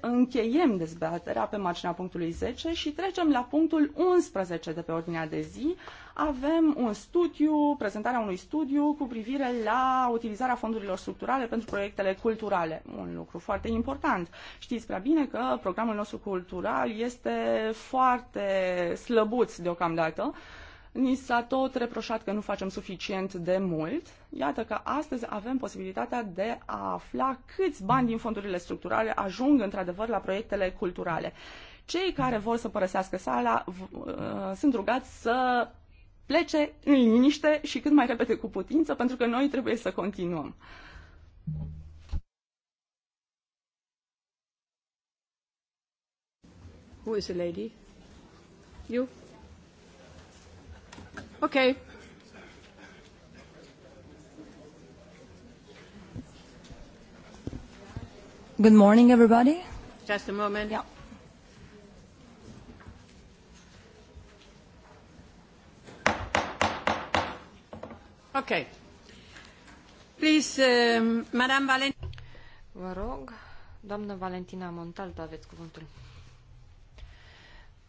Încheiem dezbaterea pe marginea punctului 10 și trecem la punctul 11 de pe ordinea de zi, avem un studiu, prezentarea unui studiu cu privire la utilizarea fondurilor structurale pentru proiectele culturale. Un lucru foarte important. Știți prea bine că programul nostru cultural este foarte slăbuț deocamdată. Ni s-a tot reproșat că nu facem suficient de mult. Iată că astăzi avem posibilitatea de a afla câți bani din fondurile structurale ajung într-adevăr la proiectele culturale. Cei care vor să părăsească sala ă, sunt rugați să plece în liniște și cât mai repede cu putință, pentru că noi trebuie să continuăm. Who is the lady? You? Okay. Good morning, everybody. Just a moment. Yeah. Ok. Please, uh, Madame Valentina. Vă rog, doamnă Valentina Montalto, aveți cuvântul.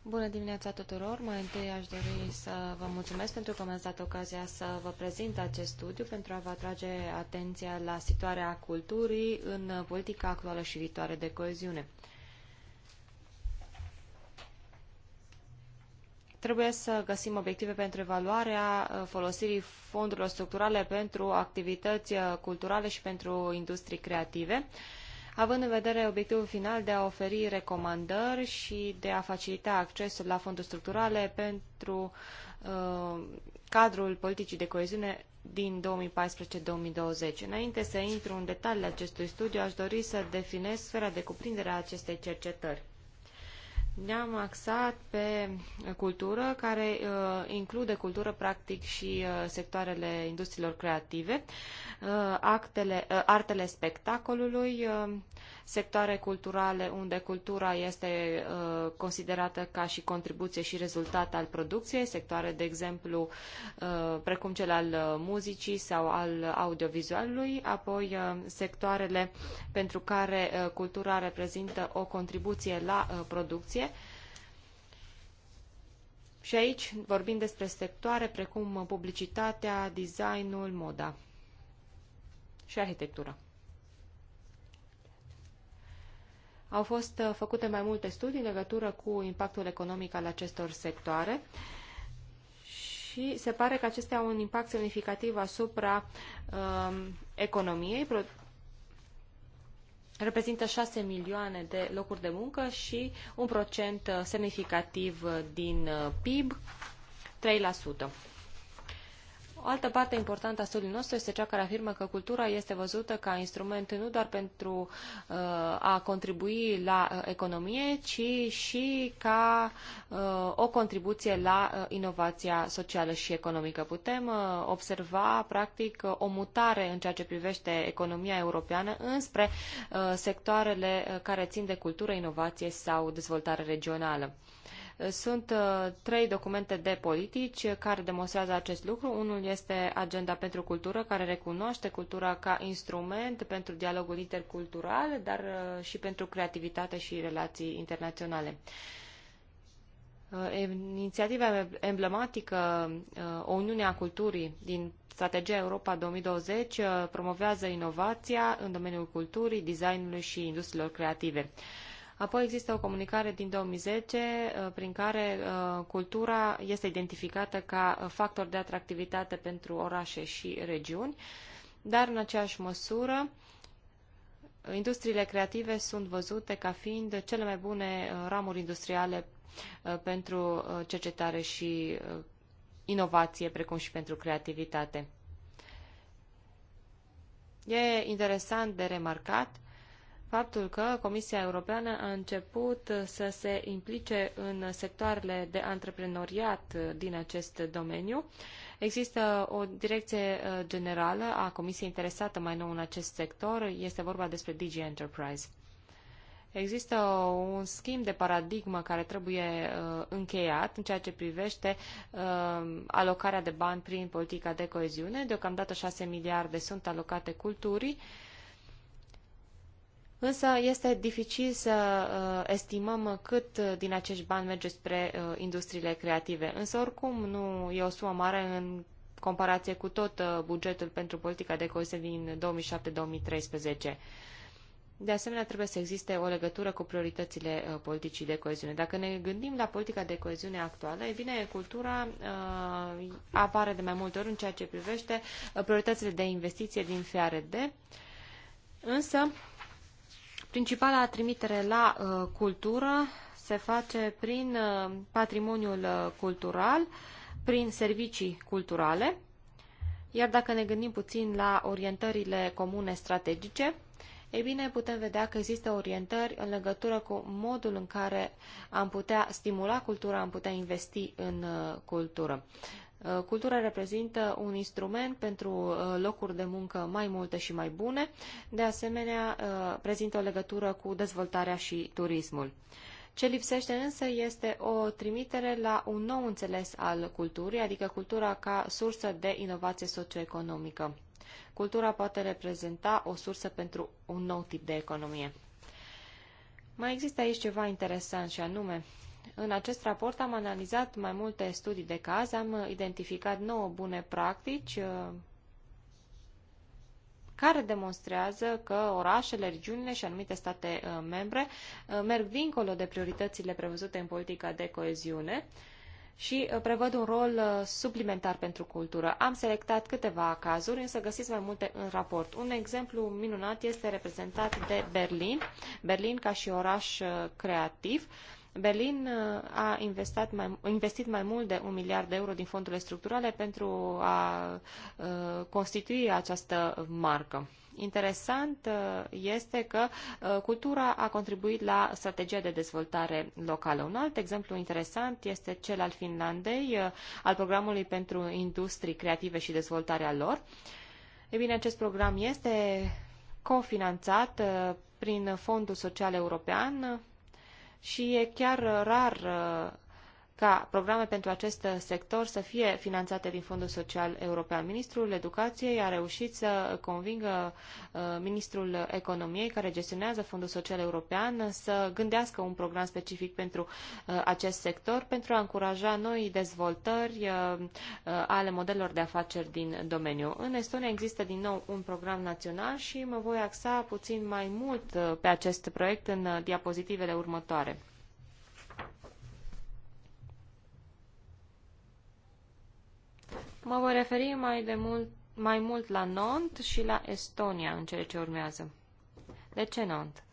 Bună dimineața tuturor! Mai întâi aș dori să vă mulțumesc pentru că mi-ați dat ocazia să vă prezint acest studiu pentru a vă atrage atenția la situarea culturii în politica actuală și viitoare de coeziune. Trebuie să găsim obiective pentru evaluarea uh, folosirii fondurilor structurale pentru activități uh, culturale și pentru industrii creative, având în vedere obiectivul final de a oferi recomandări și de a facilita accesul la fonduri structurale pentru uh, cadrul politicii de coeziune din 2014-2020. Înainte să intru în detaliile acestui studiu, aș dori să definez sfera de cuprindere a acestei cercetări. Ne-am axat pe cultură, care uh, include cultură practic și uh, sectoarele industriilor creative, uh, actele, uh, artele spectacolului, uh, sectoare culturale unde cultura este uh, considerată ca și contribuție și rezultat al producției, sectoare, de exemplu, uh, precum cel al uh, muzicii sau al audiovizualului, apoi uh, sectoarele pentru care uh, cultura reprezintă o contribuție la uh, producție, și aici vorbim despre sectoare precum publicitatea, designul, moda și arhitectura. Au fost uh, făcute mai multe studii în legătură cu impactul economic al acestor sectoare și se pare că acestea au un impact semnificativ asupra uh, economiei reprezintă 6 milioane de locuri de muncă și un procent uh, semnificativ uh, din uh, PIB, 3%. O altă parte importantă a studiului nostru este cea care afirmă că cultura este văzută ca instrument nu doar pentru uh, a contribui la uh, economie, ci și ca uh, o contribuție la uh, inovația socială și economică. Putem uh, observa, practic, o mutare în ceea ce privește economia europeană înspre uh, sectoarele uh, care țin de cultură, inovație sau dezvoltare regională. Uh, sunt uh, trei documente de politici care demonstrează acest lucru. Unul este Agenda pentru Cultură, care recunoaște cultura ca instrument pentru dialogul intercultural, dar uh, și pentru creativitate și relații internaționale. Uh, inițiativa emblematică O Uniune a Culturii din Strategia Europa 2020 promovează inovația în domeniul culturii, designului și industriilor creative. Apoi există o comunicare din 2010 uh, prin care uh, cultura este identificată ca factor de atractivitate pentru orașe și regiuni, dar în aceeași măsură industriile creative sunt văzute ca fiind cele mai bune uh, ramuri industriale pentru cercetare și inovație, precum și pentru creativitate. E interesant de remarcat faptul că Comisia Europeană a început să se implice în sectoarele de antreprenoriat din acest domeniu. Există o direcție uh, generală a Comisiei interesată mai nou în acest sector, este vorba despre DG Enterprise. Există un schimb de paradigmă care trebuie uh, încheiat în ceea ce privește uh, alocarea de bani prin politica de coeziune. Deocamdată 6 miliarde sunt alocate culturii. Uh, Însă este dificil să uh, estimăm cât din acești bani merge spre uh, industriile creative. Însă oricum nu e o sumă mare în comparație cu tot uh, bugetul pentru politica de coeziune din 2007-2013. De asemenea, trebuie să existe o legătură cu prioritățile uh, politicii de coeziune. Dacă ne gândim la politica de coeziune actuală, e bine, cultura uh, apare de mai multe ori în ceea ce privește uh, prioritățile de investiție din FRD, însă Principala trimitere la uh, cultură se face prin uh, patrimoniul uh, cultural, prin servicii culturale, iar dacă ne gândim puțin la orientările comune strategice, ei bine, putem vedea că există orientări în legătură cu modul în care am putea stimula cultura, am putea investi în uh, cultură. Uh, cultura reprezintă un instrument pentru uh, locuri de muncă mai multe și mai bune, de asemenea uh, prezintă o legătură cu dezvoltarea și turismul. Ce lipsește însă este o trimitere la un nou înțeles al culturii, adică cultura ca sursă de inovație socioeconomică. Cultura poate reprezenta o sursă pentru un nou tip de economie. Mai există aici ceva interesant și anume, în acest raport am analizat mai multe studii de caz, am identificat nouă bune practici uh, care demonstrează că orașele, regiunile și anumite state uh, membre uh, merg dincolo de prioritățile prevăzute în politica de coeziune și prevăd un rol suplimentar pentru cultură. Am selectat câteva cazuri, însă găsiți mai multe în raport. Un exemplu minunat este reprezentat de Berlin, Berlin ca și oraș creativ, Berlin uh, a investit mai, investit mai mult de un miliard de euro din fondurile structurale pentru a uh, constitui această marcă. Interesant uh, este că cultura a contribuit la strategia de dezvoltare locală. Un alt exemplu interesant este cel al Finlandei, al programului pentru industrii creative și dezvoltarea lor. E bine, acest program este cofinanțat prin Fondul Social European și e chiar rar ca programe pentru acest sector să fie finanțate din Fondul Social European. Ministrul Educației a reușit să convingă uh, Ministrul Economiei, care gestionează Fondul Social European, să gândească un program specific pentru uh, acest sector, pentru a încuraja noi dezvoltări uh, ale modelelor de afaceri din domeniu. În Estonia există din nou un program național și mă voi axa puțin mai mult pe acest proiect în diapozitivele următoare. Mă voi referi mai, de mult, mai mult la Nont și la Estonia în cele ce urmează. De ce Nont?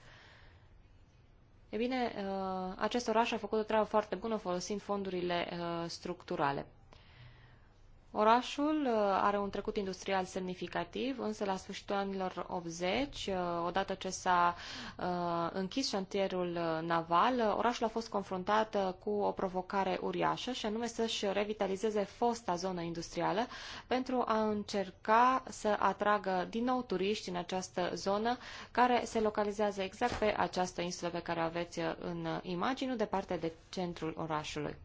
E bine, uh, acest oraș a făcut o treabă foarte bună folosind fondurile uh, structurale. Orașul uh, are un trecut industrial semnificativ, însă la sfârșitul anilor 80, uh, odată ce s-a uh, închis șantierul naval, orașul a fost confruntat cu o provocare uriașă și anume să-și revitalizeze fosta zonă industrială pentru a încerca să atragă din nou turiști în această zonă care se localizează exact pe această insulă pe care o aveți în imagine, departe de centrul orașului.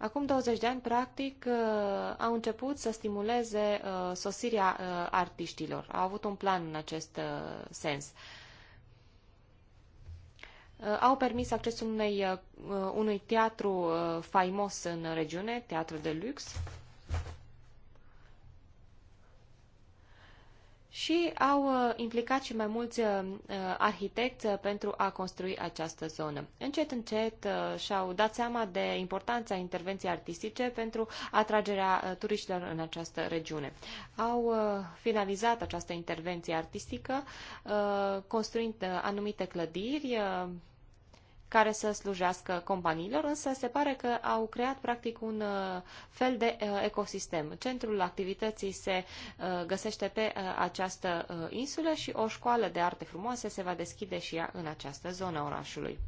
Acum 20 de ani, practic, uh, au început să stimuleze uh, sosirea uh, artiștilor. Au avut un plan în acest sens. Au permis accesul unei, unui teatru faimos în regiune, teatru de lux, și au uh, implicat și mai mulți uh, arhitecți uh, pentru a construi această zonă. Încet, încet și-au dat seama de importanța intervenției artistice pentru atragerea turiștilor în această regiune. Au finalizat această intervenție artistică construind anumite clădiri care să slujească companiilor, însă se pare că au creat practic un uh, fel de uh, ecosistem. Centrul activității se uh, găsește pe această insulă și o școală de arte frumoase se va deschide și ea în această zonă orașului.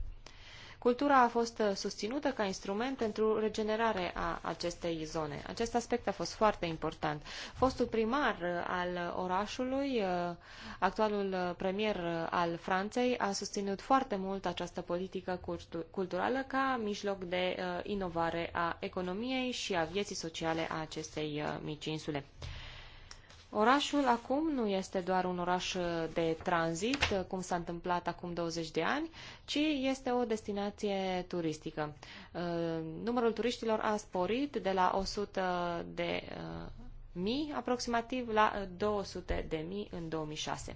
Cultura a fost uh, susținută ca instrument pentru regenerare a acestei zone. Acest aspect a fost foarte important. Fostul primar uh, al orașului, uh, actualul premier al Franței, a susținut foarte mult această politică culturală ca mijloc de inovare a economiei și a vieții sociale a acestei mici insule. Orașul acum nu este doar un oraș de tranzit, cum s-a întâmplat acum 20 de ani, ci este o destinație turistică. Uh, numărul turiștilor a sporit de la 100 de uh, mii aproximativ la 200 de mii în 2006.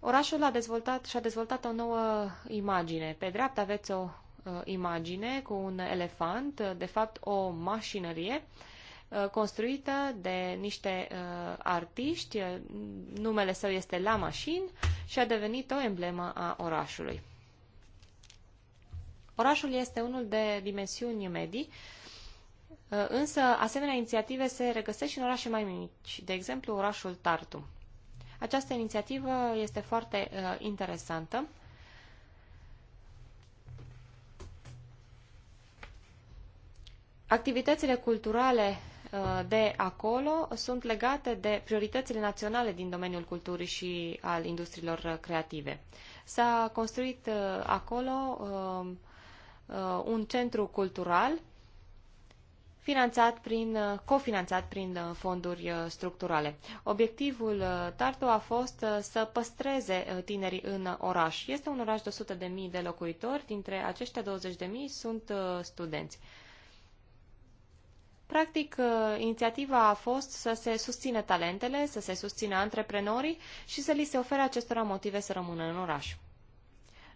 Orașul a dezvoltat și-a dezvoltat o nouă imagine. Pe dreapta aveți o uh, imagine cu un elefant, de fapt o mașinărie, uh, Uh, construită de niște uh, artiști. Numele său este La Machine și a devenit o emblemă a orașului. Orașul este unul de dimensiuni medii, uh, însă asemenea inițiative se regăsesc și în orașe mai mici, de exemplu orașul Tartu. Această inițiativă este foarte uh, interesantă. Activitățile culturale Uh, de acolo sunt legate de prioritățile naționale din domeniul culturii și al industriilor creative. S-a construit uh, acolo uh, un centru cultural finanțat prin, cofinanțat prin fonduri structurale. Obiectivul Tartu a fost să păstreze tinerii în oraș. Este un oraș de 100.000 de locuitori, dintre aceștia 20.000 sunt studenți. Practic, uh, inițiativa a fost să se susțină talentele, să se susțină antreprenorii și să li se ofere acestora motive să rămână în oraș.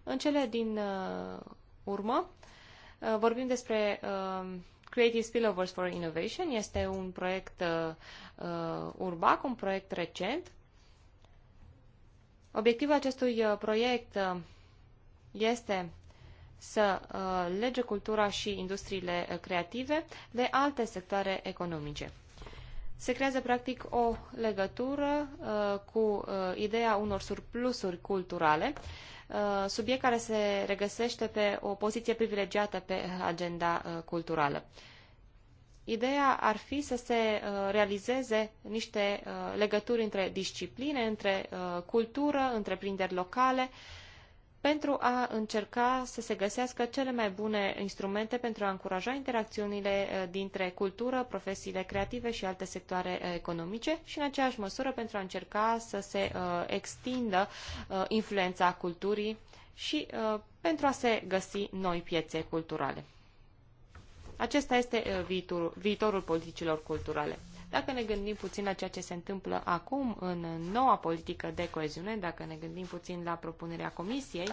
În cele din uh, urmă, uh, vorbim despre uh, Creative Spillovers for Innovation. Este un proiect uh, uh urbac, un proiect recent. Obiectivul acestui uh, proiect este să uh, lege cultura și industriile uh, creative de alte sectoare economice. Se creează practic o legătură uh, cu uh, ideea unor surplusuri culturale, uh, subiect care se regăsește pe o poziție privilegiată pe agenda uh, culturală. Ideea ar fi să se uh, realizeze niște uh, legături între discipline, între uh, cultură, întreprinderi locale, uh, pentru a încerca să se găsească cele mai bune instrumente pentru a încuraja interacțiunile eh, dintre cultură, profesiile creative și alte sectoare eh, economice și în aceeași măsură pentru a încerca să se eh, extindă influența culturii și pentru a se găsi noi piețe culturale. Acesta este viitorul, viitorul politicilor culturale. Dacă ne gândim puțin la ceea ce se întâmplă acum în noua politică de coeziune, dacă ne gândim puțin la propunerea Comisiei,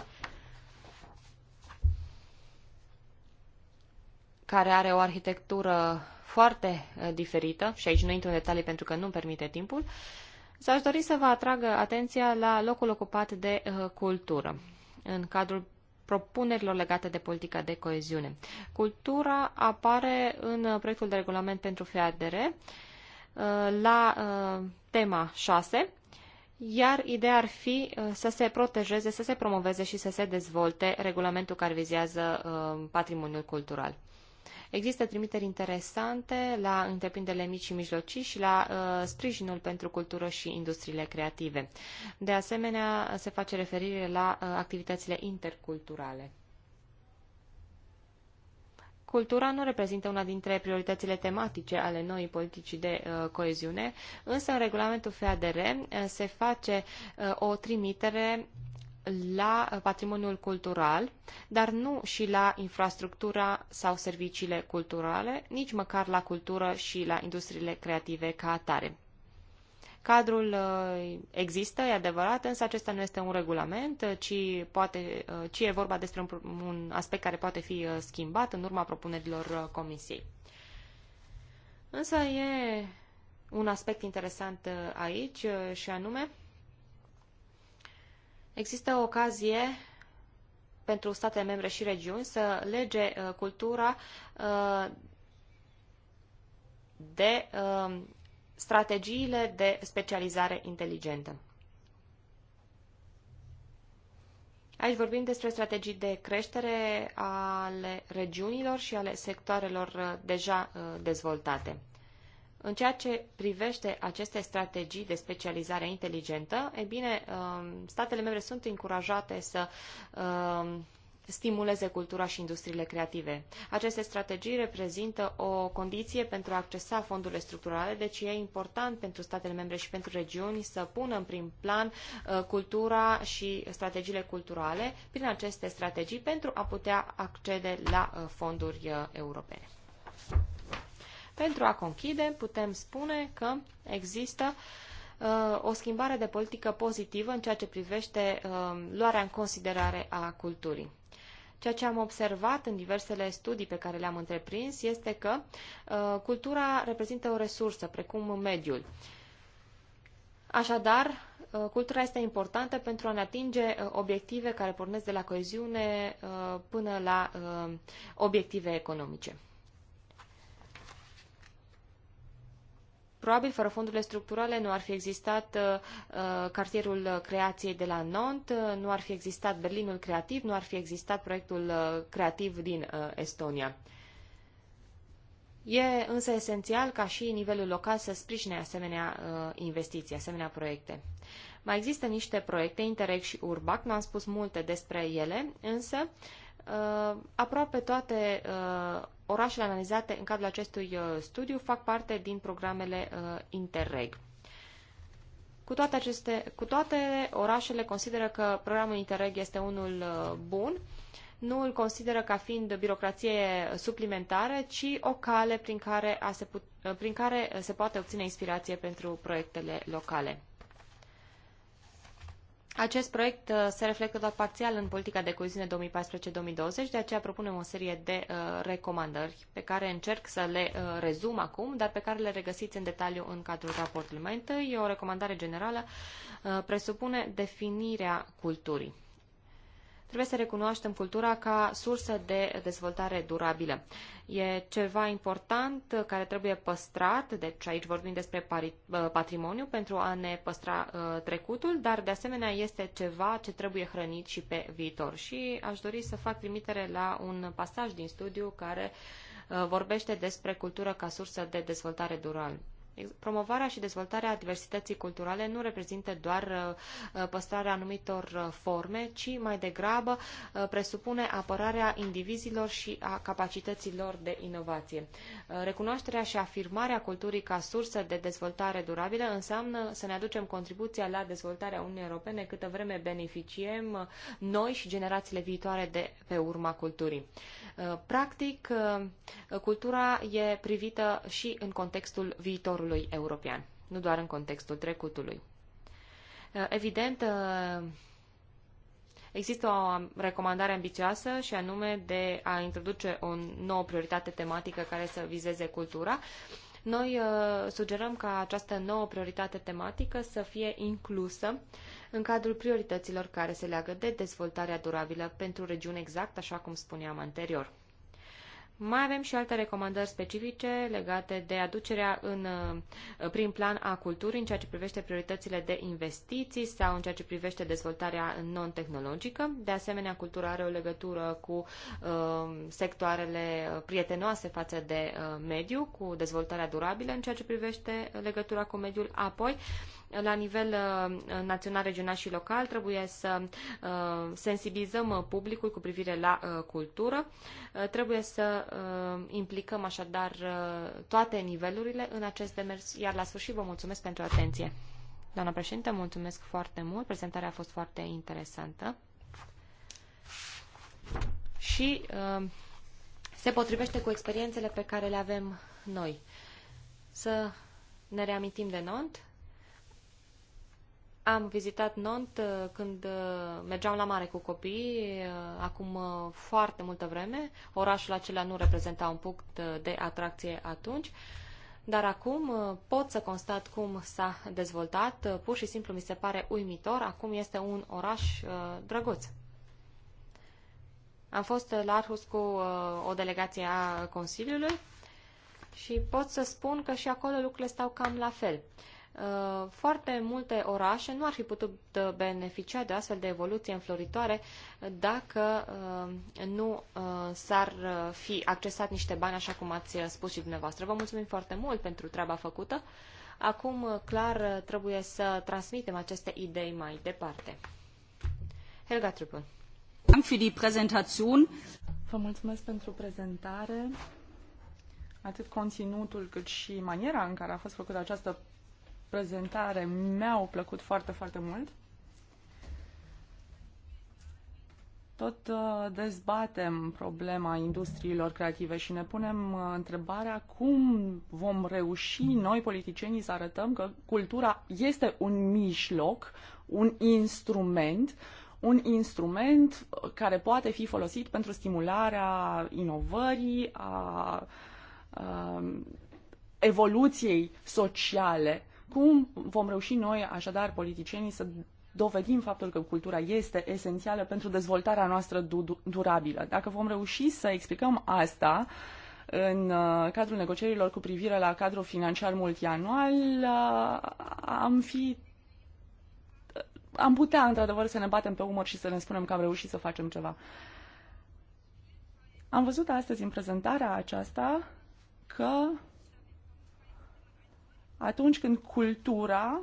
care are o arhitectură foarte eh, diferită, și aici nu intru în detalii pentru că nu-mi permite timpul, s-aș dori să vă atragă atenția la locul ocupat de eh, cultură în cadrul propunerilor legate de politica de coeziune. Cultura apare în eh, proiectul de regulament pentru uh, Uh, la uh, tema 6, iar ideea ar fi uh, să se protejeze, să se promoveze și să se dezvolte regulamentul care vizează patrimoniul cultural. Există trimiteri interesante la întreprinderile mici și mijlocii și la uh, sprijinul pentru cultură și industriile creative. De asemenea, se face referire la uh, activitățile interculturale. Cultura nu reprezintă una dintre prioritățile tematice ale noii politici de uh, coeziune, însă în regulamentul FADR uh, se face uh, o trimitere la patrimoniul cultural, dar nu și la infrastructura sau serviciile culturale, nici măcar la cultură și la industriile creative ca atare. Cadrul uh, există, e adevărat, însă acesta nu este un regulament, uh, ci, poate, uh, ci e vorba despre un, un aspect care poate fi schimbat în urma propunerilor Comisiei. Însă e un aspect interesant aici și anume există o ocazie pentru statele membre și regiuni să lege cultura de strategiile de specializare inteligentă. Aici vorbim despre strategii de creștere ale regiunilor și ale sectoarelor uh, deja uh, dezvoltate. În ceea ce privește aceste strategii de specializare inteligentă, e bine, um, statele membre sunt încurajate să um, stimuleze cultura și industriile creative. Aceste strategii reprezintă o condiție pentru a accesa fondurile structurale, deci e important pentru statele membre și pentru regiuni să pună în prim plan uh, cultura și strategiile culturale prin aceste strategii pentru a putea accede la uh, fonduri uh, europene. Pentru a conchide, putem spune că există o schimbare de politică pozitivă în ceea ce privește luarea în considerare a culturii. Ceea ce am observat în diversele studii pe care le-am întreprins este că uh, cultura reprezintă o resursă, precum mediul. Așadar, uh, cultura este importantă pentru a ne atinge uh, obiective care pornesc de la coeziune până la obiective economice. Probabil fără fondurile structurale nu ar fi existat uh, uh cartierul creației de la Nantes, uh, nu ar fi existat Berlinul Creativ, nu ar fi existat proiectul uh, creativ din uh, Estonia. E însă esențial ca și nivelul local să sprijine asemenea uh, investiții, asemenea proiecte. Mai există niște proiecte, Interreg și Urbac, nu am spus multe despre ele, însă uh, Uh, aproape toate uh, orașele analizate în cadrul acestui uh, studiu fac parte din programele Interreg. Cu toate, aceste, cu toate orașele consideră că programul Interreg este unul bun, nu îl consideră ca fiind birocrație suplimentară, ci o cale prin care, a se put, prin care se poate obține inspirație pentru proiectele locale. Acest proiect uh, se reflectă doar parțial în politica de coeziune 2014-2020, de aceea propunem o serie de uh, recomandări pe care încerc să le uh, rezum acum, dar pe care le regăsiți în detaliu în cadrul raportului. Mai întâi, o recomandare generală uh, presupune definirea culturii. Trebuie să recunoaștem cultura ca sursă de dezvoltare durabilă. E ceva important care trebuie păstrat, deci aici vorbim despre uh, patrimoniu pentru a ne păstra uh, trecutul, dar de asemenea este ceva ce trebuie hrănit și pe viitor. Și aș dori să fac trimitere la un pasaj din studiu care uh, vorbește despre cultură ca sursă de dezvoltare durabilă Promovarea și dezvoltarea diversității culturale nu reprezintă doar uh, uh, păstrarea anumitor uh, forme, ci mai degrabă presupune apărarea indivizilor și a capacităților de inovație. Recunoașterea și afirmarea culturii ca sursă de dezvoltare durabilă înseamnă să ne aducem contribuția la dezvoltarea Uniunii Europene câtă vreme beneficiem noi și generațiile viitoare de pe urma culturii. Practic, cultura e privită și în contextul viitor viitorului european, nu doar în contextul trecutului. Uh, evident, uh, există o recomandare ambițioasă și anume de a introduce o nouă prioritate tematică care să vizeze cultura. Noi uh, sugerăm ca această nouă prioritate tematică să fie inclusă în cadrul priorităților care se leagă de dezvoltarea durabilă pentru regiune exact, așa cum spuneam anterior. Mai avem și alte recomandări specifice legate de aducerea în uh, prim plan a culturii în ceea ce privește prioritățile de investiții sau în ceea ce privește dezvoltarea non-tehnologică. De asemenea, cultura are o legătură cu uh, sectoarele uh, prietenoase față de uh, mediu, cu dezvoltarea durabilă în ceea ce privește legătura cu mediul. Apoi, uh, la nivel uh, național, regional și local trebuie să uh, sensibilizăm uh, publicul cu privire la cultură. Trebuie să implicăm așadar toate nivelurile în acest demers, iar la sfârșit vă mulțumesc pentru atenție. Doamna președinte, mulțumesc foarte mult. Prezentarea a fost foarte interesantă. Și se potrivește cu experiențele pe care le avem noi. Să ne reamintim de Nantes. Am vizitat Nont uh, când uh, mergeam la mare cu copii, uh, acum foarte multă vreme. Orașul acela nu reprezenta un punct de atracție atunci, dar acum pot să constat cum s-a dezvoltat. Pur și simplu mi se pare uimitor. Acum este un oraș drăguț. Am fost la Arhus cu o delegație a Consiliului și pot să spun că și acolo lucrurile stau cam la fel. Uh, foarte multe orașe nu ar fi putut uh, beneficia de astfel de evoluție înfloritoare dacă uh, nu s-ar fi accesat niște bani, așa cum ați spus și dumneavoastră. Vă mulțumim foarte mult pentru treaba făcută. Acum, clar, trebuie să transmitem aceste idei mai departe. Helga Trupân. Vă mulțumesc pentru prezentare atât conținutul cât și maniera în care a fost făcută această prezentare mi-au plăcut foarte, foarte mult. Tot uh, dezbatem problema industriilor creative și ne punem uh, întrebarea cum vom reuși noi politicienii să arătăm că cultura este un mijloc, un instrument, un instrument uh, care poate fi folosit pentru stimularea inovării, a, a evoluției sociale cum vom reuși noi, așadar, politicienii, să dovedim faptul că cultura este esențială pentru dezvoltarea noastră du- durabilă? Dacă vom reuși să explicăm asta în uh, cadrul negocierilor cu privire la cadrul financiar multianual, uh, am fi uh, am putea, într-adevăr, să ne batem pe umăr și să ne spunem că am reușit să facem ceva. Am văzut astăzi în prezentarea aceasta că atunci când cultura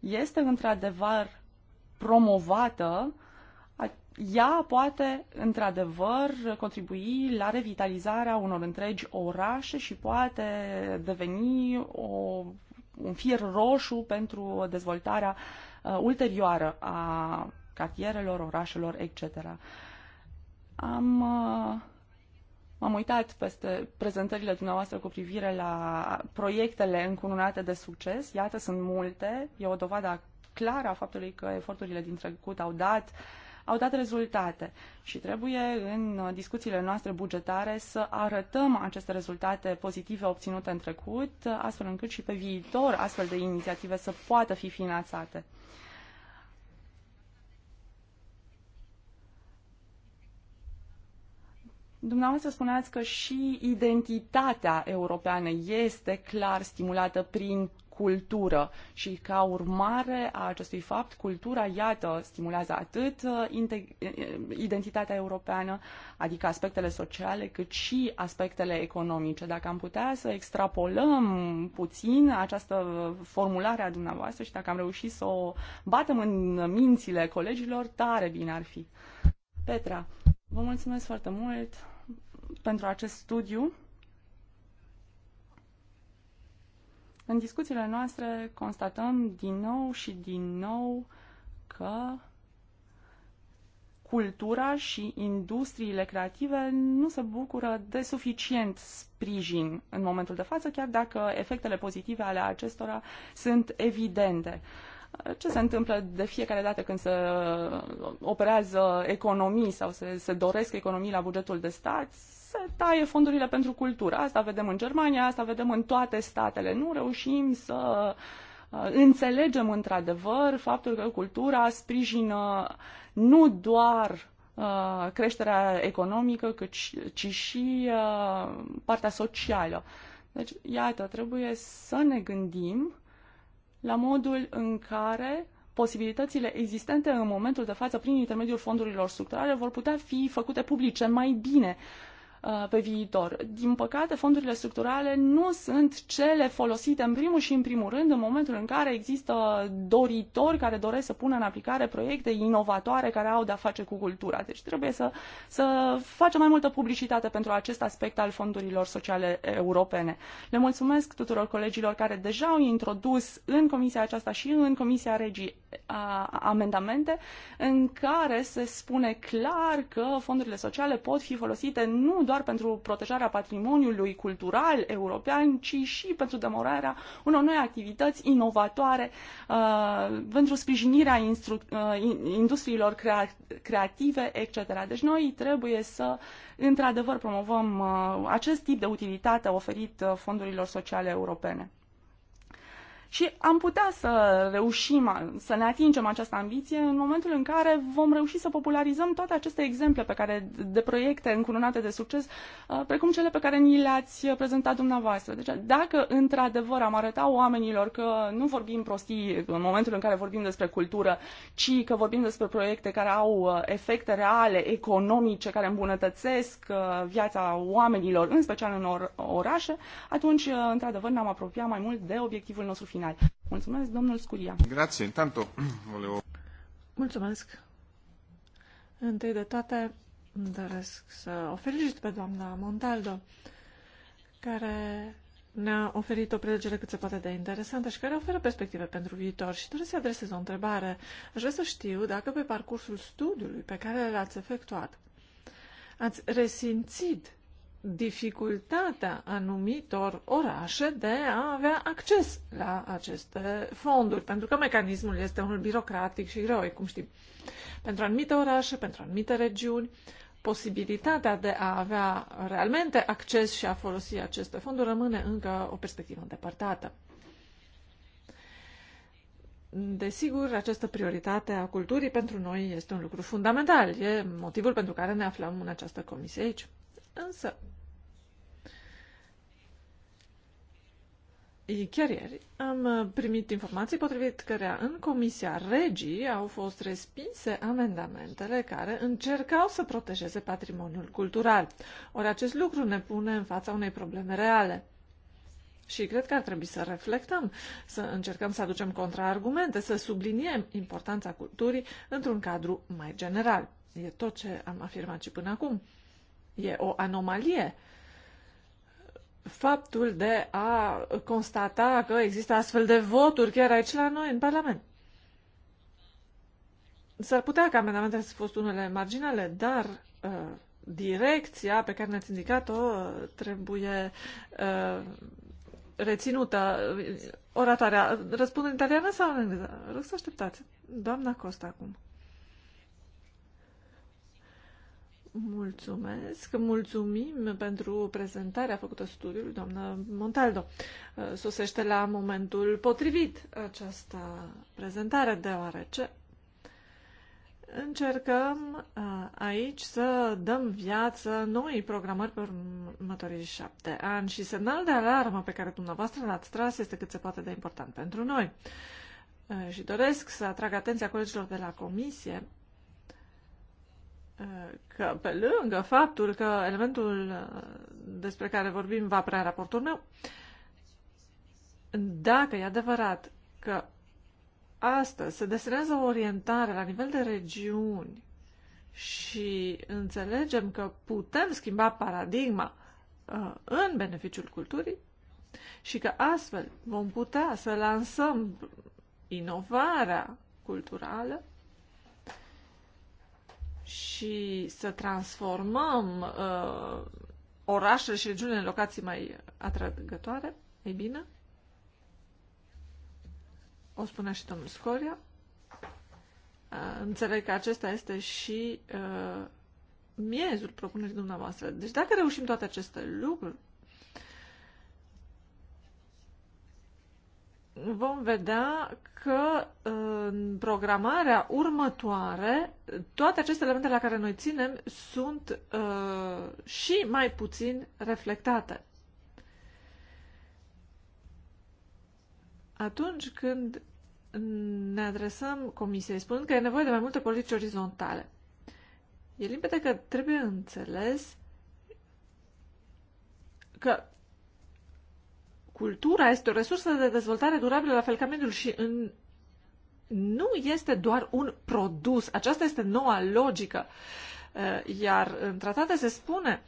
este într-adevăr promovată, ea poate într-adevăr contribui la revitalizarea unor întregi orașe și poate deveni o, un fier roșu pentru dezvoltarea uh, ulterioară a cartierelor, orașelor, etc. Am uh, M-am uitat peste prezentările dumneavoastră cu privire la proiectele încununate de succes. Iată, sunt multe. E o dovadă clară a faptului că eforturile din trecut au dat au dat rezultate și trebuie în discuțiile noastre bugetare să arătăm aceste rezultate pozitive obținute în trecut, astfel încât și pe viitor astfel de inițiative să poată fi finanțate. Dumneavoastră spuneați că și identitatea europeană este clar stimulată prin cultură și ca urmare a acestui fapt, cultura, iată, stimulează atât uh, uh, identitatea europeană, adică aspectele sociale, cât și aspectele economice. Dacă am putea să extrapolăm puțin această formulare a dumneavoastră și dacă am reușit să o batem în mințile colegilor, tare bine ar fi. Petra, Vă mulțumesc foarte mult pentru acest studiu. În discuțiile noastre constatăm din nou și din nou că cultura și industriile creative nu se bucură de suficient sprijin în momentul de față, chiar dacă efectele pozitive ale acestora sunt evidente. Uh, ce se întâmplă de fiecare dată când se uh, operează economii sau se, se doresc economii la bugetul de stat? Se taie fondurile pentru cultură. Asta vedem în Germania, asta vedem în toate statele. Nu reușim să uh, înțelegem într-adevăr faptul că cultura sprijină nu doar uh, creșterea economică, cât, ci și partea socială. Deci, iată, trebuie să ne gândim la modul în care posibilitățile existente în momentul de față prin intermediul fondurilor structurale vor putea fi făcute publice mai bine Uh, pe viitor. Din păcate, fondurile structurale nu sunt cele folosite în primul și în primul rând în momentul în care există doritori care doresc să pună în aplicare proiecte inovatoare care au de-a face cu cultura. Deci trebuie să, să facem mai multă publicitate pentru acest aspect al fondurilor sociale europene. Le mulțumesc tuturor colegilor care deja au introdus în comisia aceasta și în comisia regii amendamente în care se spune clar că fondurile sociale pot fi folosite nu doar pentru protejarea patrimoniului cultural european, ci și pentru demorarea unor noi activități inovatoare, uh, pentru sprijinirea instru- uh, industriilor crea- creative, etc. Deci noi trebuie să, într-adevăr, promovăm uh, acest tip de utilitate oferit fondurilor sociale europene. Și am putea să reușim să ne atingem această ambiție în momentul în care vom reuși să popularizăm toate aceste exemple pe care, de proiecte încununate de succes, uh, precum cele pe care ni le-ați prezentat dumneavoastră. Deci dacă într-adevăr am arăta oamenilor că nu vorbim prostii în momentul în care vorbim despre cultură, ci că vorbim despre proiecte care au uh, efecte reale, economice, care îmbunătățesc uh, viața oamenilor, în special în or- orașe, atunci, într-adevăr, ne-am apropiat mai mult de obiectivul nostru final final. Mulțumesc, domnul Scuria. Grație, intanto. *clears throat* Mulțumesc. Întâi de toate, îmi doresc să o felicit pe doamna Montaldo, care ne-a oferit o prelegere cât se poate de interesantă și care oferă perspective pentru viitor și doresc să adresez o întrebare. Aș vrea să știu dacă pe parcursul studiului pe care l-ați efectuat ați resimțit dificultatea anumitor orașe de a avea acces la aceste fonduri, pentru că mecanismul este unul birocratic și greu, cum știm. Pentru anumite orașe, pentru anumite regiuni, posibilitatea de a avea realmente acces și a folosi aceste fonduri rămâne încă o perspectivă îndepărtată. Desigur, această prioritate a culturii pentru noi este un lucru fundamental. E motivul pentru care ne aflăm în această comisie aici. Însă, Chiar ieri am primit informații potrivit cărea în Comisia Regii au fost respinse amendamentele care încercau să protejeze patrimoniul cultural. Ori acest lucru ne pune în fața unei probleme reale. Și cred că ar trebui să reflectăm, să încercăm să aducem contraargumente, să subliniem importanța culturii într-un cadru mai general. E tot ce am afirmat și până acum e o anomalie faptul de a constata că există astfel de voturi chiar aici la noi, în Parlament. S-ar putea ca amendamentele să fost unele marginale, dar uh, direcția pe care ne-ați indicat-o uh, trebuie uh, reținută. Oratarea, răspunde în italiană sau în engleză? Rog să așteptați. Doamna Costa acum. Mulțumesc, mulțumim pentru prezentarea făcută studiului, doamnă Montaldo. Uh, sosește la momentul potrivit această prezentare, deoarece încercăm uh, aici să dăm viață noi programări pe următorii șapte ani și semnal de alarmă pe care dumneavoastră l-ați tras este cât se poate de important pentru noi. Uh, și doresc să atrag atenția colegilor de la Comisie că pe lângă faptul că elementul uh, despre care vorbim va prea raportul meu, dacă e adevărat că astăzi se desenează o orientare la nivel de regiuni și înțelegem că putem schimba paradigma uh, în beneficiul culturii și că astfel vom putea să lansăm inovarea culturală și să transformăm uh, orașele și regiunile în locații mai atrăgătoare, e bine. O spunea și domnul Scoria. Uh, înțeleg că acesta este și uh, miezul propunerii dumneavoastră. Deci dacă reușim toate aceste lucruri, vom vedea că în programarea următoare, toate aceste elemente la care noi ținem sunt uh, și mai puțin reflectate. Atunci când ne adresăm Comisiei, spunând că e nevoie de mai multe politici orizontale, e limpede că trebuie înțeles că Cultura este o resursă de dezvoltare durabilă, la fel ca mediul și în nu este doar un produs. Aceasta este noua logică. Iar în tratate se spune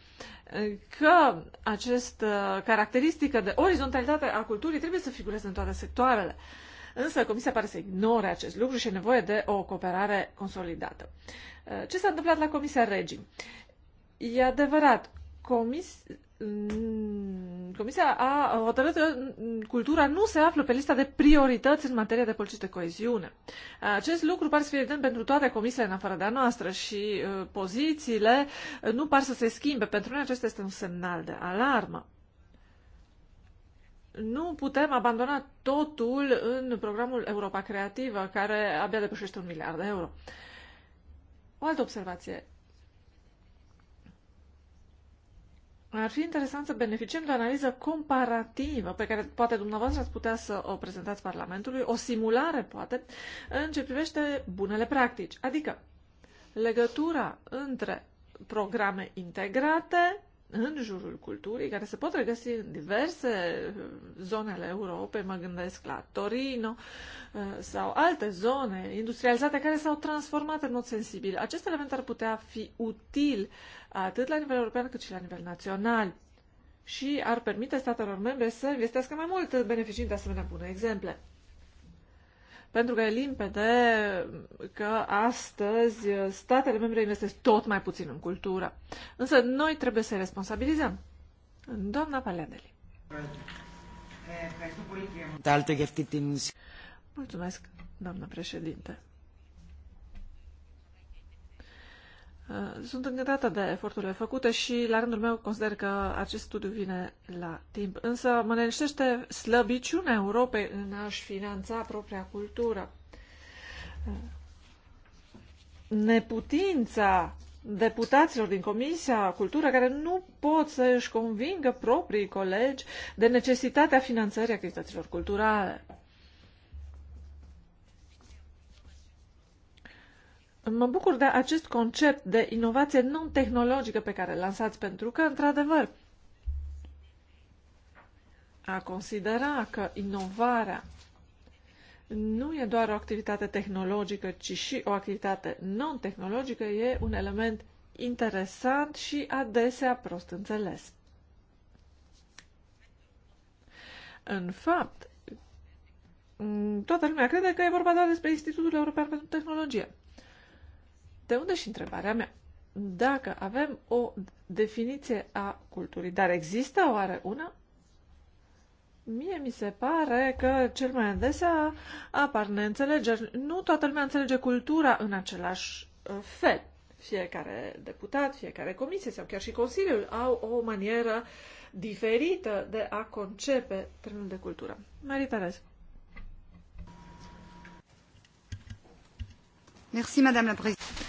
că această caracteristică de orizontalitate a culturii trebuie să figureze în toate sectoarele. Însă Comisia pare să ignore acest lucru și e nevoie de o cooperare consolidată. Ce s-a întâmplat la Comisia Regii? E adevărat, comis- Mm, Comisia a hotărât că cultura nu se află pe lista de priorități în materie de politici de coeziune. Acest lucru pare să fie evident pentru toate comisiile în afară de a noastră și uh, pozițiile uh, nu par să se schimbe. Pentru noi acesta este un semnal de alarmă. Nu putem abandona totul în programul Europa Creativă, care abia depășește un miliard de euro. O altă observație Ar fi interesant să beneficiem de o analiză comparativă pe care poate dumneavoastră ați putea să o prezentați Parlamentului, o simulare poate, în ce privește bunele practici, adică legătura între programe integrate în jurul culturii, care se pot regăsi în diverse uh, zone ale Europei, mă gândesc la Torino uh, sau alte zone industrializate care s-au transformat în mod sensibil. Acest element ar putea fi util atât la nivel european cât și la nivel național și ar permite statelor membre să investească mai mult beneficiind de asemenea bune exemple. Pentru că e limpede că astăzi statele membre investesc tot mai puțin în cultură. Însă noi trebuie să-i responsabilizăm. Doamna Paleadeli. Mulțumesc, doamna președinte. Uh, sunt încântată de eforturile făcute și, la rândul meu, consider că acest studiu vine la timp. Însă mă liniștește slăbiciunea Europei în a-și finanța propria cultură. Uh, neputința deputaților din Comisia Cultură care nu pot să își convingă proprii colegi de necesitatea finanțării activităților culturale. Mă bucur de acest concept de inovație non-tehnologică pe care lansați, pentru că, într-adevăr, a considera că inovarea nu e doar o activitate tehnologică, ci și o activitate non-tehnologică e un element interesant și adesea prost înțeles. În fapt, toată lumea crede că e vorba doar despre Institutul European pentru Tehnologie. De unde și întrebarea mea? Dacă avem o definiție a culturii, dar există oare una? Mie mi se pare că cel mai adesea apar neînțelegeri. Nu toată lumea înțelege cultura în același uh, fel. Fiecare deputat, fiecare comisie sau chiar și Consiliul au o manieră diferită de a concepe trenul de cultură. Marie Perez. Merci, Madame la Présidente.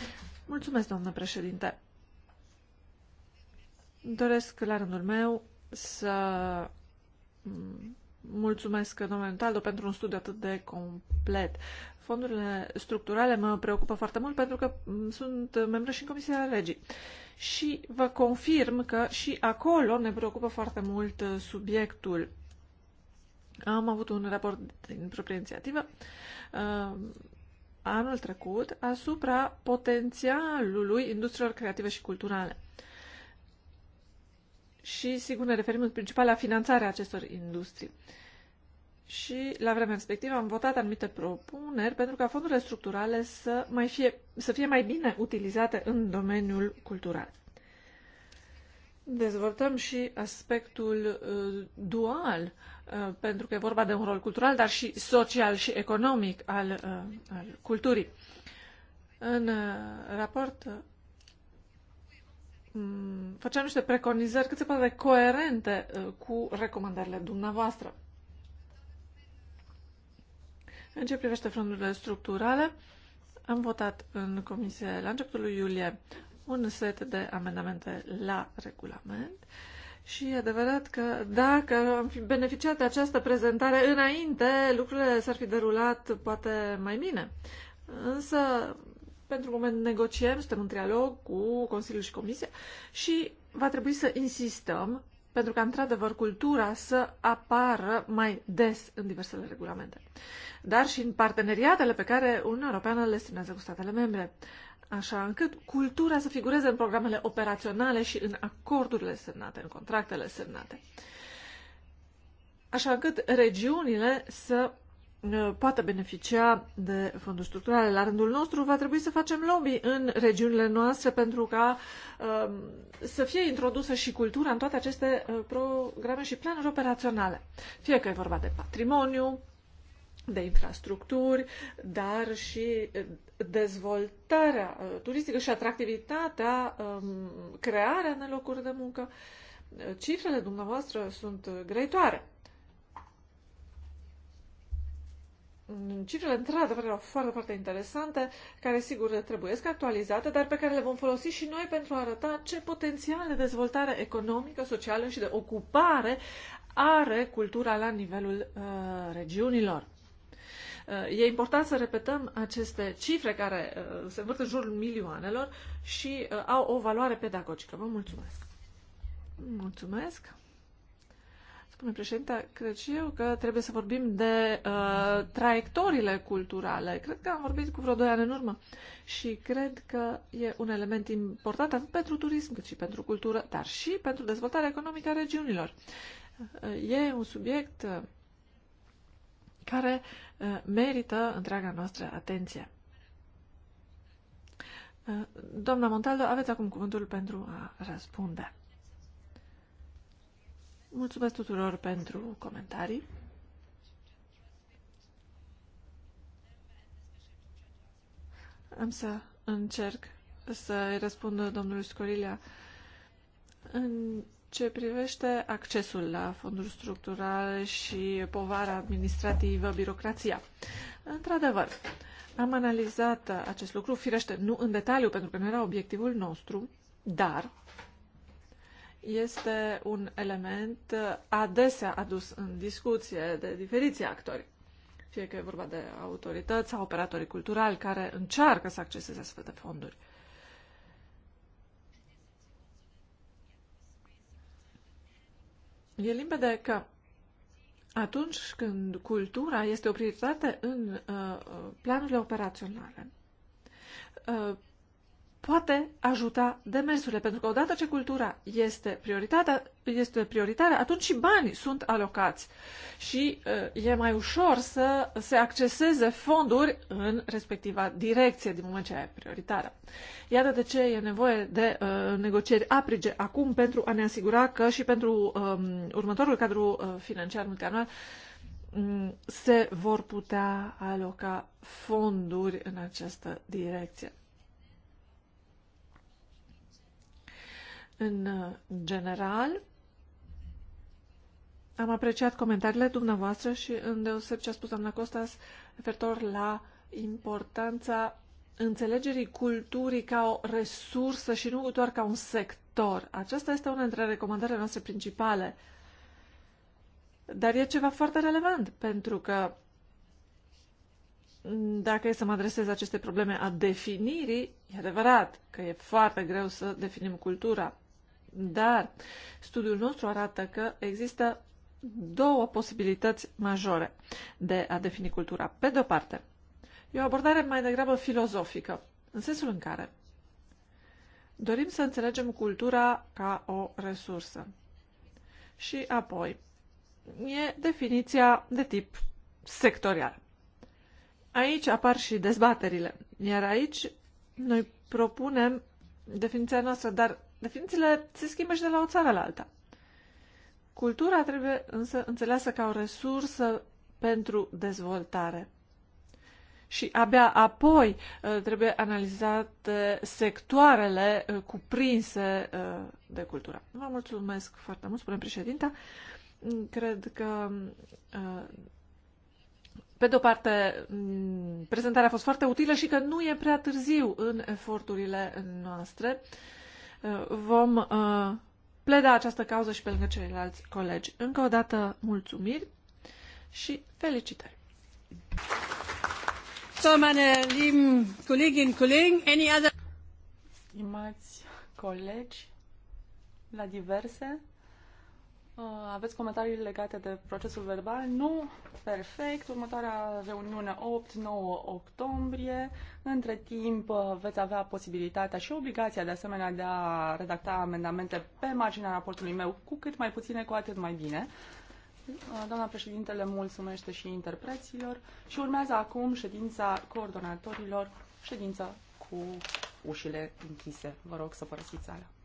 Mulțumesc, doamnă președinte. Doresc, la rândul meu, să mulțumesc domnului Taldo pentru un studiu atât de complet. Fondurile structurale mă preocupă foarte mult pentru că sunt membru și în Comisia Regii. Și vă confirm că și acolo ne preocupă foarte mult subiectul. Am avut un raport din proprie inițiativă anul trecut asupra potențialului industriilor creative și culturale. Și, sigur, ne referim în principal la finanțarea acestor industrii. Și, la vremea respectivă, am votat anumite propuneri pentru ca fondurile structurale să, mai fie, să fie mai bine utilizate în domeniul cultural dezvoltăm și aspectul uh, dual, uh, pentru că e vorba de un rol cultural, dar și social și economic al, uh, al culturii. În uh, raport um, făceam niște preconizări cât se poate coerente uh, cu recomandările dumneavoastră. În ce privește fondurile structurale, am votat în comisie la începutul lui iulie un set de amendamente la regulament și e adevărat că dacă am fi beneficiat de această prezentare înainte, lucrurile s-ar fi derulat poate mai bine. Însă, pentru moment negociem, suntem în trialog cu Consiliul și Comisia și va trebui să insistăm pentru ca, într-adevăr, cultura să apară mai des în diversele regulamente, dar și în parteneriatele pe care Uniunea Europeană le strânează cu statele membre așa încât cultura să figureze în programele operaționale și în acordurile semnate, în contractele semnate. Așa încât regiunile să uh, poată beneficia de fonduri structurale. La rândul nostru va trebui să facem lobby în regiunile noastre pentru ca um, să fie introdusă și cultura în toate aceste uh, programe și planuri operaționale. Fie că e vorba de patrimoniu, de infrastructuri, dar și uh, dezvoltarea uh, turistică și atractivitatea, um, crearea de locuri de muncă. Uh, cifrele dumneavoastră sunt greitoare. Mm, cifrele, într-adevăr, erau foarte, foarte interesante, care, sigur, trebuie să actualizate, dar pe care le vom folosi și noi pentru a arăta ce potențial de dezvoltare economică, socială și de ocupare are cultura la nivelul uh, regiunilor. Uh, e important să repetăm aceste cifre care uh, se învârt în jurul milioanelor și uh, au o valoare pedagogică. Vă mulțumesc! Mulțumesc! Spune președinte, cred și eu că trebuie să vorbim de uh, traiectoriile culturale. Cred că am vorbit cu vreo doi ani în urmă și cred că e un element important atât pentru turism cât și pentru cultură, dar și pentru dezvoltarea economică a regiunilor. Uh, e un subiect care uh, merită întreaga noastră atenție. Uh, doamna Montaldo, aveți acum cuvântul pentru a răspunde. Mulțumesc tuturor pentru comentarii. Am să încerc să-i răspund domnului Scorilea în ce privește accesul la fonduri structurale și povara administrativă, birocrația. Într-adevăr, am analizat acest lucru, firește, nu în detaliu, pentru că nu era obiectivul nostru, dar este un element adesea adus în discuție de diferiți actori, fie că e vorba de autorități sau operatorii culturali care încearcă să acceseze astfel de fonduri. E limpede că atunci când cultura este o prioritate în uh, uh planurile operaționale, uh, poate ajuta demersurile, pentru că odată ce cultura este, prioritatea, este prioritară, atunci și banii sunt alocați și uh, e mai ușor să se acceseze fonduri în respectiva direcție din moment ce e prioritară. Iată de ce e nevoie de uh, negocieri aprige acum pentru a ne asigura că și pentru um, următorul cadru uh, financiar multianual um, se vor putea aloca fonduri în această direcție. În general, am apreciat comentariile dumneavoastră și îndeoseb ce a spus doamna Costas referitor la importanța înțelegerii culturii ca o resursă și nu doar ca un sector. Aceasta este una dintre recomandările noastre principale. Dar e ceva foarte relevant, pentru că dacă e să mă adresez aceste probleme a definirii, e adevărat că e foarte greu să definim cultura. Dar studiul nostru arată că există două posibilități majore de a defini cultura. Pe de o parte, e o abordare mai degrabă filozofică, în sensul în care dorim să înțelegem cultura ca o resursă. Și apoi, e definiția de tip sectorial. Aici apar și dezbaterile, iar aici noi propunem definiția noastră, dar Definițiile se schimbă și de la o țară la alta. Cultura trebuie însă înțeleasă ca o resursă pentru dezvoltare. Și abia apoi uh, trebuie analizate sectoarele uh, cuprinse uh, de cultura. Vă mulțumesc foarte mult, spune președinta. Mm, cred că pe de-o parte, mm, prezentarea a fost foarte utilă și că nu e prea târziu în eforturile noastre vom uh, pleda această cauză și pe lângă ceilalți colegi. Încă o dată mulțumiri și felicitări! So, meine lieben Kolleginnen und Kollegen, any other... Stimați colegi la diverse, Uh, aveți comentarii legate de procesul verbal? Nu? Perfect. Următoarea reuniune 8-9 octombrie. Între timp uh, veți avea posibilitatea și obligația de asemenea de a redacta amendamente pe marginea raportului meu, cu cât mai puține, cu atât mai bine. Uh, doamna președintele mulțumește și interpreților și urmează acum ședința coordonatorilor, ședința cu ușile închise. Vă rog să părăsiți sala.